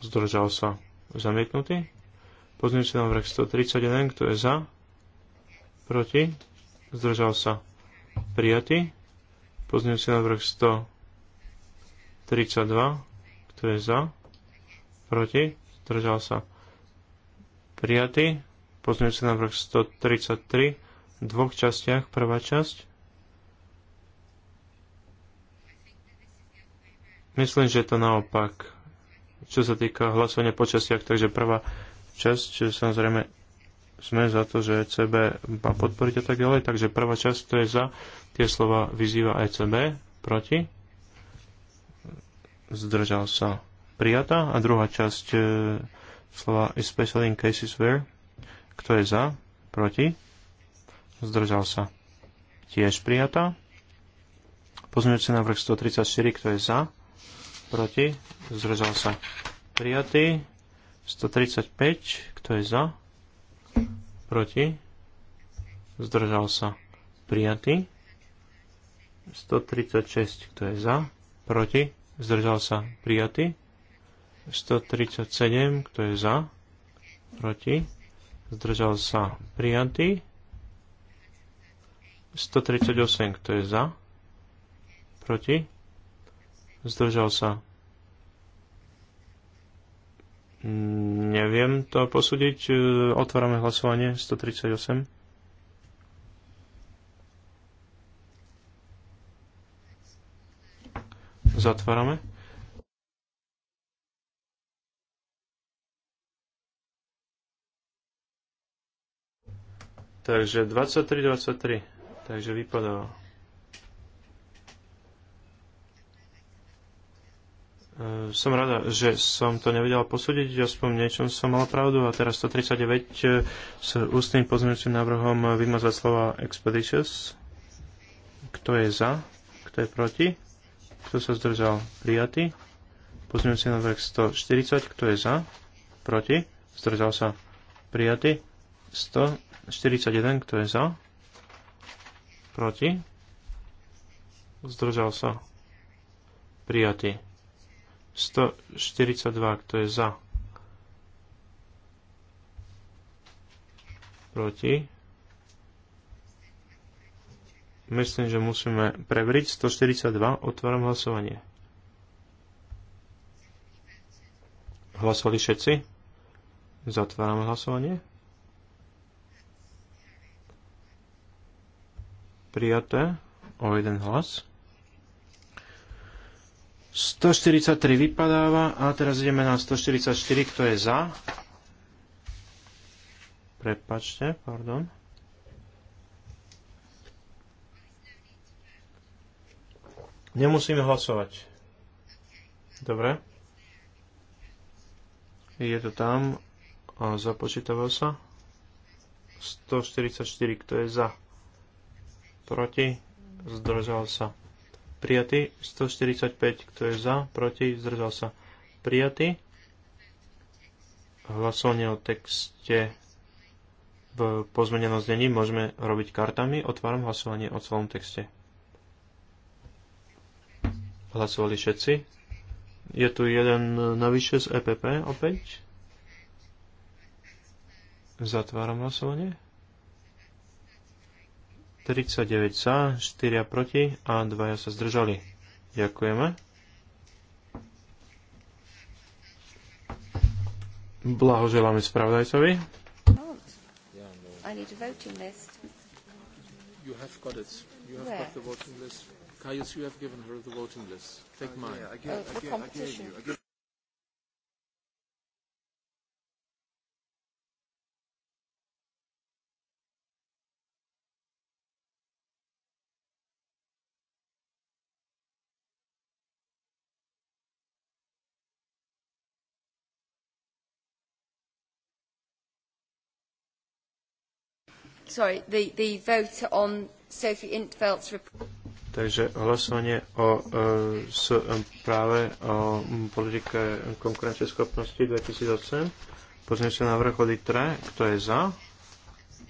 zdržal sa zamietnutý. na návrh 131, kto je za, proti, zdržal sa prijatý. Pozmeňujúci návrh 132, kto je za, proti, zdržal sa prijatý. Pozmeňujúci návrh 133 v dvoch častiach, prvá časť. Myslím, že je to naopak, čo sa týka hlasovania po častiach, takže prvá časť, samozrejme sme za to, že ECB má podporiť a tak ďalej. Takže prvá časť to je za. Tie slova vyzýva ECB proti. Zdržal sa prijatá. A druhá časť e, slova especially in cases where. Kto je za? Proti. Zdržal sa. Tiež prijatá. Pozmeňujúci návrh 134. Kto je za? Proti. Zdržal sa. Prijatý. 135. Kto je za? proti, zdržal sa, prijatý. 136, kto je za, proti, zdržal sa, prijatý. 137, kto je za, proti, zdržal sa, prijatý. 138, kto je za, proti, zdržal sa, Neviem to posúdiť. E, otvárame hlasovanie 138. Zatvárame. Takže 23, 23. Takže vypadalo. E, som rada, že som to nevedela posúdiť, aspoň niečom som mala pravdu a teraz 139 e, s ústnym pozmeňujúcim návrhom vymazať slova expeditious. Kto je za? Kto je proti? Kto sa zdržal? Prijatý. Pozmeňujúci návrh 140. Kto je za? Proti? Zdržal sa? Prijatý. 141. Kto je za? Proti? Zdržal sa? Prijatý. 142, kto je za? Proti? Myslím, že musíme prevriť 142, otváram hlasovanie. Hlasovali všetci? Zatváram hlasovanie. Prijaté o jeden hlas. 143 vypadáva a teraz ideme na 144, kto je za. Prepačte, pardon. Nemusíme hlasovať. Dobre. Je to tam. A započítava sa. 144, kto je za. Proti. Zdržal sa prijatý. 145, kto je za, proti, zdržal sa, prijatý. Hlasovanie o texte v pozmenenom znení môžeme robiť kartami. Otváram hlasovanie o celom texte. Hlasovali všetci. Je tu jeden navyše z EPP opäť. Zatváram hlasovanie. 39 za, 4 proti a 2 sa zdržali. Ďakujeme. Blahoželáme spravodajcovi. I You have given her the voting list. Take uh, mine. Yeah, I gave, oh, I gave, I gave you. I gave sorry, the, the vote on Sophie Intveld's report. Takže hlasovanie o e, s, e, práve o politike konkurenčnej schopnosti 2008. Pozrieme sa na vrch od ITRE. Kto je za?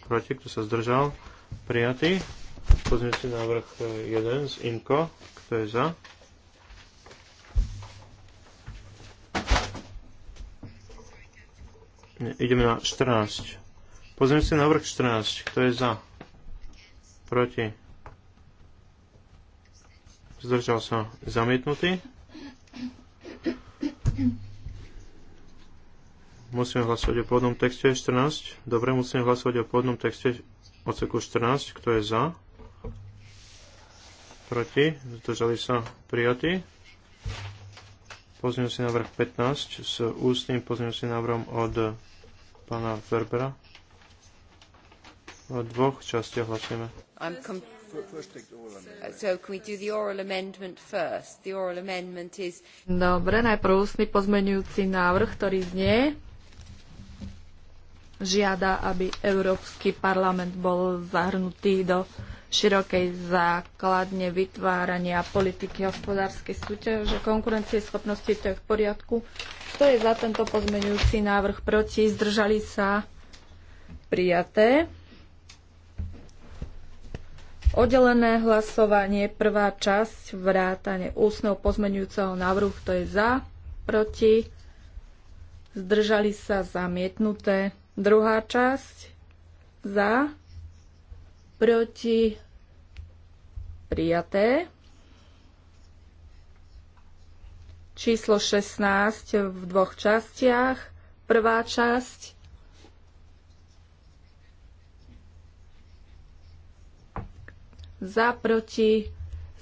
Proti? Kto sa zdržal? Prijatý. Pozrieme sa na vrch 1 e, z INKO. Kto je za? Ideme na 14 na vrch 14. Kto je za? Proti? Zdržal sa. Zamietnutý? Musíme hlasovať o pôvodnom texte 14. Dobre, musíme hlasovať o pôvodnom texte odseku 14. Kto je za? Proti? Zdržali sa. prijatí, Prijatý? si návrh 15 s ústnym si návrhom od pána Ferbera. V dvoch častiach hlasujeme. Dobre, najprv ústny pozmenujúci návrh, ktorý znie žiada, aby Európsky parlament bol zahrnutý do širokej základne vytvárania politiky hospodárskej súťaže, konkurencie, schopnosti, to je v poriadku. Kto je za tento pozmenujúci návrh proti? Zdržali sa? Prijaté. Oddelené hlasovanie, prvá časť, vrátane ústneho pozmenujúceho návrhu, kto je za, proti, zdržali sa zamietnuté. Druhá časť, za, proti, prijaté. Číslo 16 v dvoch častiach. Prvá časť za, proti,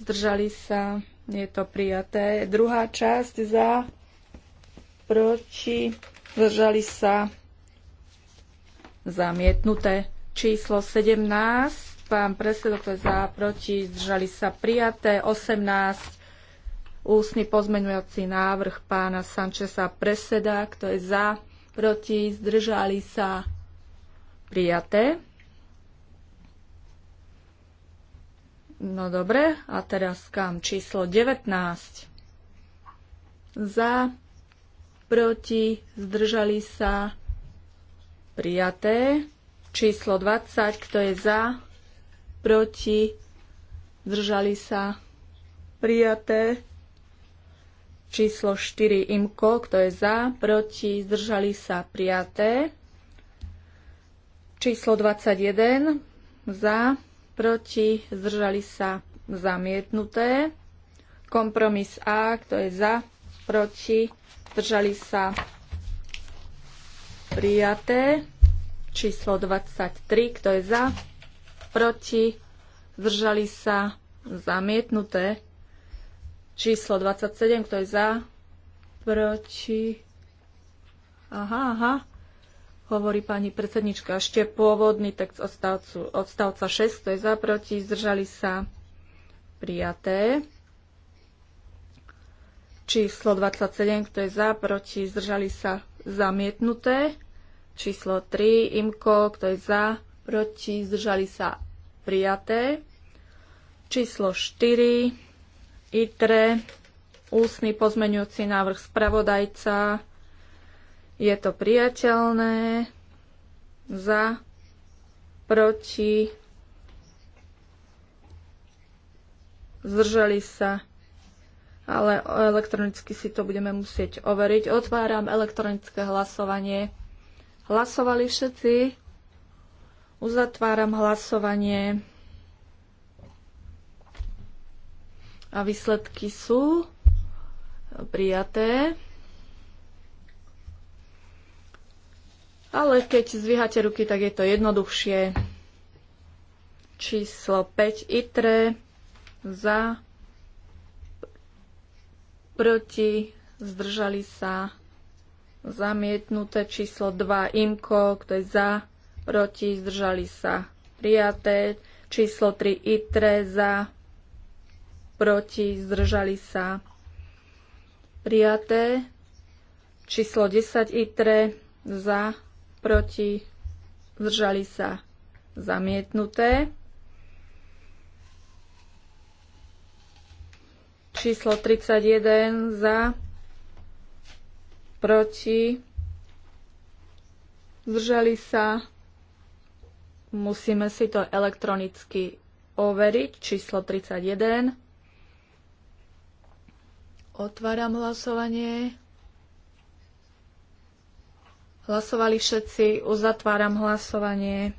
zdržali sa, je to prijaté. Druhá časť za, proti, zdržali sa, zamietnuté. Číslo 17, pán predsedok, to je za, proti, zdržali sa, prijaté. 18, ústny pozmeňujúci návrh pána Sančesa preseda, kto je za, proti, zdržali sa, prijaté. No dobre, a teraz kam? Číslo 19. Za, proti, zdržali sa, prijaté. Číslo 20, kto je za, proti, zdržali sa, prijaté. Číslo 4, imko, kto je za, proti, zdržali sa, prijaté. Číslo 21, za, proti, zdržali sa zamietnuté. Kompromis A, kto je za, proti, zdržali sa prijaté. Číslo 23, kto je za, proti, zdržali sa zamietnuté. Číslo 27, kto je za, proti. Aha, aha hovorí pani predsednička, ešte pôvodný text odstavcu, odstavca 6, to je za, proti, zdržali sa prijaté. Číslo 27, kto je za, proti, zdržali sa zamietnuté. Číslo 3, imko, to je za, proti, zdržali sa prijaté. Číslo 4, itre, ústny pozmeňujúci návrh spravodajca, je to priateľné za, proti, zdržali sa, ale elektronicky si to budeme musieť overiť. Otváram elektronické hlasovanie. Hlasovali všetci? Uzatváram hlasovanie. A výsledky sú prijaté. Ale keď zvíhate ruky, tak je to jednoduchšie. Číslo 5 ITRE za proti zdržali sa zamietnuté číslo 2 IMKO, kto je za proti zdržali sa prijaté číslo 3 ITRE za proti zdržali sa prijaté číslo 10 ITRE za proti, zdržali sa zamietnuté. Číslo 31 za, proti, zdržali sa. Musíme si to elektronicky overiť. Číslo 31. Otváram hlasovanie. Hlasovali všetci. Uzatváram hlasovanie.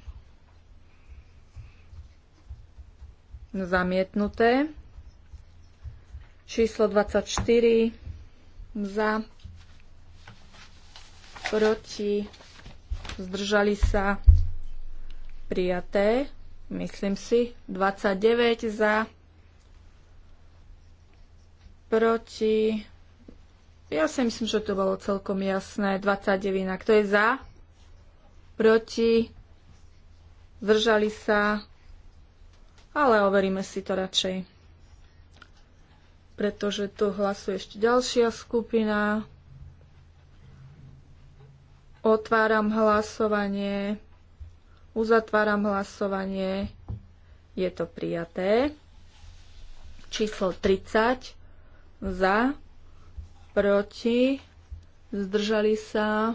Zamietnuté. Číslo 24. Za. Proti. Zdržali sa. Prijaté. Myslím si. 29 za. Proti ja si myslím, že to bolo celkom jasné. 29. Kto je za? Proti? Zdržali sa? Ale overíme si to radšej. Pretože tu hlasuje ešte ďalšia skupina. Otváram hlasovanie. Uzatváram hlasovanie. Je to prijaté. Číslo 30 za proti, zdržali sa,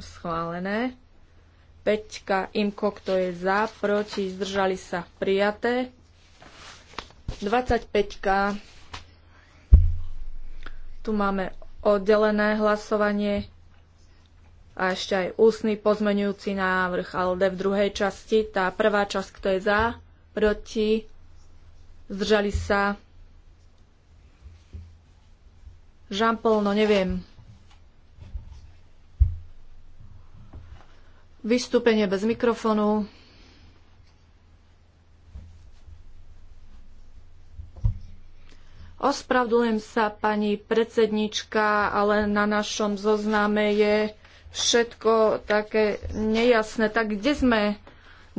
schválené. Peťka, Imko, kto je za, proti, zdržali sa, prijaté. 25. Tu máme oddelené hlasovanie a ešte aj ústny pozmenujúci návrh ALDE v druhej časti. Tá prvá časť, kto je za, proti, zdržali sa, Jean-Paul, no neviem. Vystúpenie bez mikrofonu. Ospravdujem sa, pani predsednička, ale na našom zozname je všetko také nejasné. Tak kde sme?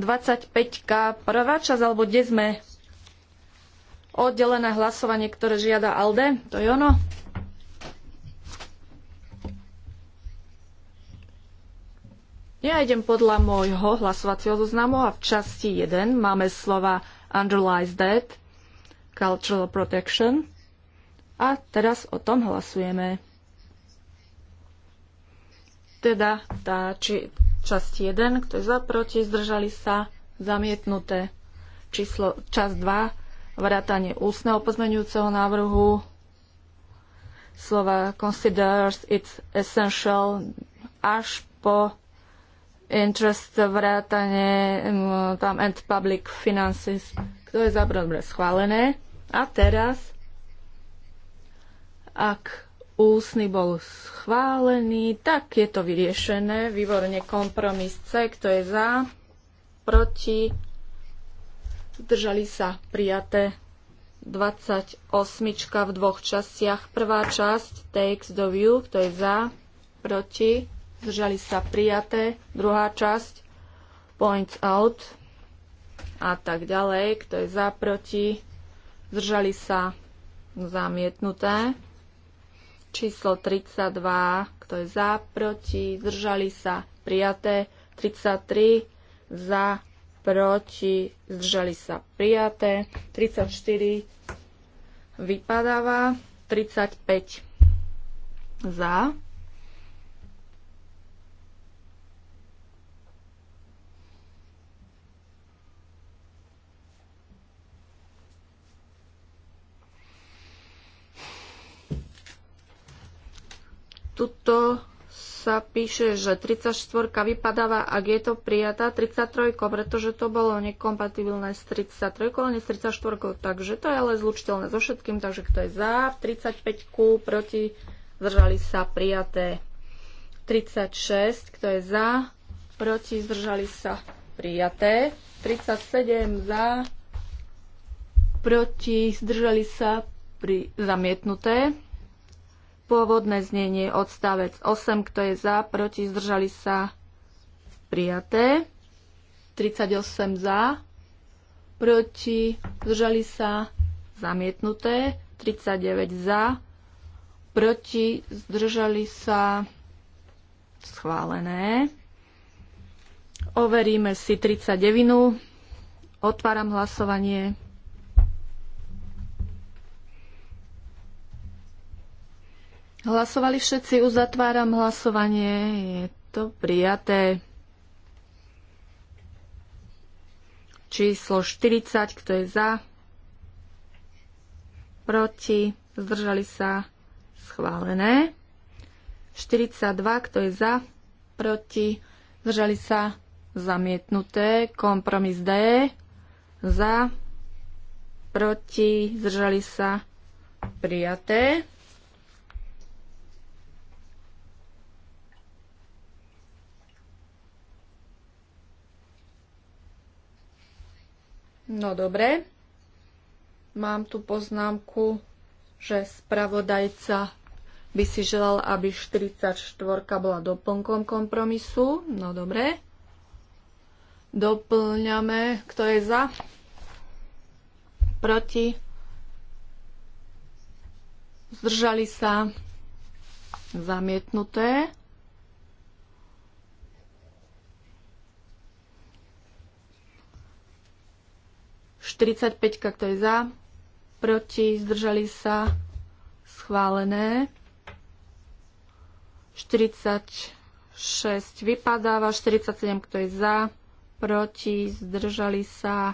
25K, prvá časť, alebo kde sme? Oddelené hlasovanie, ktoré žiada ALDE, to je ono? Ja idem podľa môjho hlasovacieho zoznamu a v časti 1 máme slova underlies that, cultural protection. A teraz o tom hlasujeme. Teda tá či, časť 1, kto je za, proti, zdržali sa, zamietnuté. Číslo, čas 2, vrátanie ústneho pozmeňujúceho návrhu, slova considers it essential až po interest vrátane mm, tam and public finances. Kto je za? Dobre, schválené. A teraz, ak úsny bol schválený, tak je to vyriešené. Výborne kompromis C. Kto je za? Proti? držali sa prijaté 28 v dvoch častiach. Prvá časť, takes the view, kto je za, proti, zdržali sa prijaté, druhá časť, points out a tak ďalej, kto je za, proti, zdržali sa zamietnuté, číslo 32, kto je za, proti, zdržali sa prijaté, 33, za, proti, zdržali sa prijaté, 34, vypadáva, 35, za, Tuto sa píše, že 34 vypadáva, ak je to prijatá 33, pretože to bolo nekompatibilné s 33, ale nie s 34, takže to je ale zlučiteľné so všetkým, takže kto je za, 35 proti, zdržali sa prijaté 36, kto je za, proti, zdržali sa prijaté 37 za, proti, zdržali sa pri zamietnuté Pôvodné znenie odstavec 8, kto je za, proti, zdržali sa prijaté. 38 za, proti, zdržali sa zamietnuté. 39 za, proti, zdržali sa schválené. Overíme si 39. Otváram hlasovanie. Hlasovali všetci, uzatváram hlasovanie, je to prijaté. Číslo 40, kto je za? Proti, zdržali sa, schválené. 42, kto je za? Proti, zdržali sa, zamietnuté. Kompromis D, za, proti, zdržali sa, prijaté. No dobre. Mám tu poznámku, že spravodajca by si želal, aby 44 bola doplnkom kompromisu. No dobre. Doplňame, kto je za? Proti? Zdržali sa? Zamietnuté. 45, kto je za, proti, zdržali sa, schválené. 46 vypadáva, 47, kto je za, proti, zdržali sa,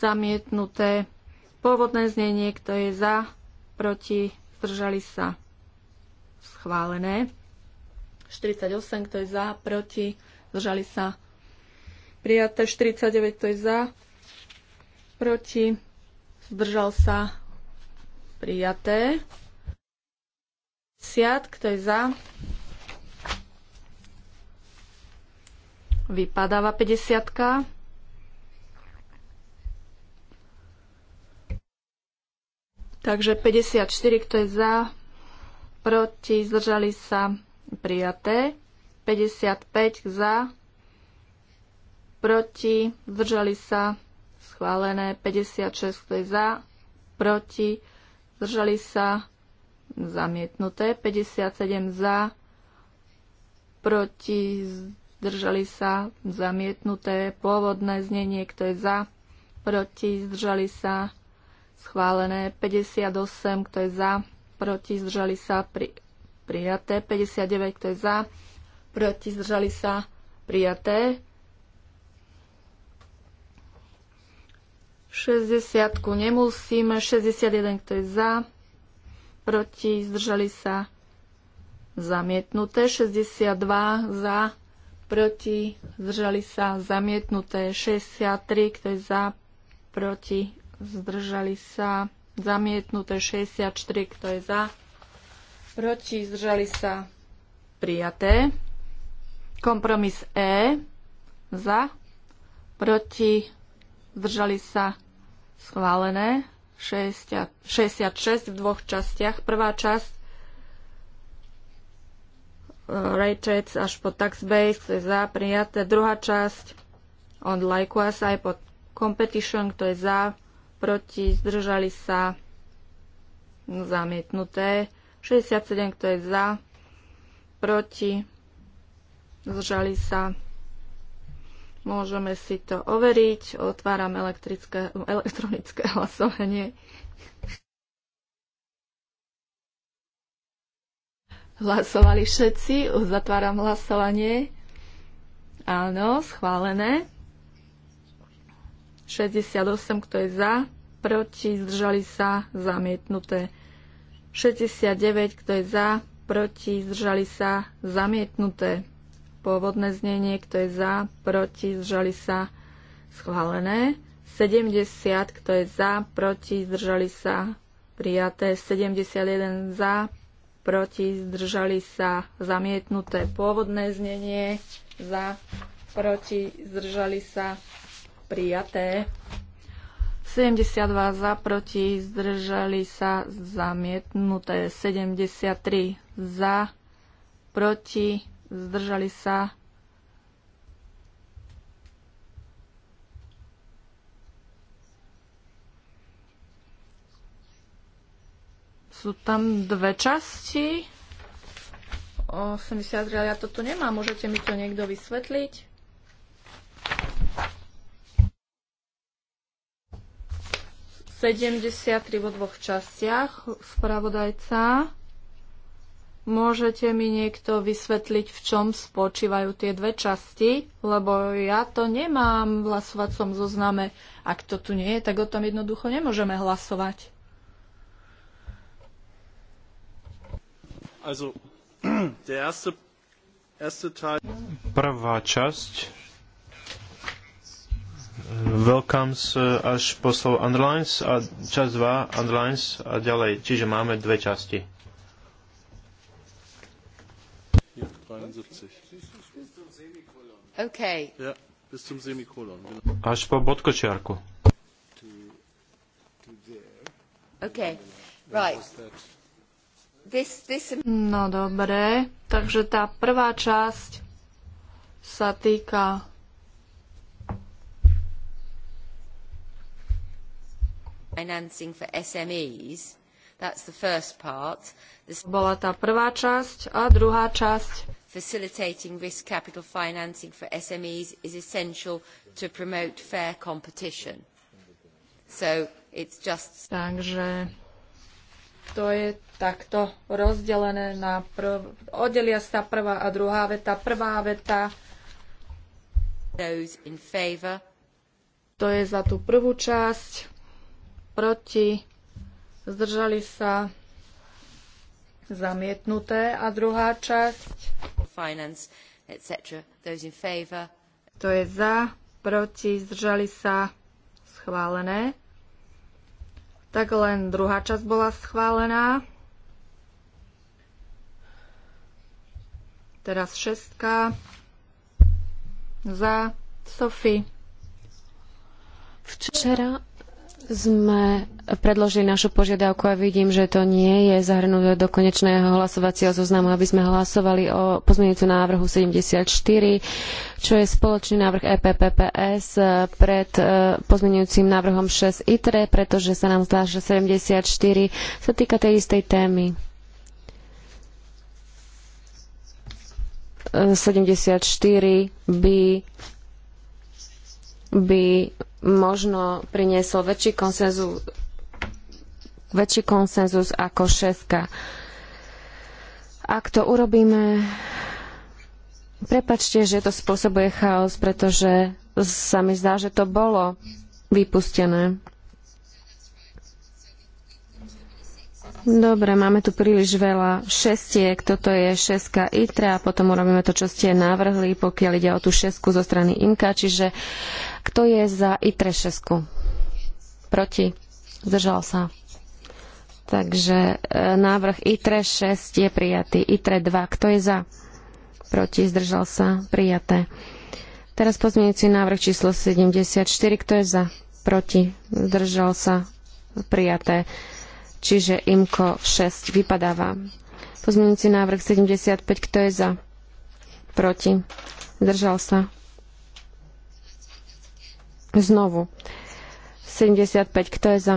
zamietnuté. Pôvodné znenie, kto je za, proti, zdržali sa, schválené. 48, kto je za, proti, zdržali sa, prijaté. 49, kto je za, proti, zdržal sa, prijaté. Siad. kto je za? Vypadáva 50. Takže 54, kto je za, proti, zdržali sa, prijaté. 55 za, proti, zdržali sa, schválené. 56, kto je za, proti, zdržali sa, zamietnuté. 57 za, proti, zdržali sa, zamietnuté. Pôvodné znenie, kto je za, proti, zdržali sa, schválené. 58, kto je za, proti, zdržali sa, pri, prijaté. 59, kto je za, proti, zdržali sa, prijaté. 60 nemusíme, 61 kto je za, proti, zdržali sa zamietnuté, 62 za, proti, zdržali sa zamietnuté, 63 kto je za, proti, zdržali sa zamietnuté, 64 kto je za, proti, zdržali sa prijaté. Kompromis E za, proti, zdržali sa schválené. 66 v dvoch častiach. Prvá časť e, Rejčec až po Tax Base, to je za, prijaté. Druhá časť on Likewise aj po Competition, kto je za, proti, zdržali sa, zamietnuté. 67, kto je za, proti, zdržali sa, Môžeme si to overiť. Otváram elektrické, elektronické hlasovanie. Hlasovali všetci. zatváram hlasovanie. Áno, schválené. 68, kto je za, proti, zdržali sa, zamietnuté. 69, kto je za, proti, zdržali sa, zamietnuté. Pôvodné znenie, kto je za, proti, zdržali sa, schválené. 70, kto je za, proti, zdržali sa, prijaté. 71 za, proti, zdržali sa, zamietnuté. Pôvodné znenie, za, proti, zdržali sa, prijaté. 72 za, proti, zdržali sa, zamietnuté. 73 za, proti, zdržali sa. Sú tam dve časti. 83, ale ja to tu nemám. Môžete mi to niekto vysvetliť? Sedemdesiat tri vo dvoch častiach. Spravodajca. Môžete mi niekto vysvetliť, v čom spočívajú tie dve časti? Lebo ja to nemám v hlasovacom zozname. Ak to tu nie je, tak o tom jednoducho nemôžeme hlasovať. Also, der erste, erste Teil... Prvá časť Welcomes e, až po slovo Underlines a časť 2 Underlines a ďalej. Čiže máme dve časti. Okay. Ja, bis zum Semikolon. Až po bodkočiarku. Okay. Right. This, this... No dobre, takže tá prvá časť sa týka financing for SMEs. That's the first part. This... Bola tá prvá časť a druhá časť facilitating risk capital financing for SMEs is essential to promote fair competition. So it's just... Takže to je takto rozdelené na prv... oddelia sa prvá a druhá veta. Prvá veta Those in favor. To je za tú prvú časť. Proti. Zdržali sa. Zamietnuté. A druhá časť finance, etc. Those in favor. To je za, proti, zdržali sa, schválené. Tak len druhá časť bola schválená. Teraz šestka za Sofy. Včera sme predložili našu požiadavku a vidím, že to nie je zahrnuté do konečného hlasovacieho zoznamu, aby sme hlasovali o pozmeňujúcu návrhu 74, čo je spoločný návrh EPPPS eh, pred eh, pozmeňujúcim návrhom 6 ITRE, pretože sa nám zdá, že 74 sa týka tej istej témy. 74 eh, by by možno priniesol väčší konsenzus, väčší konsenzus ako šestka. Ak to urobíme, prepačte, že to spôsobuje chaos, pretože sa mi zdá, že to bolo vypustené. Dobre, máme tu príliš veľa šestiek, toto je šeska ITRA a potom urobíme to, čo ste navrhli, pokiaľ ide o tú šesku zo strany IMKA, čiže kto je za ITRE šesku? Proti? Zdržal sa? Takže e, návrh ITRE 6 je prijatý. ITRE 2, kto je za? Proti? Zdržal sa? Prijaté. Teraz pozmienujúci návrh číslo 74, kto je za? Proti? Zdržal sa? Prijaté čiže IMKO 6 vypadáva. Pozmeňujúci návrh 75, kto je za? Proti. Zdržal sa. Znovu. 75, kto je za?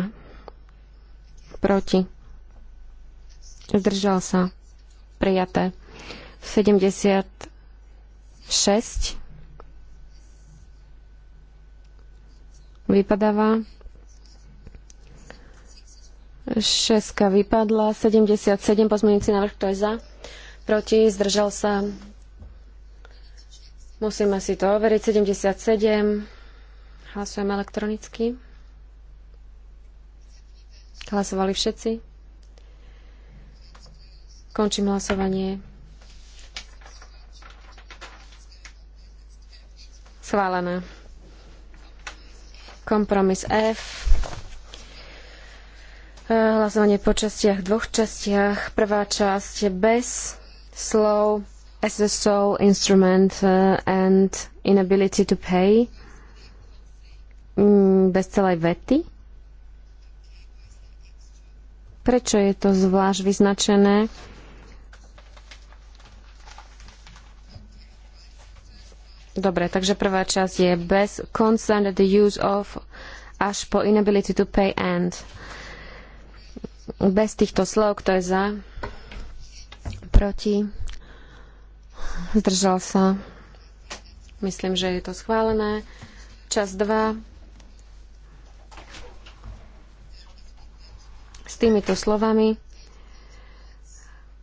Proti. Zdržal sa. Prijaté. 76. Vypadáva. Šeska vypadla. 77 pozmeňujúci návrh, kto je za? Proti, zdržal sa. Musíme si to overiť. 77. Hlasujeme elektronicky. Hlasovali všetci? Končím hlasovanie. Schválené. Kompromis F. Hlasovanie po častiach, dvoch častiach. Prvá časť bez slov as the sole instrument uh, and inability to pay mm, bez celej vety? Prečo je to zvlášť vyznačené? Dobre, takže prvá časť je bez consent the use of až po inability to pay and. Uh, bez týchto slov, kto je za? Proti? Zdržal sa? Myslím, že je to schválené. Čas 2. S týmito slovami.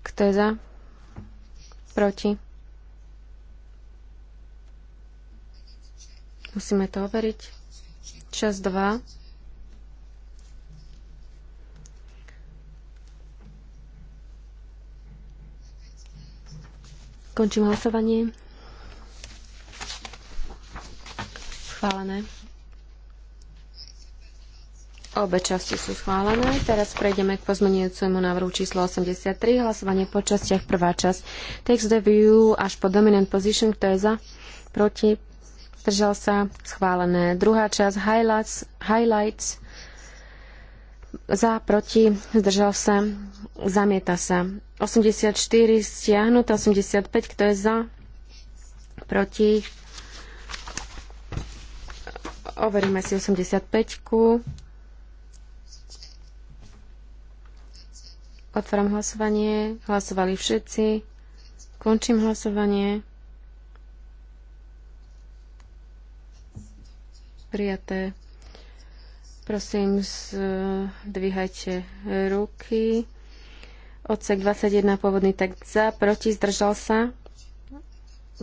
Kto je za? Proti? Musíme to overiť. Čas 2. Končím hlasovanie. Schválené. Obe časti sú schválené. Teraz prejdeme k pozmenujúcemu návrhu číslo 83. Hlasovanie po častiach. Prvá časť. Text view až po dominant position. Kto je za? Proti? Zdržal sa? Schválené. Druhá časť. Highlights. Highlights. Za, proti, zdržal sa, zamieta sa. 84 stiahnuté, 85, kto je za, proti. Overíme si 85. -ku. Otváram hlasovanie. Hlasovali všetci. Končím hlasovanie. Prijaté. Prosím, zdvíhajte ruky. Odsek 21, pôvodný text za, proti, zdržal sa.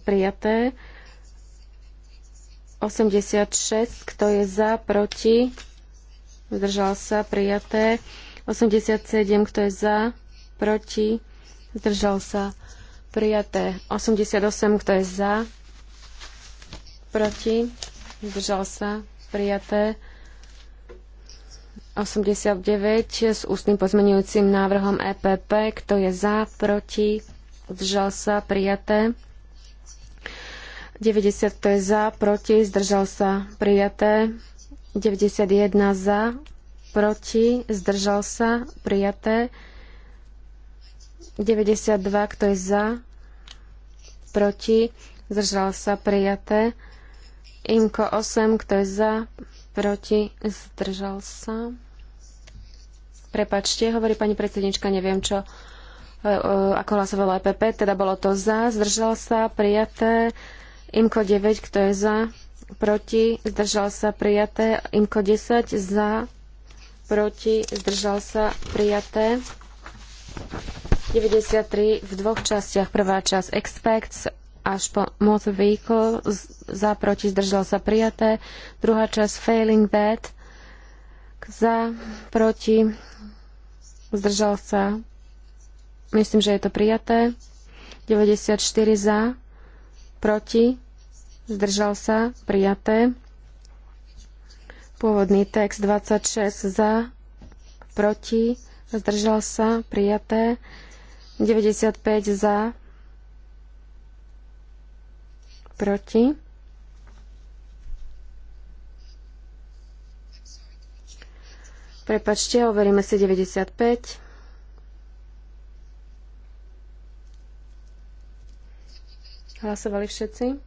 Prijaté. 86, kto je za, proti, zdržal sa. Prijaté. 87, kto je za, proti, zdržal sa. Prijaté. 88, kto je za, proti, zdržal sa. Prijaté. 89 s ústnym pozmenujúcim návrhom EPP. Kto je za, proti, zdržal sa, prijaté. 90 kto je za, proti, zdržal sa, prijaté. 91 za, proti, zdržal sa, prijaté. 92, kto je za, proti, zdržal sa, prijaté. Imko 8, kto je za, proti, zdržal sa. Prepačte, hovorí pani predsednička, neviem čo, e, e, ako hlasovalo EPP, teda bolo to za, zdržal sa, prijaté. Imko 9, kto je za, proti, zdržal sa, prijaté. Imko 10, za, proti, zdržal sa, prijaté. 93 v dvoch častiach. Prvá časť expects, až po motor vehicle, za, proti, zdržal sa prijaté. Druhá časť failing that, za, proti, zdržal sa, myslím, že je to prijaté. 94 za, proti, zdržal sa, prijaté. Pôvodný text 26 za, proti, zdržal sa, prijaté. 95 za, proti. Prepačte, overíme si 95. Hlasovali všetci?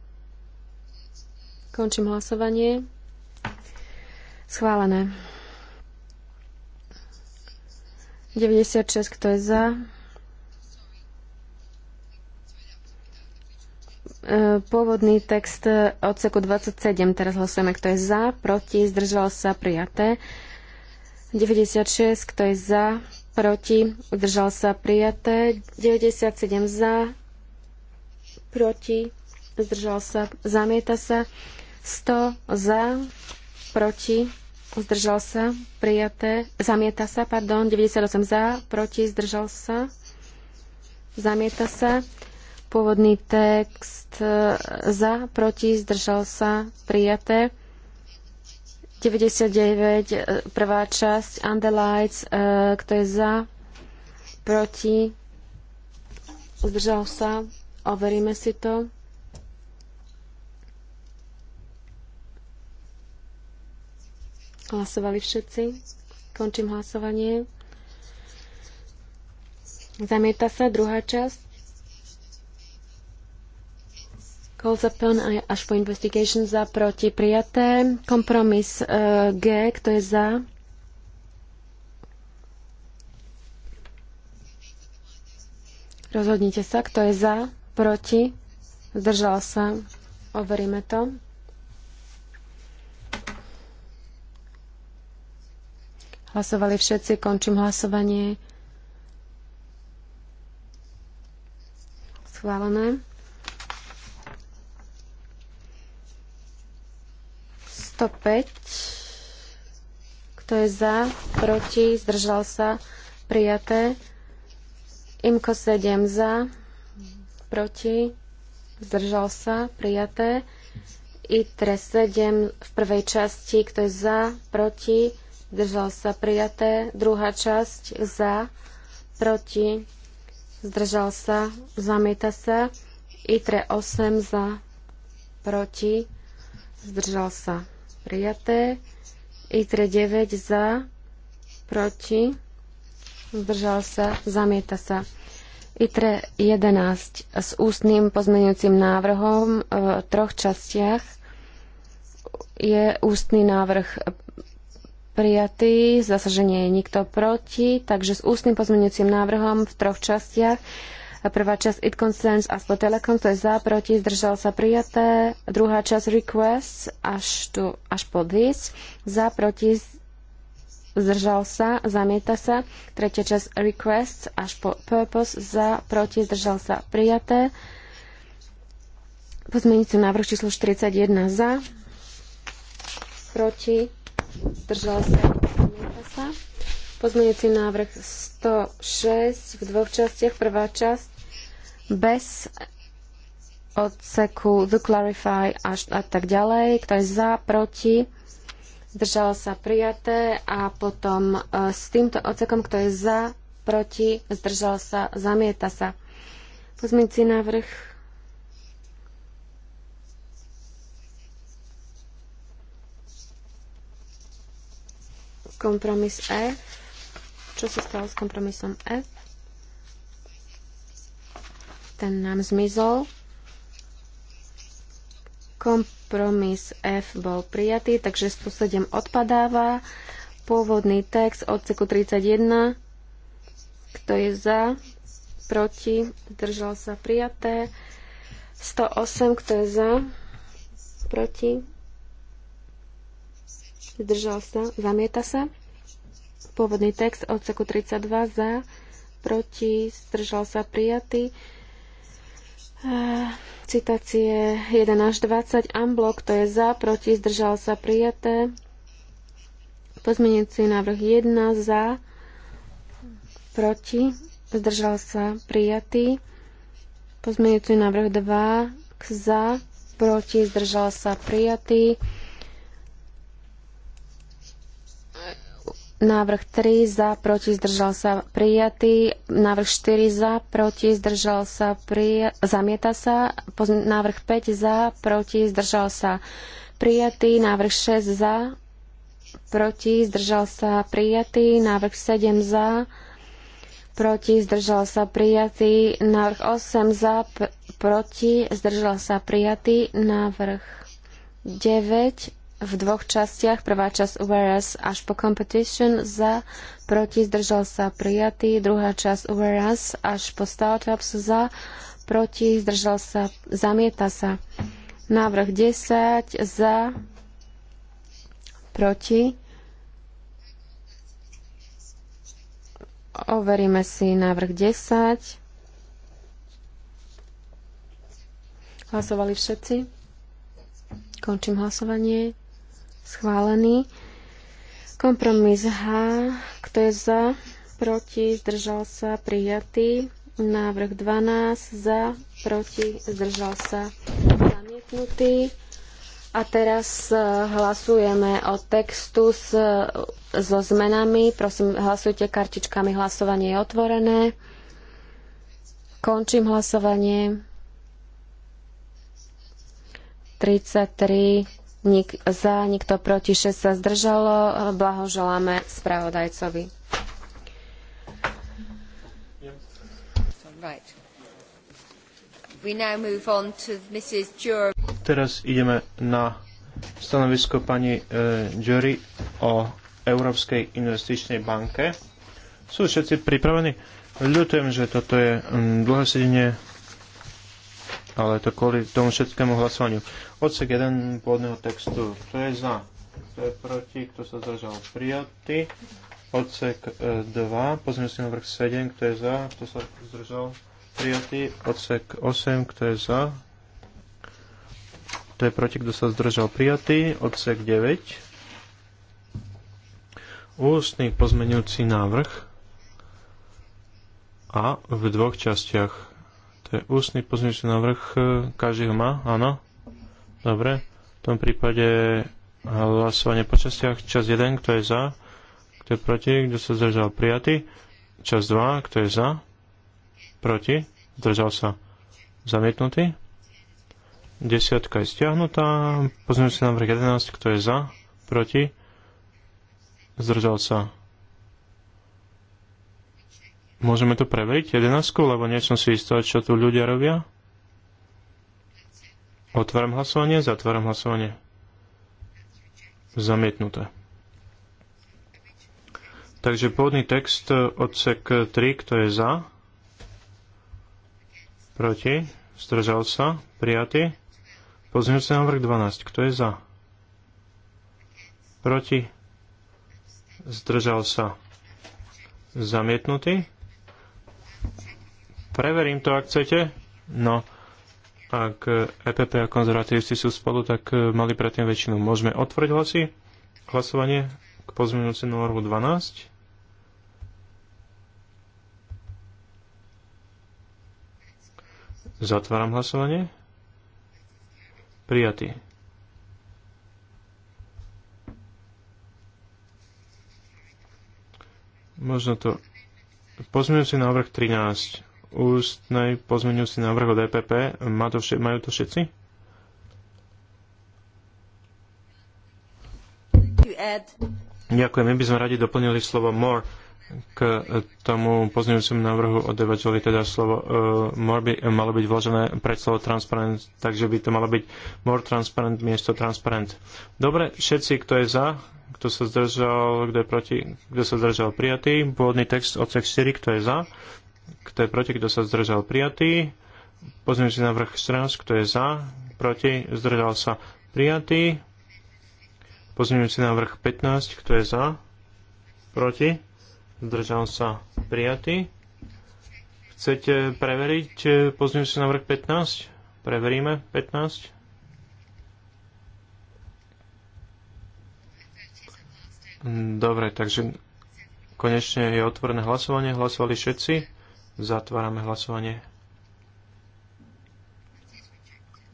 Končím hlasovanie. Schválené. 96, kto je za? pôvodný text odseku 27. Teraz hlasujeme, kto je za, proti, zdržal sa, prijaté. 96, kto je za, proti, zdržal sa, prijaté. 97 za, proti, zdržal sa, zamieta sa. 100 za, proti, zdržal sa, prijaté, zamieta sa, pardon, 98 za, proti, zdržal sa, zamieta sa. Pôvodný text e, za, proti, zdržal sa, prijaté. 99, e, prvá časť, Andelites, e, kto je za, proti, zdržal sa, overíme si to. Hlasovali všetci. Končím hlasovanie. Zamieta sa druhá časť. Calls upon až po investigation za proti prijaté. Kompromis e, G, kto je za? Rozhodnite sa, kto je za, proti, zdržal sa. Overíme to. Hlasovali všetci, končím hlasovanie. Schválené. 105. Kto je za? Proti? Zdržal sa? Prijaté. Imko 7 za. Proti? Zdržal sa? Prijaté. ITRE 7 v prvej časti. Kto je za? Proti? Zdržal sa? Prijaté. Druhá časť. Za? Proti? Zdržal sa? Zamieta sa? ITRE 8 za. Proti? Zdržal sa? prijaté. ITRE 9 za, proti, zdržal sa, zamieta sa. ITRE 11 s ústnym pozmenujúcim návrhom e, v troch častiach je ústny návrh prijatý, zase, že nie je nikto proti, takže s ústnym pozmenujúcim návrhom v troch častiach Prvá časť it concerns aspo Telecom, to je za, proti, zdržal sa prijaté. Druhá časť requests až, tu, až po this, za, proti, zdržal sa, zamieta sa. Tretia časť requests až po purpose, za, proti, zdržal sa prijaté. Pozmeňujúci návrh číslo 41 za, proti, zdržal sa, zamieta sa. Pozmeňujúci návrh 106 v dvoch častiach. Prvá časť bez odseku to clarify až a tak ďalej. Kto je za, proti? Zdržalo sa prijaté a potom e, s týmto odsekom, kto je za, proti, zdržal sa, zamieta sa. Pozmeňujúci návrh kompromis F. E čo sa stalo s kompromisom F. Ten nám zmizol. Kompromis F bol prijatý, takže 107 odpadáva. Pôvodný text odseku 31. Kto je za? Proti? Držal sa prijaté. 108, kto je za? Proti? Zdržal sa? Zamieta sa? Pôvodný text odseku 32 za, proti, zdržal sa prijatý. Citácie 1 až 20, amblok, to je za, proti, zdržal sa prijaté. Pozmenujúci návrh 1 za, proti, zdržal sa prijatý. Pozmenujúci návrh 2 za, proti, zdržal sa prijatý. Návrh 3 za, proti, zdržal sa, prijatý. Návrh 4 za, proti, zdržal sa, prijatý. zamieta sa. návrh 5 za, proti, zdržal sa, prijatý. Návrh 6 za, proti, zdržal sa, prijatý. Návrh 7 za, proti, zdržal sa, prijatý. Návrh 8 za, proti, zdržal sa, prijatý. Návrh 9 v dvoch častiach. Prvá časť whereas až po competition za, proti zdržal sa prijatý. Druhá časť whereas až po startups za, proti zdržal sa, zamieta sa. Návrh 10 za, proti. Overíme si návrh 10. Hlasovali všetci? Končím hlasovanie schválený. Kompromis H, kto je za, proti, zdržal sa, prijatý. Návrh 12, za, proti, zdržal sa, zamietnutý. A teraz e, hlasujeme o textu s, e, so zmenami. Prosím, hlasujte kartičkami. Hlasovanie je otvorené. Končím hlasovanie. 33 Nik- za, nikto proti, 6 sa zdržalo. Blahoželáme spravodajcovi. Teraz ideme na stanovisko pani e, Jury o Európskej investičnej banke. Sú všetci pripravení? Ľutujem, že toto je dlhé sedenie ale to kvôli tomu všetkému hlasovaniu. Odsek 1 pôvodného textu, kto je za, kto je proti, kto sa zdržal, prijatý. Odsek 2, e, pozmeňujúci návrh 7, kto je za, kto sa zdržal, prijatý. Odsek 8, kto je za, kto je proti, kto sa zdržal, prijatý. Odsek 9, ústny pozmeňujúci návrh a v dvoch častiach. To je ústny pozmeňujúci návrh. E, každý ho má? Áno. Dobre. V tom prípade hlasovanie po častiach. Čas 1, kto je za? Kto je proti? Kto sa zdržal? Prijatý. Čas 2, kto je za? Proti? Zdržal sa? Zamietnutý. Desiatka je stiahnutá. Pozmeňujúci návrh 11, kto je za? Proti? Zdržal sa? Môžeme to preveriť, 11, lebo nie som si istý, čo tu ľudia robia. Otváram hlasovanie, zatváram hlasovanie. Zamietnuté. Takže pôvodný text e, odsek 3, kto je za? Proti? Zdržal sa? Prijatý? Pozmeňujúci návrh 12, kto je za? Proti? Zdržal sa? Zamietnutý? Preverím to, ak chcete. No, ak EPP a konzervatívci sú spolu, tak e, mali predtým väčšinu. Môžeme otvoriť hlasy? Hlasovanie k pozmeňujúcemu normu 12. Zatváram hlasovanie. Prijatý. Možno to... Pozmeňujúci návrh 13 ústnej pozmeňujúci návrh od EPP. Má to vše, majú to všetci? Ďakujem. My by sme radi doplnili slovo more k tomu pozmeňujúcemu návrhu od Evangelii, teda slovo uh, more by malo byť vložené pred slovo transparent, takže by to malo byť more transparent miesto transparent. Dobre, všetci, kto je za, kto sa zdržal, kto je proti, kto sa zdržal prijatý, pôvodný text odsek 4, kto je za, kto je proti? Kto sa zdržal? Prijatý. Pozmeňujúci návrh 14. Kto je za? Proti? Zdržal sa? Prijatý. Pozmeňujúci návrh 15. Kto je za? Proti? Zdržal sa? Prijatý. Chcete preveriť eh, pozmeňujúci návrh 15? Preveríme 15. Dobre, takže konečne je otvorené hlasovanie. Hlasovali všetci. Zatvárame hlasovanie.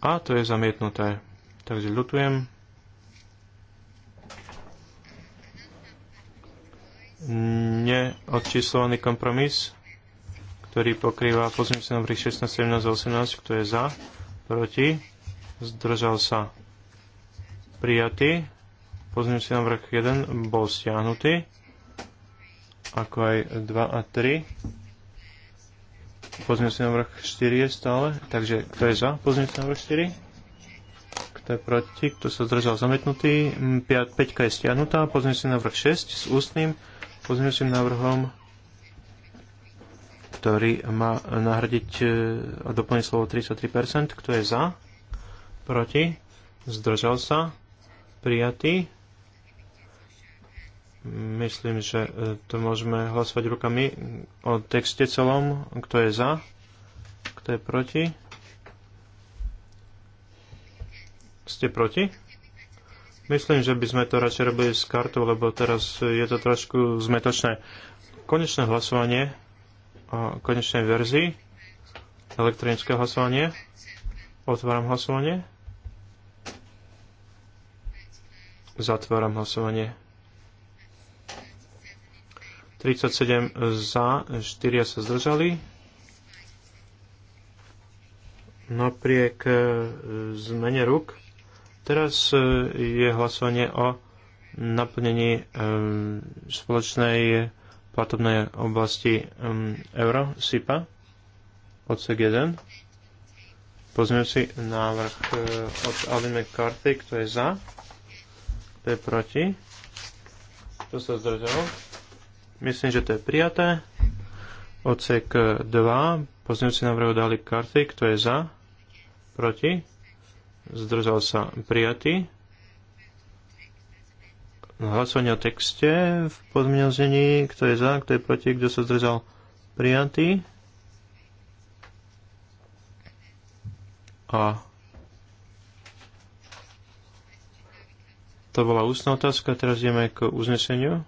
A to je zamietnuté. Takže ľutujem. Neodčíslovaný kompromis, ktorý pokrýva pozmeňujúci návrh 16, 17 a 18, kto je za, proti, zdržal sa prijatý. Pozmeňujúci návrh 1 bol stiahnutý, ako aj 2 a 3. Pozmeňujúci návrh 4 je stále. Takže kto je za? Pozmeňujúci návrh 4. Kto je proti? Kto sa zdržal zamietnutý? 5, mm, 5 je stiahnutá. Pozmeňujúci návrh 6 s ústnym pozmeňujúcim návrhom ktorý má nahradiť e, a doplniť slovo 33%. Kto je za? Proti? Zdržal sa? Prijatý? Myslím, že e, to môžeme hlasovať rukami o texte celom. Kto je za? Kto je proti? Ste proti? Myslím, že by sme to radšej robili s kartou, lebo teraz je to trošku zmetočné. Konečné hlasovanie o konečnej verzii, elektronické hlasovanie. Otváram hlasovanie. Zatváram hlasovanie. 37 za, 4 sa zdržali. Napriek e, zmene ruk. Teraz e, je hlasovanie o naplnení e, spoločnej platobnej oblasti euro SIPA odsek 1. si návrh od Alvin McCarthy, kto je za, kto je proti, kto sa zdržal Myslím, že to je prijaté. Ocek 2. Eh, Pozňujúci návrh dali karty. Kto je za? Proti? Zdržal sa prijatý. Hlasovanie o texte v podmienození. Kto je za? Kto je proti? Kto sa zdržal? Prijatý. A to bola ústna otázka, teraz ideme k uzneseniu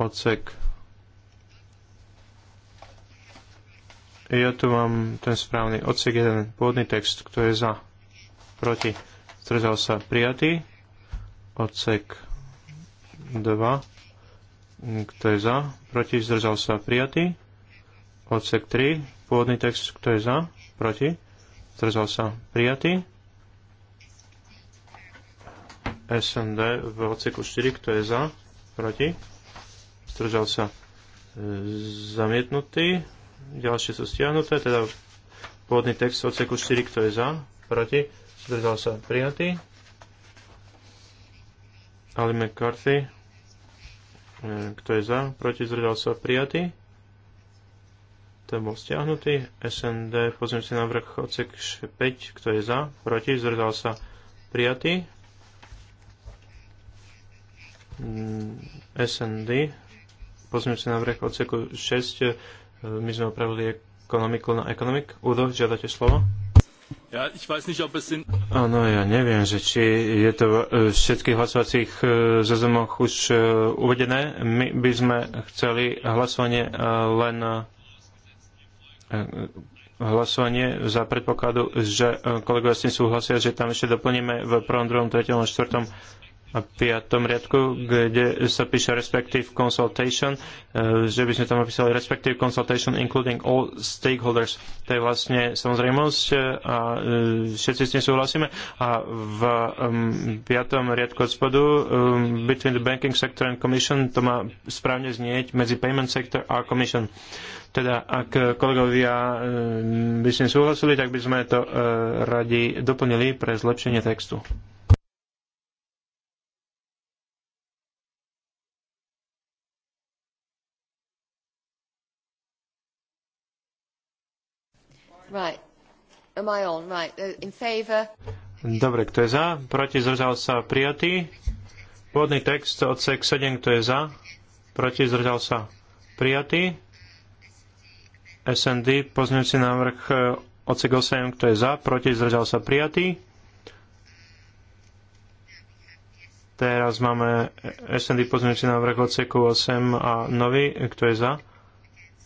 odsek. Ja tu mám ten správny odsek jeden pôvodný text, kto je za, proti, zdržal sa prijatý. Odsek 2, kto je za, proti, zdržal sa prijatý. Odsek 3, pôvodný text, kto je za, proti, zdržal sa prijatý. SND v odseku 4, kto je za, proti, zdržal sa e, zamietnutý. Ďalšie sú stiahnuté, teda pôvodný text odseku 4, kto je za, proti, zdržal sa prijatý. Ali McCarthy, e, kto je za, proti, zdržal sa prijatý. Ten bol stiahnutý. SND, pozriem si vrch odsek 5, kto je za, proti, zdržal sa prijatý. Mm, SND, pozmeňujúci návrh odseku 6. E, my sme opravili ekonomiku na ekonomik. Udo, žiadate slovo? Ja, ich weiß nicht, ob es in... Áno, ja neviem, že či je to v e, všetkých hlasovacích e, zoznamoch už uvedené. My by sme chceli hlasovanie len hlasovanie za predpokladu, že kolegovia s tým súhlasia, že tam ešte doplníme v prvom, druhom, treťom a štvrtom piatom riadku, kde sa píše respective consultation, e, že by sme tam napísali respective consultation including all stakeholders. To je vlastne samozrejmosť e, a e, všetci s tým súhlasíme. A v piatom riadku od spodu between the banking sector and commission to má správne znieť medzi payment sector a commission. Teda, ak kolegovia by s tým súhlasili, tak by sme to radi doplnili pre zlepšenie textu. Right. Am I on? Right. Uh, in favor. Dobre, kto je za? Proti zdržal sa prijatý. Pôvodný text odsek 7, kto je za? Proti zdržal sa prijatý. SND, pozňujúci návrh e, odsek 8, kto je za? Proti zdržal sa prijatý. Teraz máme SND pozmeňujúci návrh odseku 8 a nový. Kto je za?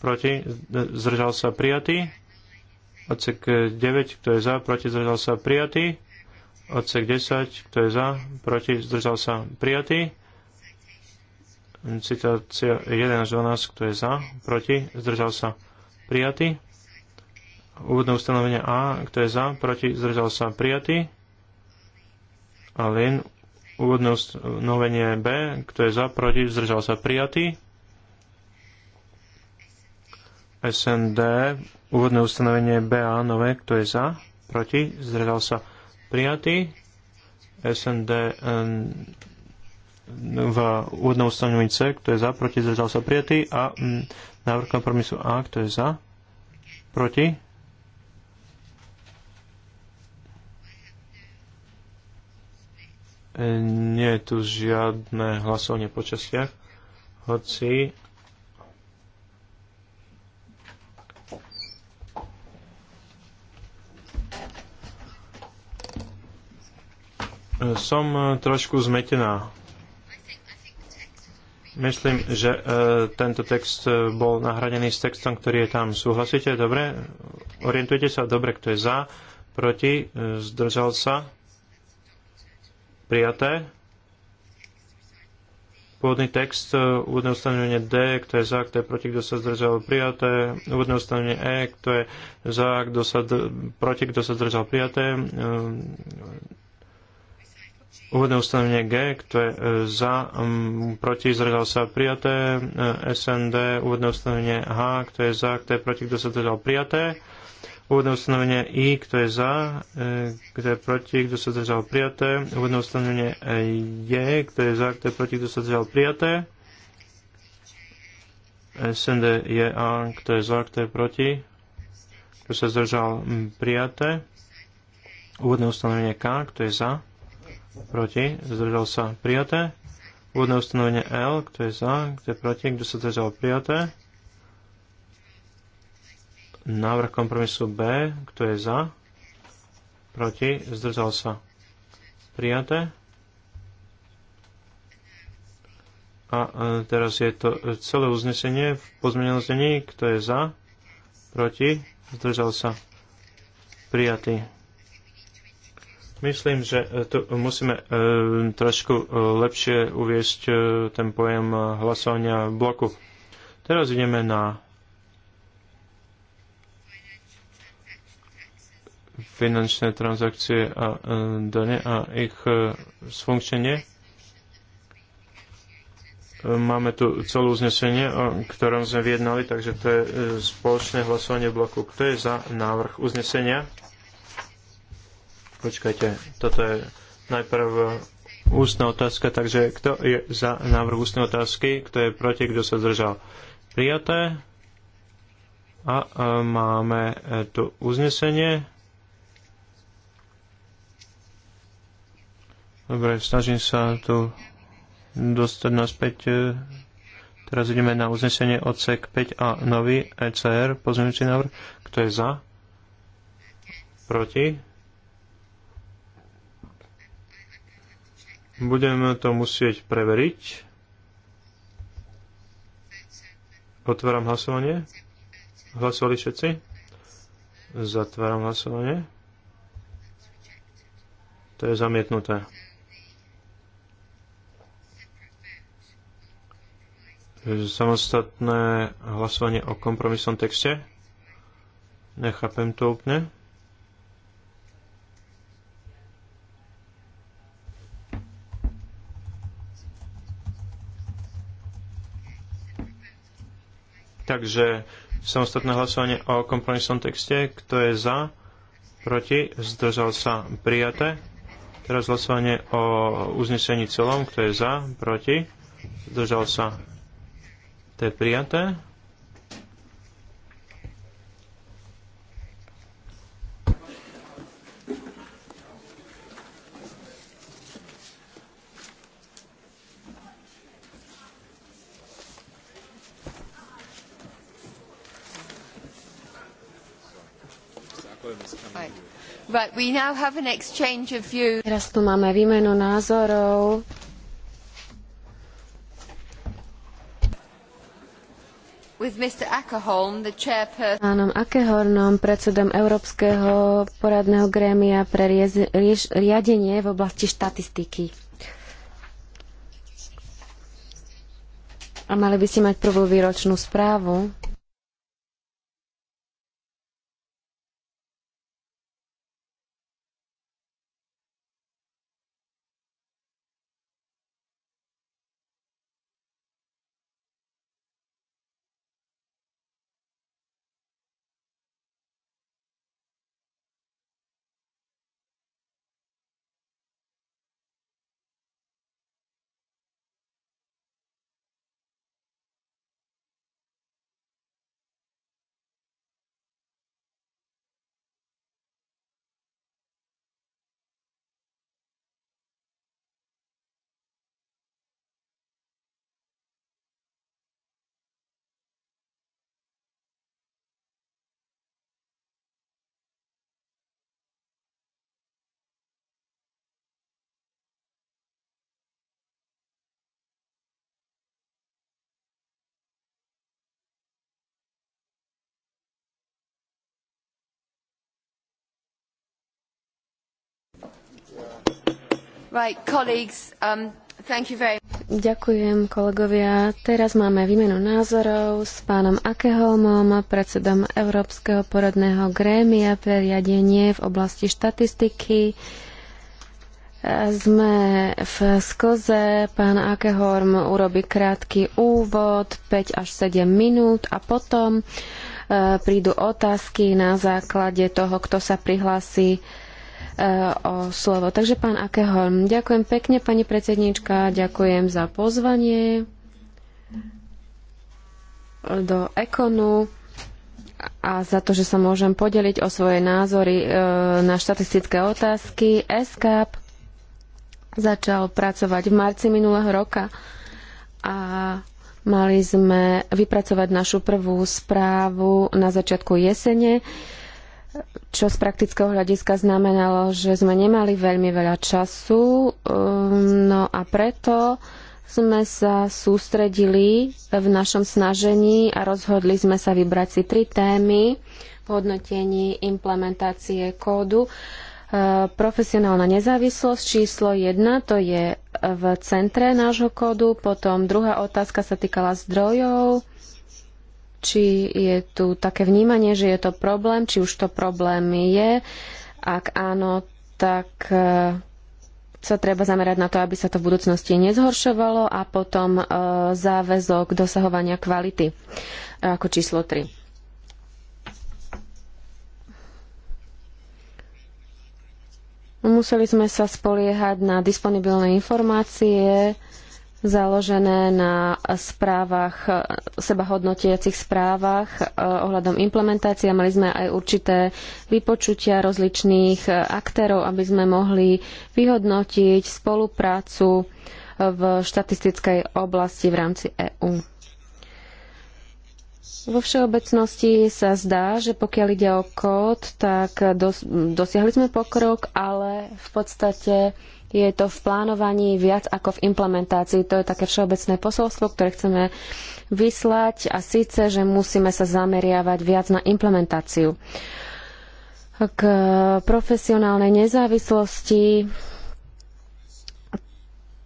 Proti? Zdržal sa prijatý. Odsek 9, kto je za, proti, zdržal sa, prijatý. Odsek 10, kto je za, proti, zdržal sa, prijatý. Citácia 1 až 12, kto je za, proti, zdržal sa, prijatý. Úvodné ustanovenie A, kto je za, proti, zdržal sa, prijatý. A len úvodné ustanovenie B, kto je za, proti, zdržal sa, prijatý. SND, úvodné ustanovenie BA nové, kto je za, proti, zdržal sa prijatý. SND v úvodnom ustanovení C, kto je za, proti, zdržal sa prijatý. A návrh kompromisu A, kto je za, proti. E, nie je tu žiadne hlasovanie po častiach, hoci Som e, trošku zmetená. Myslím, že e, tento text e, bol nahradený s textom, ktorý je tam. Súhlasíte? Dobre? Orientujte sa? Dobre, kto je za? Proti? zdržal sa? Prijaté? Pôvodný text, úvodné ustanovenie D, kto je za, kto je proti, kto sa zdržal, prijaté. Úvodné ustanovenie E, kto je za, kto sa proti, kto sa zdržal, prijaté úvodné ustanovenie G, kto je e, za, proti, zdržal sa prijaté, e, SND, úvodné ustanovenie H, kto je za, kto je proti, kto sa zdržal prijaté, úvodné ustanovenie I, kto je za, e, kto je proti, kto sa zdržal prijaté, úvodné ustanovenie J, kto je za, kto je proti, kto sa zdržal prijaté, SND J, A, kto je za, kto je proti, kto sa zdržal prijaté, úvodné ustanovenie K, kto je za, proti, zdržal sa prijaté. Úvodné ustanovenie L, kto je za, kto je proti, kto sa zdržal prijaté. Návrh kompromisu B, kto je za, proti, zdržal sa prijaté. A teraz je to celé uznesenie v pozmenenom znení, kto je za, proti, zdržal sa prijatý. Myslím, že e, tu musíme e, trošku e, lepšie uviesť ten pojem hlasovania v bloku. Teraz ideme na finančné transakcie a dane a ich zfunkčenie. Máme tu celú uznesenie, o ktorom sme vyjednali, takže to je spoločné hlasovanie bloku. Kto je za návrh uznesenia? Počkajte, toto je najprv ústna otázka, takže kto je za návrh ústnej otázky, kto je proti, kto sa zdržal. Prijaté. A e, máme e, tu uznesenie. Dobre, snažím sa tu dostať naspäť. E, teraz ideme na uznesenie odsek 5 a nový ECR, pozmeňujúci návrh. Kto je za? Proti? Budeme to musieť preveriť. Otváram hlasovanie. Hlasovali všetci? Zatváram hlasovanie. To je zamietnuté. Samostatné hlasovanie o kompromisnom texte. Nechápem to úplne. Takže samostatné hlasovanie o kompromisnom texte. Kto je za? Proti? Zdržal sa? Prijaté. Teraz hlasovanie o uznesení celom. Kto je za? Proti? Zdržal sa? To je prijaté. Teraz tu máme výmenu názorov. With Mr. Ackerholm, the chairperson... Pánom Akehornom, predsedom Európskeho poradného grémia pre riez, riadenie v oblasti štatistiky. A mali by ste mať prvú výročnú správu. Um, Ďakujem, kolegovia. Teraz máme výmenu názorov s pánom Akeholmom, predsedom Európskeho poradného grémia pre riadenie v oblasti štatistiky. Sme v skoze. Pán Akeholm urobí krátky úvod, 5 až 7 minút a potom eh, prídu otázky na základe toho, kto sa prihlási o slovo. Takže pán Akeholm, ďakujem pekne, pani predsedníčka, ďakujem za pozvanie do Ekonu a za to, že sa môžem podeliť o svoje názory e, na štatistické otázky. ESCAP začal pracovať v marci minulého roka a mali sme vypracovať našu prvú správu na začiatku jesene. E, čo z praktického hľadiska znamenalo, že sme nemali veľmi veľa času, um, no a preto sme sa sústredili v našom snažení a rozhodli sme sa vybrať si tri témy v hodnotení implementácie kódu. Uh, profesionálna nezávislosť číslo 1, to je v centre nášho kódu, potom druhá otázka sa týkala zdrojov, či je tu také vnímanie, že je to problém, či už to problém je. Ak áno, tak e, sa treba zamerať na to, aby sa to v budúcnosti nezhoršovalo a potom e, záväzok dosahovania kvality e, ako číslo 3. Museli sme sa spoliehať na disponibilné informácie, založené na správach, sebahodnotiacich správach e, ohľadom implementácie. Mali sme aj určité vypočutia rozličných e, aktérov, aby sme mohli vyhodnotiť spoluprácu e, v štatistickej oblasti v rámci EÚ. Vo všeobecnosti sa zdá, že pokiaľ ide o kód, tak dos dosiahli sme pokrok, ale v podstate je to v plánovaní viac ako v implementácii. To je také všeobecné posolstvo, ktoré chceme vyslať a síce, že musíme sa zameriavať viac na implementáciu. K profesionálnej nezávislosti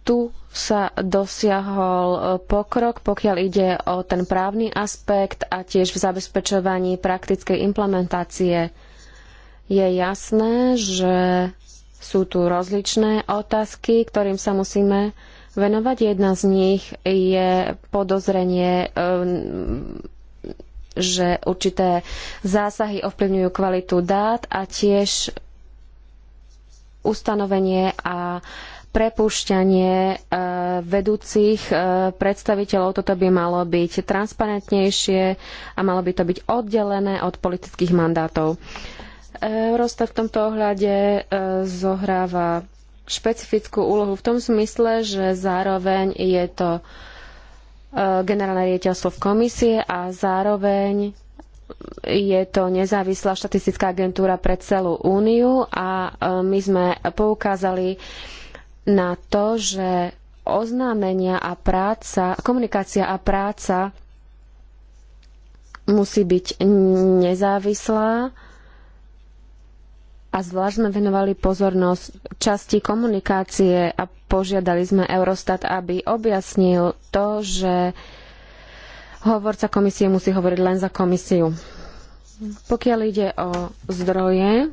tu sa dosiahol pokrok, pokiaľ ide o ten právny aspekt a tiež v zabezpečovaní praktickej implementácie. Je jasné, že sú tu rozličné otázky, ktorým sa musíme venovať. Jedna z nich je podozrenie, ehm, že určité zásahy ovplyvňujú kvalitu dát a tiež ustanovenie a prepušťanie ehm, vedúcich ehm, predstaviteľov. Toto by malo byť transparentnejšie a malo by to byť oddelené od politických mandátov. Eurostat v tomto ohľade e, zohráva špecifickú úlohu v tom zmysle, že zároveň je to e, generálne riaditeľstvo v komisie a zároveň je to nezávislá štatistická agentúra pre celú úniu a e, my sme poukázali na to, že oznámenia a práca, komunikácia a práca musí byť nezávislá a zvlášť sme venovali pozornosť časti komunikácie a požiadali sme Eurostat, aby objasnil to, že hovorca komisie musí hovoriť len za komisiu. Pokiaľ ide o zdroje,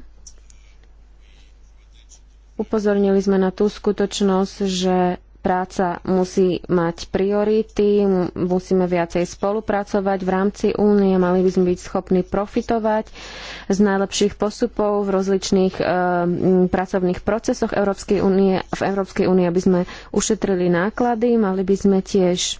upozornili sme na tú skutočnosť, že práca musí mať priority, musíme viacej spolupracovať v rámci únie, mali by sme byť schopní profitovať z najlepších postupov v rozličných e, pracovných procesoch Európskej únie. V Európskej únie aby sme ušetrili náklady, mali by sme tiež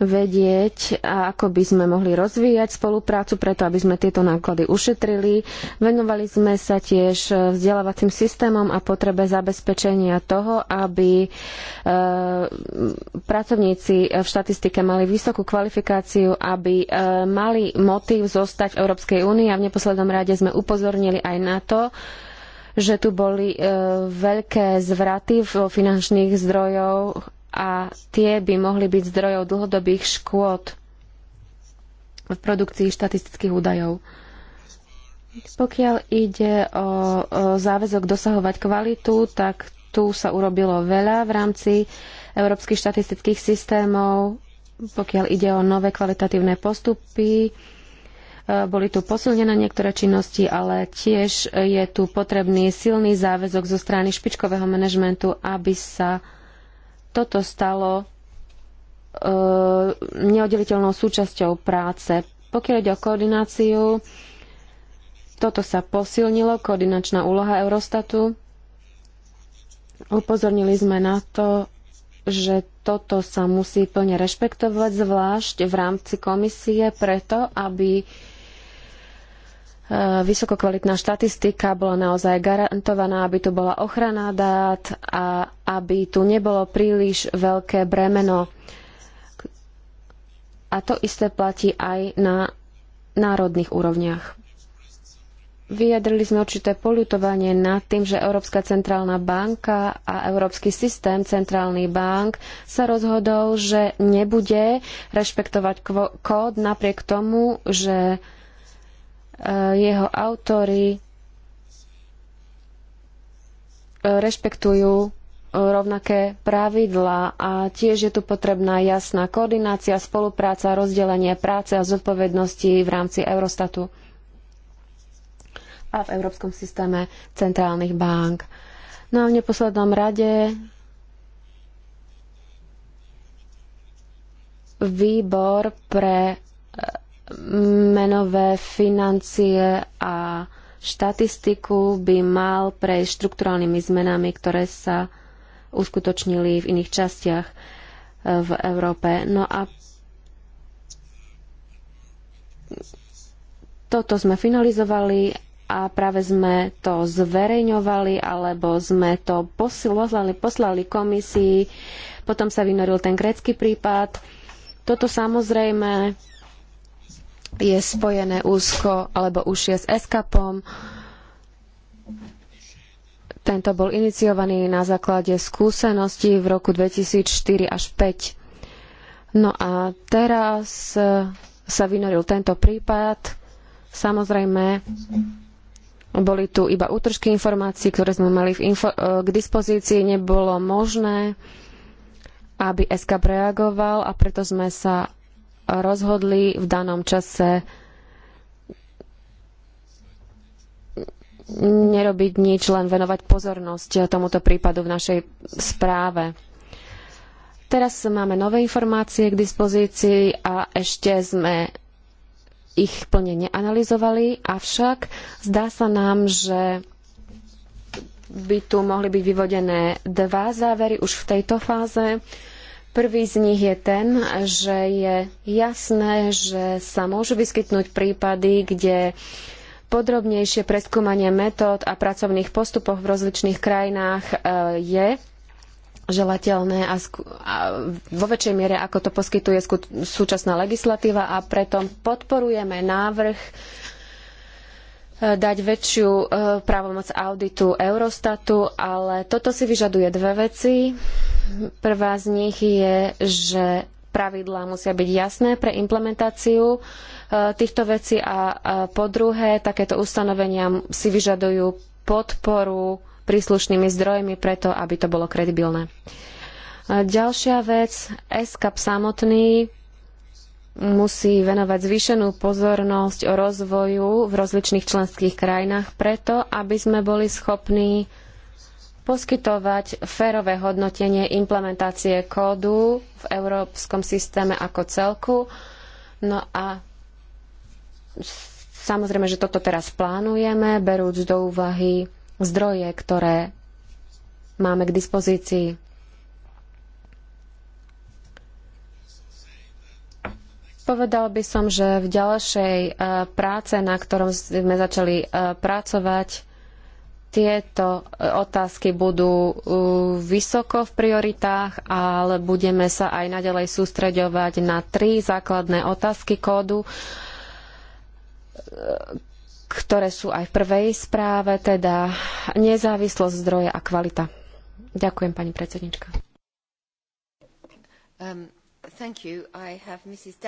vedieť, ako by sme mohli rozvíjať spoluprácu, preto aby sme tieto náklady ušetrili. Venovali sme sa tiež e, vzdelávacím systémom a potrebe zabezpečenia toho, aby e, pracovníci v štatistike mali vysokú kvalifikáciu, aby e, mali motív zostať v Európskej únii a v neposlednom rade sme upozornili aj na to, že tu boli e, veľké zvraty vo finančných zdrojoch a tie by mohli byť zdrojov dlhodobých škôd v produkcii štatistických údajov. Pokiaľ ide o, o záväzok dosahovať kvalitu, tak tu sa urobilo veľa v rámci európskych štatistických systémov, pokiaľ ide o nové kvalitatívne postupy. E, boli tu posilnené niektoré činnosti, ale tiež je tu potrebný silný záväzok zo strany špičkového manažmentu, aby sa toto stalo e, neoddeliteľnou súčasťou práce. Pokiaľ ide o koordináciu, toto sa posilnilo, koordinačná úloha Eurostatu. Upozornili sme na to, že toto sa musí plne rešpektovať, zvlášť v rámci komisie, preto aby e, Eh, vysokokvalitná štatistika bola naozaj garantovaná, aby tu bola ochrana dát a aby tu nebolo príliš veľké bremeno. A to isté platí aj na národných úrovniach. Vyjadrili sme určité poľutovanie nad tým, že Európska centrálna banka a Európsky systém centrálny bank sa rozhodol, že nebude rešpektovať kód napriek tomu, že Eh, jeho autory eh, rešpektujú eh, rovnaké pravidlá a tiež je tu potrebná jasná koordinácia, spolupráca, rozdelenie práce a zodpovednosti v rámci Eurostatu a v Európskom systéme centrálnych bank. No a v neposlednom rade výbor pre menové financie a štatistiku by mal prejsť štrukturálnymi zmenami, ktoré sa uskutočnili v iných častiach e, v Európe. No a toto sme finalizovali a práve sme to zverejňovali alebo sme to poslali, poslali komisii. Potom sa vynoril ten grécky prípad. Toto samozrejme je spojené úzko alebo už je s ESCAPom. Tento bol iniciovaný na základe skúseností v roku 2004 až 5. No a teraz e, sa vynoril tento prípad. Samozrejme, boli tu iba útržky informácií, ktoré sme mali e, k dispozícii. Nebolo možné, aby SK reagoval a preto sme sa rozhodli v danom čase nerobiť nič, len venovať pozornosť tomuto prípadu v našej správe. Teraz máme nové informácie k dispozícii a ešte sme ich plne neanalizovali, avšak zdá sa nám, že by tu mohli byť vyvodené dva závery už v tejto fáze. Prvý z nich je ten, že je jasné, že sa môžu vyskytnúť prípady, kde podrobnejšie preskúmanie metód a pracovných postupov v rozličných krajinách e, je želateľné a, a vo väčšej miere, ako to poskytuje súčasná legislatíva a preto podporujeme návrh Eh, dať väčšiu eh, právomoc auditu Eurostatu, ale toto si vyžaduje dve veci. Prvá z nich je, že pravidlá musia byť jasné pre implementáciu eh, týchto vecí a po druhé, takéto ustanovenia si vyžadujú podporu príslušnými zdrojmi preto, aby to bolo kredibilné. Ďalšia vec, SCAP samotný musí venovať zvýšenú pozornosť o rozvoju v rozličných členských krajinách preto, aby sme boli schopní poskytovať férové hodnotenie implementácie kódu v európskom systéme ako celku. No a samozrejme, že toto teraz plánujeme, berúc do úvahy zdroje, ktoré máme k dispozícii. Povedal by som, že v ďalšej e, práce, na ktorom sme začali e, pracovať, tieto e, otázky budú vysoko v prioritách, ale budeme sa aj naďalej sústreďovať na tri základné otázky kódu, ktoré sú aj v prvej správe, teda nezávislosť zdroja a kvalita. Ďakujem, pani predsednička. Um.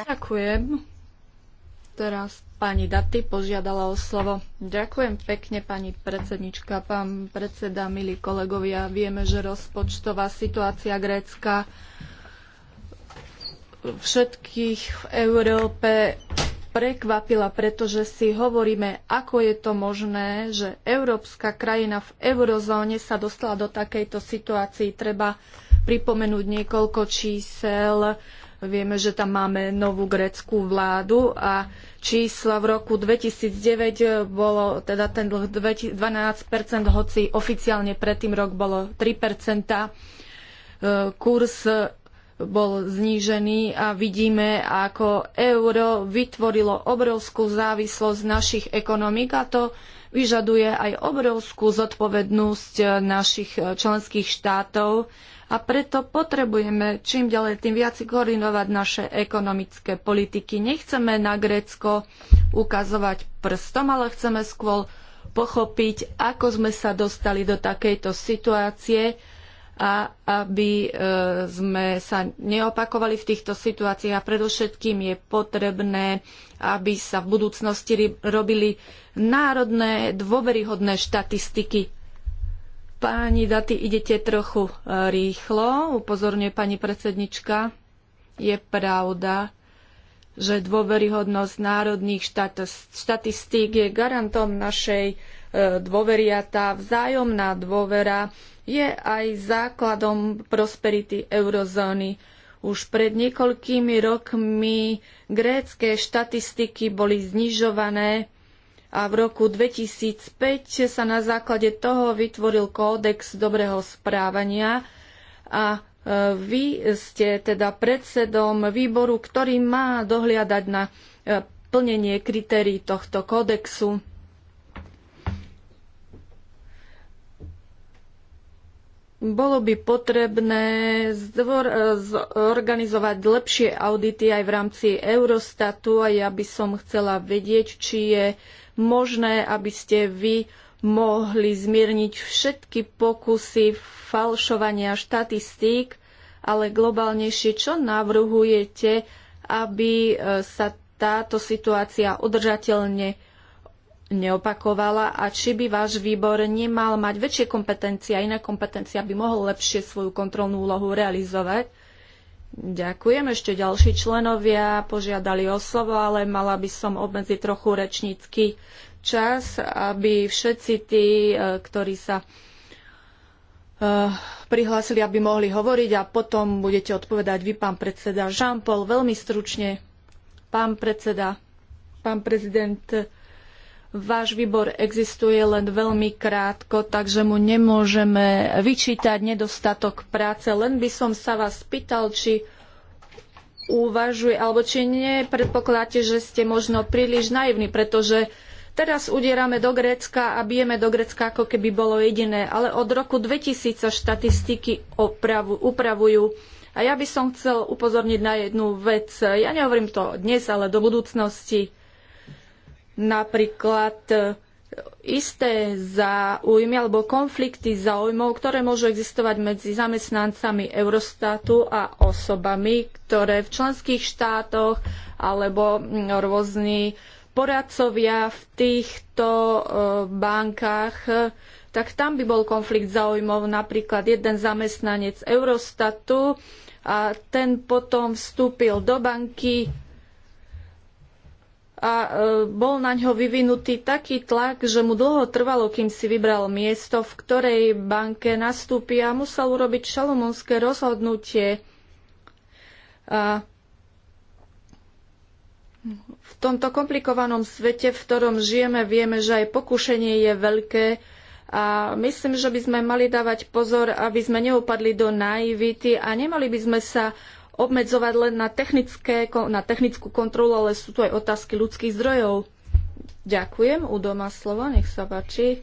Ďakujem. Teraz pani Daty požiadala o slovo. Ďakujem pekne, pani predsednička, pán predseda, milí kolegovia. Vieme, že rozpočtová situácia Grécka všetkých v Európe prekvapila, pretože si hovoríme, ako je to možné, že európska krajina v eurozóne sa dostala do takejto situácii. Treba pripomenúť niekoľko čísel. Vieme, že tam máme novú grécku vládu a čísla v roku 2009 bolo teda ten dlh 12%, hoci oficiálne predtým rok bolo 3%. E, Kurs bol znížený a vidíme, ako euro vytvorilo obrovskú závislosť našich ekonomik a to vyžaduje aj obrovskú zodpovednosť našich členských štátov a preto potrebujeme čím ďalej tým viac koordinovať naše ekonomické politiky. Nechceme na Grécko ukazovať prstom, ale chceme skôr pochopiť, ako sme sa dostali do takejto situácie a aby e, sme sa neopakovali v týchto situáciách a predovšetkým je potrebné, aby sa v budúcnosti robili národné dôveryhodné štatistiky Páni Daty, idete trochu e, rýchlo, upozorňuje pani predsednička. Je pravda, že dôveryhodnosť národných štatistík je garantom našej e, dôvery a tá vzájomná dôvera je aj základom prosperity eurozóny. Už pred niekoľkými rokmi grécké štatistiky boli znižované a v roku 2005 sa na základe toho vytvoril kódex dobrého správania a e, vy ste teda predsedom výboru, ktorý má dohliadať na e, plnenie kritérií tohto kódexu. Bolo by potrebné zdvor, e, zorganizovať lepšie audity aj v rámci Eurostatu a ja by som chcela vedieť, či je možné, aby ste vy mohli zmierniť všetky pokusy falšovania štatistík, ale globálnejšie, čo navrhujete, aby e, sa táto situácia udržateľne neopakovala a či by váš výbor nemal mať väčšie kompetencie a iné kompetencie, aby mohol lepšie svoju kontrolnú úlohu realizovať. Ďakujem. Ešte ďalší členovia požiadali o slovo, ale mala by som obmedziť trochu rečnícky čas, aby všetci tí, e, ktorí sa e, prihlásili, aby mohli hovoriť a potom budete odpovedať vy, pán predseda. Jean-Paul, veľmi stručne. Pán predseda, pán prezident, Váš výbor existuje len veľmi krátko, takže mu nemôžeme vyčítať nedostatok práce. Len by som sa vás pýtal, či uvažuje, alebo či nepredpokladáte, že ste možno príliš naivní, pretože teraz udierame do Grécka a bijeme do Grécka, ako keby bolo jediné. Ale od roku 2000 sa štatistiky opravu, upravujú. A ja by som chcel upozorniť na jednu vec. Ja nehovorím to dnes, ale do budúcnosti napríklad e, isté záujmy alebo konflikty záujmov, ktoré môžu existovať medzi zamestnancami Eurostatu a osobami, ktoré v členských štátoch alebo mm, rôzni poradcovia v týchto e, bankách, e, tak tam by bol konflikt záujmov napríklad jeden zamestnanec Eurostatu a ten potom vstúpil do banky a e, bol na ňo vyvinutý taký tlak, že mu dlho trvalo, kým si vybral miesto, v ktorej banke nastúpi a musel urobiť šalomonské rozhodnutie. A v tomto komplikovanom svete, v ktorom žijeme, vieme, že aj pokušenie je veľké a myslím, že by sme mali dávať pozor, aby sme neupadli do naivity a nemali by sme sa obmedzovať len na, technické, na technickú kontrolu, ale sú tu aj otázky ľudských zdrojov. Ďakujem. U doma slovo, nech sa páči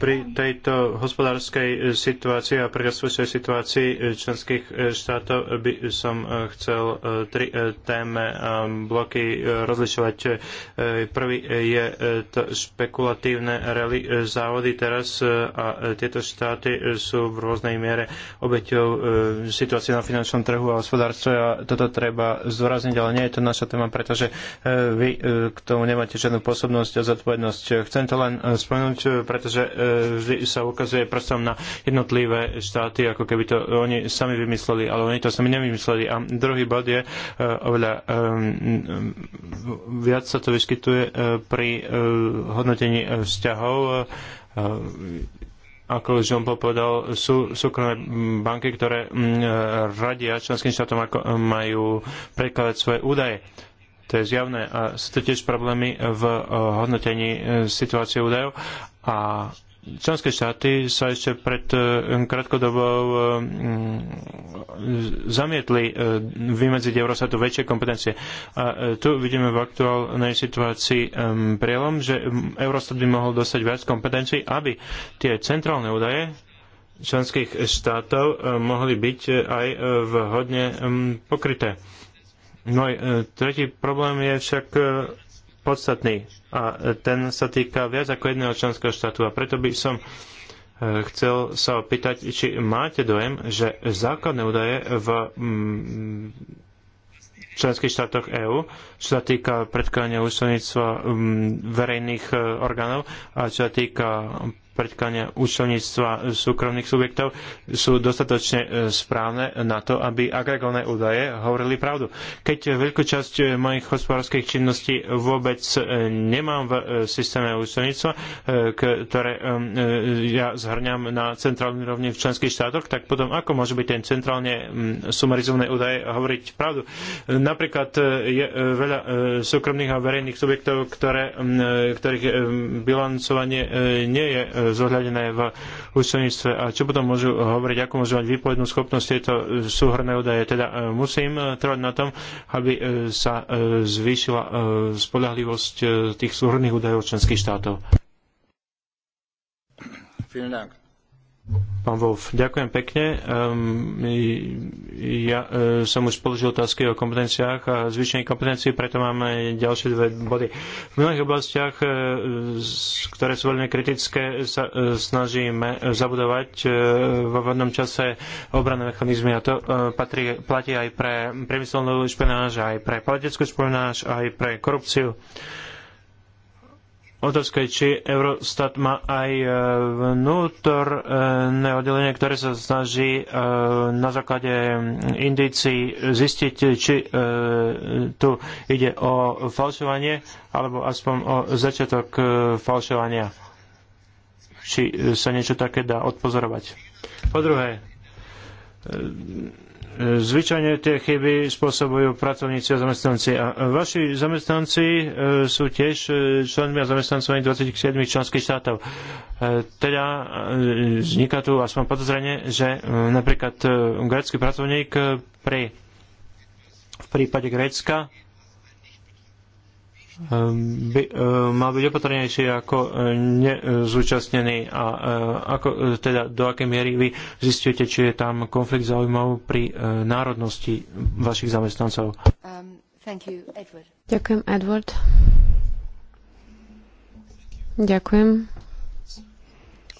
pri tejto hospodárskej situácii a pri rozpočtovej situácii e, členských e, štátov by som e, chcel tri téme bloky rozlišovať. Prvý je to špekulatívne rally závody teraz a tieto štáty sú v rôznej miere obeťou situácie na finančnom trhu a hospodárstve a toto treba zdôrazniť, ale nie je to naša téma, pretože vy k tomu nemáte žiadnu pôsobnosť a zodpovednosť. Chcem to len spomenúť, pretože e, vždy sa ukazuje prstom na jednotlivé štáty, ako keby to oni sami vymysleli, ale oni to sami nevymysleli. A druhý bod je e, oveľa e, viac sa to vyskytuje pri hodnotení vzťahov ako už on povedal, sú súkromné banky, ktoré radia členským štátom, ako majú prekladať svoje údaje. To je zjavné. A sú to tiež problémy v hodnotení situácie údajov. A členské štáty sa ešte pred e, krátkodobou e, mm, zamietli e, vymedziť Eurostatu väčšie kompetencie. A tu vidíme v aktuálnej situácii prielom, že Eurostat by mohol dostať viac kompetencií, aby tie centrálne údaje členských štátov mohli byť aj vhodne mm, pokryté. Môj no, tretí problém je však podstatný a ten sa týka viac ako jedného členského štátu a preto by som e, chcel sa opýtať, či máte dojem, že základné údaje v mm, členských štátoch EÚ, čo sa týka predkladania ústavníctva mm, verejných e, orgánov a čo sa týka prčkania účelníctva súkromných subjektov sú dostatočne e, správne na to, aby agregované údaje hovorili pravdu. Keď veľkú časť e, mojich hospodárskych činností vôbec e, nemám v systéme účelníctva, ktoré ja zhrňam na centrálnej rovni v členských štátoch, tak potom ako môže byť ten centrálne sumarizované údaje hovoriť pravdu? Napríklad je veľa súkromných a verejných subjektov, ktoré, ktorých bilancovanie nie je zohľadené v ústavníctve. A čo potom môžu hovoriť, ako môžu mať výpovednú schopnosť tieto súhrné údaje. Teda e, musím e, trvať na tom, aby e, sa zvýšila spolahlivosť tých súhrných údajov členských štátov. Vielen Dank. Pán Wolf, ďakujem pekne. Um, ja e, som už položil otázky o kompetenciách a zvýšení kompetencií, preto máme ďalšie dve body. V mnohých oblastiach, e, ktoré sú veľmi kritické, sa e, snažíme zabudovať uh, vo vodnom čase obranné mechanizmy a to uh, patrí, platí aj pre priemyselnú špenáž, aj pre politickú špenáž, aj pre korupciu. Otázka je, či Eurostat má aj e, vnútorné oddelenie, ktoré sa snaží e, na základe indícií zistiť, či e, tu ide o falšovanie, alebo aspoň o začiatok falšovania. Či sa niečo také dá odpozorovať. Po druhé, Zvyčajne tie chyby spôsobujú pracovníci a zamestnanci. A vaši zamestnanci e, sú tiež e, členmi a zamestnancami 27 členských štátov. E, teda vzniká tu aspoň podozrenie, že napríklad grécky pracovník pri, v prípade Grécka Ehm, by ehm, mal byť opatrnejší ako eh, nezúčastnený a eh, ako, eh, teda do akej miery vy zistujete, či je tam konflikt zaujímavý pri národnosti vašich zamestnancov. Um, you, Edward. Ďakujem, Edward. Ďakujem.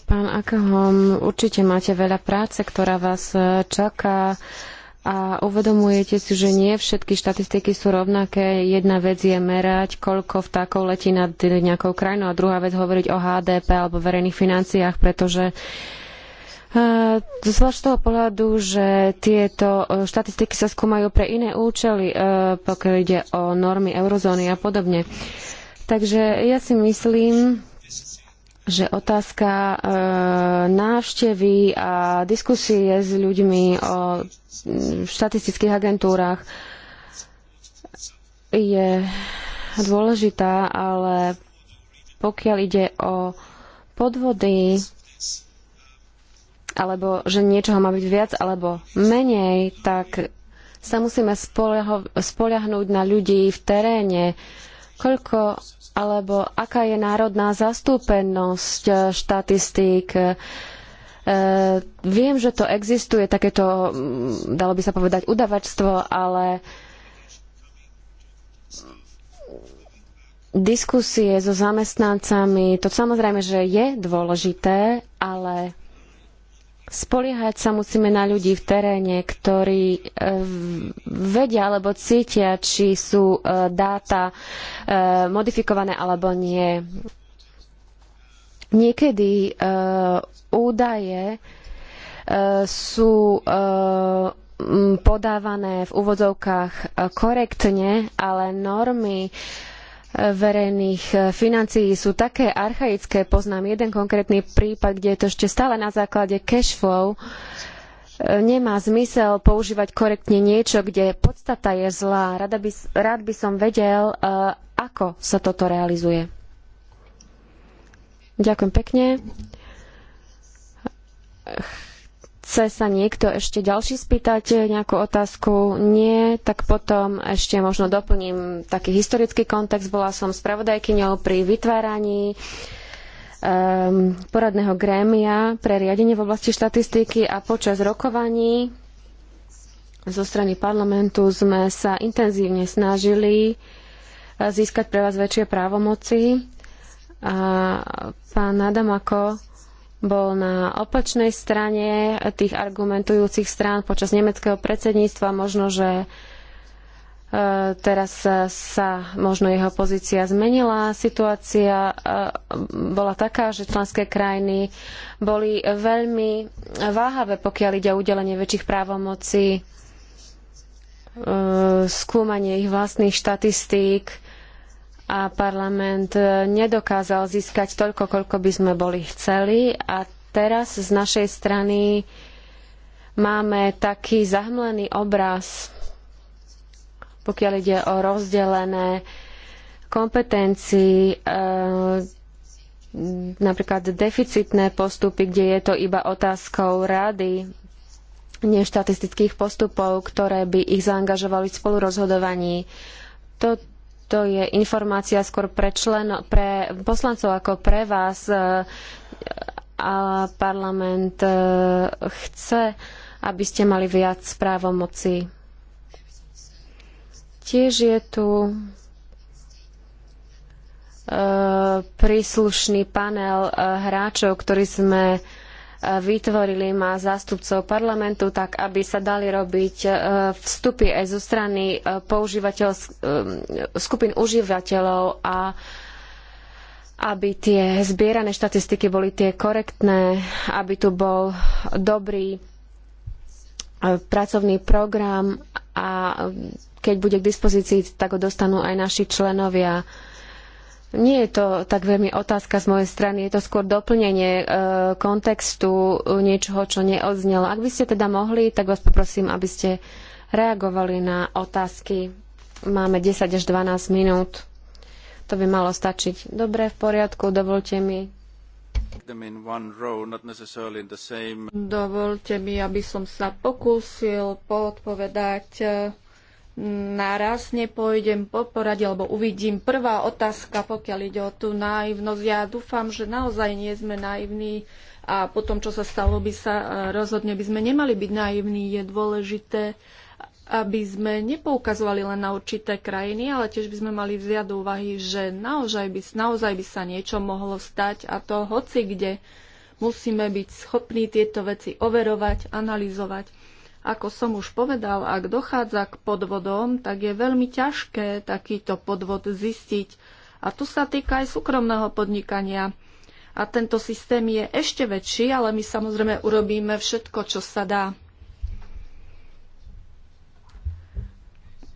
Pán Akahom, určite máte veľa práce, ktorá vás čaká. Uh, a uvedomujete si, že nie všetky štatistiky sú rovnaké. Jedna vec je merať, koľko vtákov letí nad nejakou krajinou a druhá vec hovoriť o HDP alebo verejných financiách, pretože Zvlášť z toho pohľadu, že tieto e, štatistiky sa skúmajú pre iné účely, e, pokiaľ ide o normy eurozóny a podobne. Takže ja si myslím, že otázka e, návštevy a diskusie s ľuďmi o štatistických agentúrach je dôležitá, ale pokiaľ ide o podvody, alebo že niečoho má byť viac alebo menej, tak sa musíme spoliahnuť na ľudí v teréne. Koľko alebo aká je národná zastúpenosť eh, štatistík. Eh, viem, že to existuje, takéto, mm, dalo by sa povedať, udavačstvo, ale diskusie so zamestnancami, to samozrejme, že je dôležité, ale spoliehať sa musíme na ľudí v teréne, ktorí e, vedia alebo cítia, či sú e, dáta e, modifikované alebo nie. Niekedy údaje sú podávané v úvodzovkách korektne, ale normy verejných e, financií sú také archaické. Poznám jeden konkrétny prípad, kde je to ešte stále na základe cash flow. E, nemá zmysel používať korektne niečo, kde podstata je zlá. Rada by, rád by som vedel, e, ako sa toto realizuje. Ďakujem pekne Chce sa niekto ešte ďalší spýtať nejakú otázku? Nie, tak potom ešte možno doplním taký historický kontext. Bola som spravodajkyňou pri vytváraní um, poradného grémia pre riadenie v oblasti štatistiky a počas rokovaní zo strany parlamentu sme sa intenzívne snažili eh, získať pre vás väčšie právomoci. A pán Adamako bol na opačnej strane tých argumentujúcich strán počas nemeckého predsedníctva. Možno, že e, teraz sa možno jeho pozícia zmenila. Situácia e, bola taká, že členské krajiny boli veľmi váhavé, pokiaľ ide o udelenie väčších právomocí, e, skúmanie ich vlastných štatistík, a parlament e, nedokázal získať toľko, koľko by sme boli chceli a teraz z našej strany máme taký zahmlený obraz, pokiaľ ide o rozdelené kompetencii, e, napríklad deficitné postupy, kde je to iba otázkou rady neštatistických postupov, ktoré by ich zaangažovali v spolurozhodovaní. To to je informácia skôr pre, člen, pre poslancov ako pre vás. E, a parlament e, chce, aby ste mali viac právomocí. Tiež je tu e, príslušný panel hráčov, ktorý sme vytvorili, má zástupcov parlamentu, tak aby sa dali robiť e, vstupy aj zo strany e, používateľ, e, skupín užívateľov a aby tie zbierané štatistiky boli tie korektné, aby tu bol dobrý pracovný program a keď bude k dispozícii, tak ho dostanú aj naši členovia. Nie je to tak veľmi otázka z mojej strany, je to skôr doplnenie e, kontextu niečoho, čo neodznelo. Ak by ste teda mohli, tak vás poprosím, aby ste reagovali na otázky. Máme 10 až 12 minút. To by malo stačiť. Dobre, v poriadku, dovolte mi. Dovolte mi, aby som sa pokúsil poodpovedať e, naraz nepôjdem po porade, lebo uvidím. Prvá otázka, pokiaľ ide o tú naivnosť, ja dúfam, že naozaj nie sme naivní a po tom, čo sa stalo, by sa e, rozhodne by sme nemali byť naivní. Je dôležité, aby sme nepoukazovali len na určité krajiny, ale tiež by sme mali vziať do úvahy, že naozaj by, naozaj by sa niečo mohlo stať a to hoci kde. Musíme byť schopní tieto veci overovať, analyzovať ako som už povedal, ak dochádza k podvodom, tak je veľmi ťažké takýto podvod zistiť. A to sa týka aj súkromného podnikania. A tento systém je ešte väčší, ale my samozrejme urobíme všetko, čo sa dá.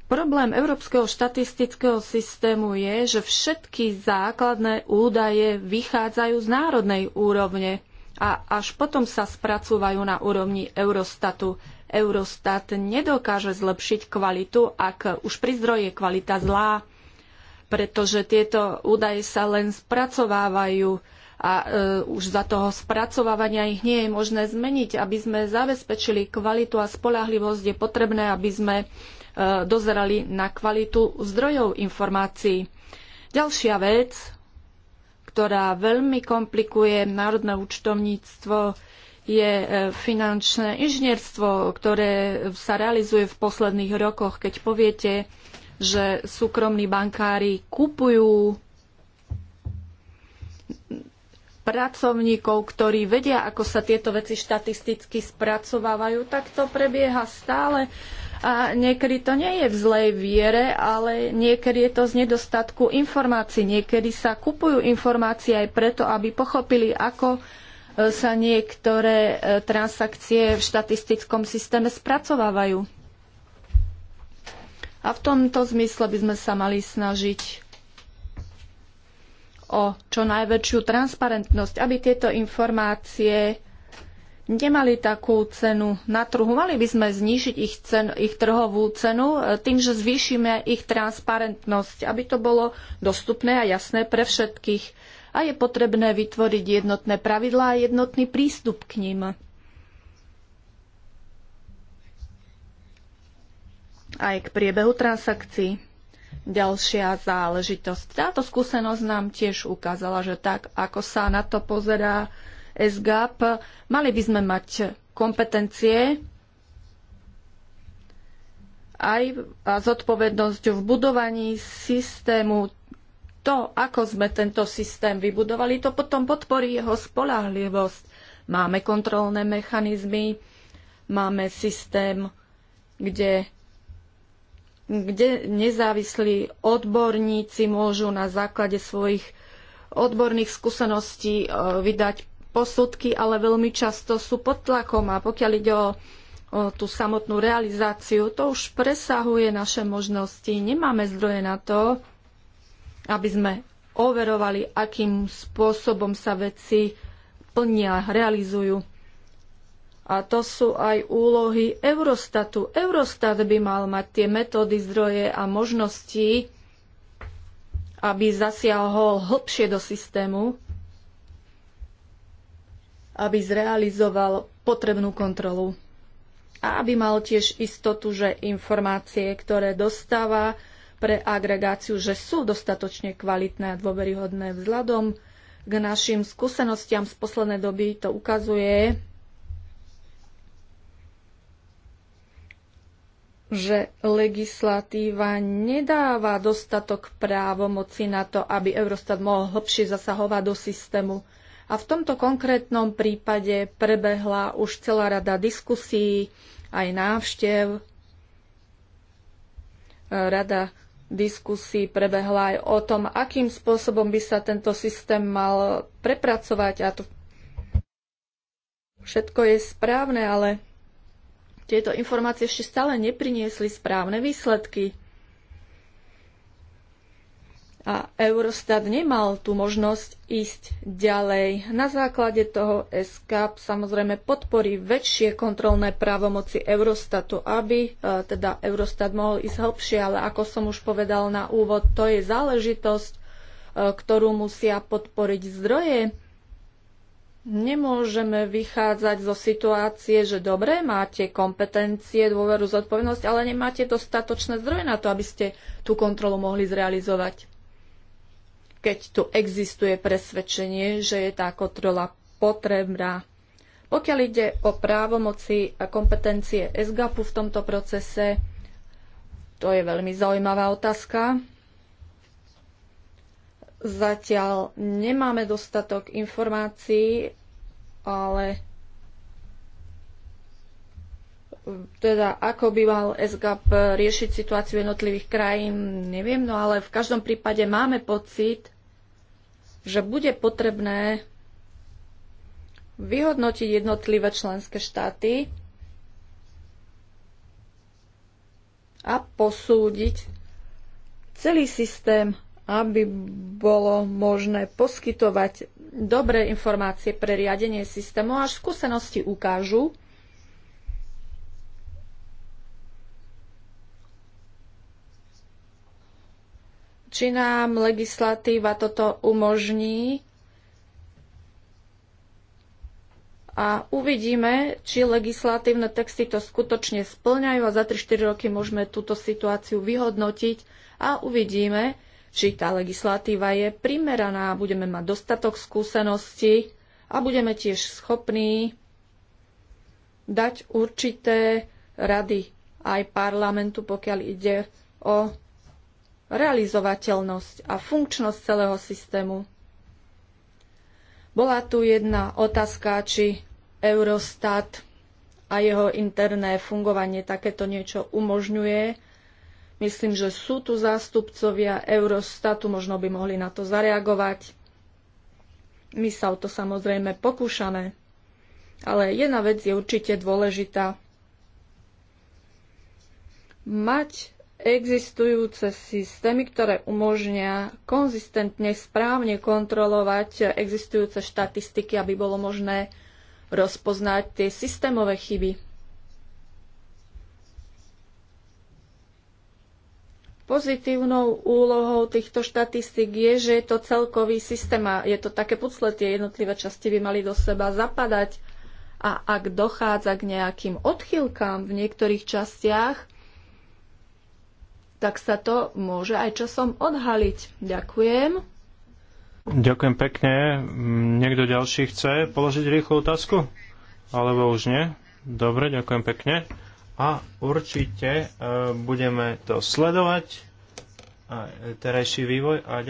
Problém Európskeho štatistického systému je, že všetky základné údaje vychádzajú z národnej úrovne a až potom sa spracúvajú na úrovni Eurostatu. Eurostat nedokáže zlepšiť kvalitu, ak už pri zdroji je kvalita zlá, pretože tieto údaje sa len spracovávajú a e, už za toho spracovávania ich nie je možné zmeniť. Aby sme zabezpečili kvalitu a spolahlivosť, je potrebné, aby sme e, dozerali na kvalitu zdrojov informácií. Ďalšia vec, ktorá veľmi komplikuje národné účtovníctvo, je e, finančné inžinierstvo, ktoré sa realizuje v posledných rokoch. Keď poviete, že súkromní bankári kupujú pracovníkov, ktorí vedia, ako sa tieto veci štatisticky spracovávajú, tak to prebieha stále. A niekedy to nie je v zlej viere, ale niekedy je to z nedostatku informácií. Niekedy sa kupujú informácie aj preto, aby pochopili, ako E, sa niektoré e, transakcie v štatistickom systéme spracovávajú. A v tomto zmysle by sme sa mali snažiť o čo najväčšiu transparentnosť, aby tieto informácie nemali takú cenu na trhu. Mali by sme znížiť ich, cen, ich trhovú cenu e, tým, že zvýšime ich transparentnosť, aby to bolo dostupné a jasné pre všetkých a je potrebné vytvoriť jednotné pravidlá a jednotný prístup k ním. Aj k priebehu transakcií. Ďalšia záležitosť. Táto skúsenosť nám tiež ukázala, že tak, ako sa na to pozerá SGAP, mali by sme mať kompetencie aj zodpovednosť v budovaní systému to, ako sme tento systém vybudovali, to potom podporí jeho spolahlivosť. Máme kontrolné mechanizmy, máme systém, kde, kde nezávislí odborníci môžu na základe svojich odborných skúseností e, vydať posudky, ale veľmi často sú pod tlakom a pokiaľ ide o, o tú samotnú realizáciu, to už presahuje naše možnosti. Nemáme zdroje na to, aby sme overovali, akým spôsobom sa veci plnia, realizujú. A to sú aj úlohy Eurostatu. Eurostat by mal mať tie metódy, zdroje a možnosti, aby zasiahol hlbšie do systému, aby zrealizoval potrebnú kontrolu. A aby mal tiež istotu, že informácie, ktoré dostáva, pre agregáciu, že sú dostatočne kvalitné a dôveryhodné vzhľadom k našim skúsenostiam z poslednej doby to ukazuje, že legislatíva nedáva dostatok právomoci na to, aby Eurostat mohol hlbšie zasahovať do systému. A v tomto konkrétnom prípade prebehla už celá rada diskusí, aj návštev. Rada diskusí prebehla aj o tom, akým spôsobom by sa tento systém mal prepracovať. A to všetko je správne, ale tieto informácie ešte stále nepriniesli správne výsledky. A Eurostat nemal tú možnosť ísť ďalej. Na základe toho SK samozrejme podporí väčšie kontrolné právomoci Eurostatu, aby e, teda Eurostat mohol ísť hlbšie, ale ako som už povedal na úvod, to je záležitosť, e, ktorú musia podporiť zdroje. Nemôžeme vychádzať zo situácie, že dobre, máte kompetencie, dôveru, zodpovednosť, ale nemáte dostatočné zdroje na to, aby ste tú kontrolu mohli zrealizovať keď tu existuje presvedčenie, že je tá kontrola potrebná. Pokiaľ ide o právomoci a kompetencie SGAPu v tomto procese, to je veľmi zaujímavá otázka. Zatiaľ nemáme dostatok informácií, ale teda ako by mal SGAP riešiť situáciu jednotlivých krajín, neviem, no ale v každom prípade máme pocit, že bude potrebné vyhodnotiť jednotlivé členské štáty a posúdiť celý systém, aby bolo možné poskytovať dobré informácie pre riadenie systému, až skúsenosti ukážu, či nám legislatíva toto umožní a uvidíme, či legislatívne texty to skutočne splňajú a za 3-4 roky môžeme túto situáciu vyhodnotiť a uvidíme, či tá legislatíva je primeraná, budeme mať dostatok skúseností a budeme tiež schopní dať určité rady aj parlamentu, pokiaľ ide o realizovateľnosť a funkčnosť celého systému. Bola tu jedna otázka, či Eurostat a jeho interné fungovanie takéto niečo umožňuje. Myslím, že sú tu zástupcovia Eurostatu, možno by mohli na to zareagovať. My sa o to samozrejme pokúšame, ale jedna vec je určite dôležitá. Mať existujúce systémy, ktoré umožnia konzistentne, správne kontrolovať existujúce štatistiky, aby bolo možné rozpoznať tie systémové chyby. Pozitívnou úlohou týchto štatistík je, že je to celkový systém a je to také pucle, tie jednotlivé časti by mali do seba zapadať a ak dochádza k nejakým odchýlkám v niektorých častiach, tak sa to môže aj časom odhaliť. Ďakujem. Ďakujem pekne. Niekto ďalší chce položiť rýchlu otázku? Alebo už nie? Dobre, ďakujem pekne. A určite e, budeme to sledovať, a e, terajší vývoj a ďakujem.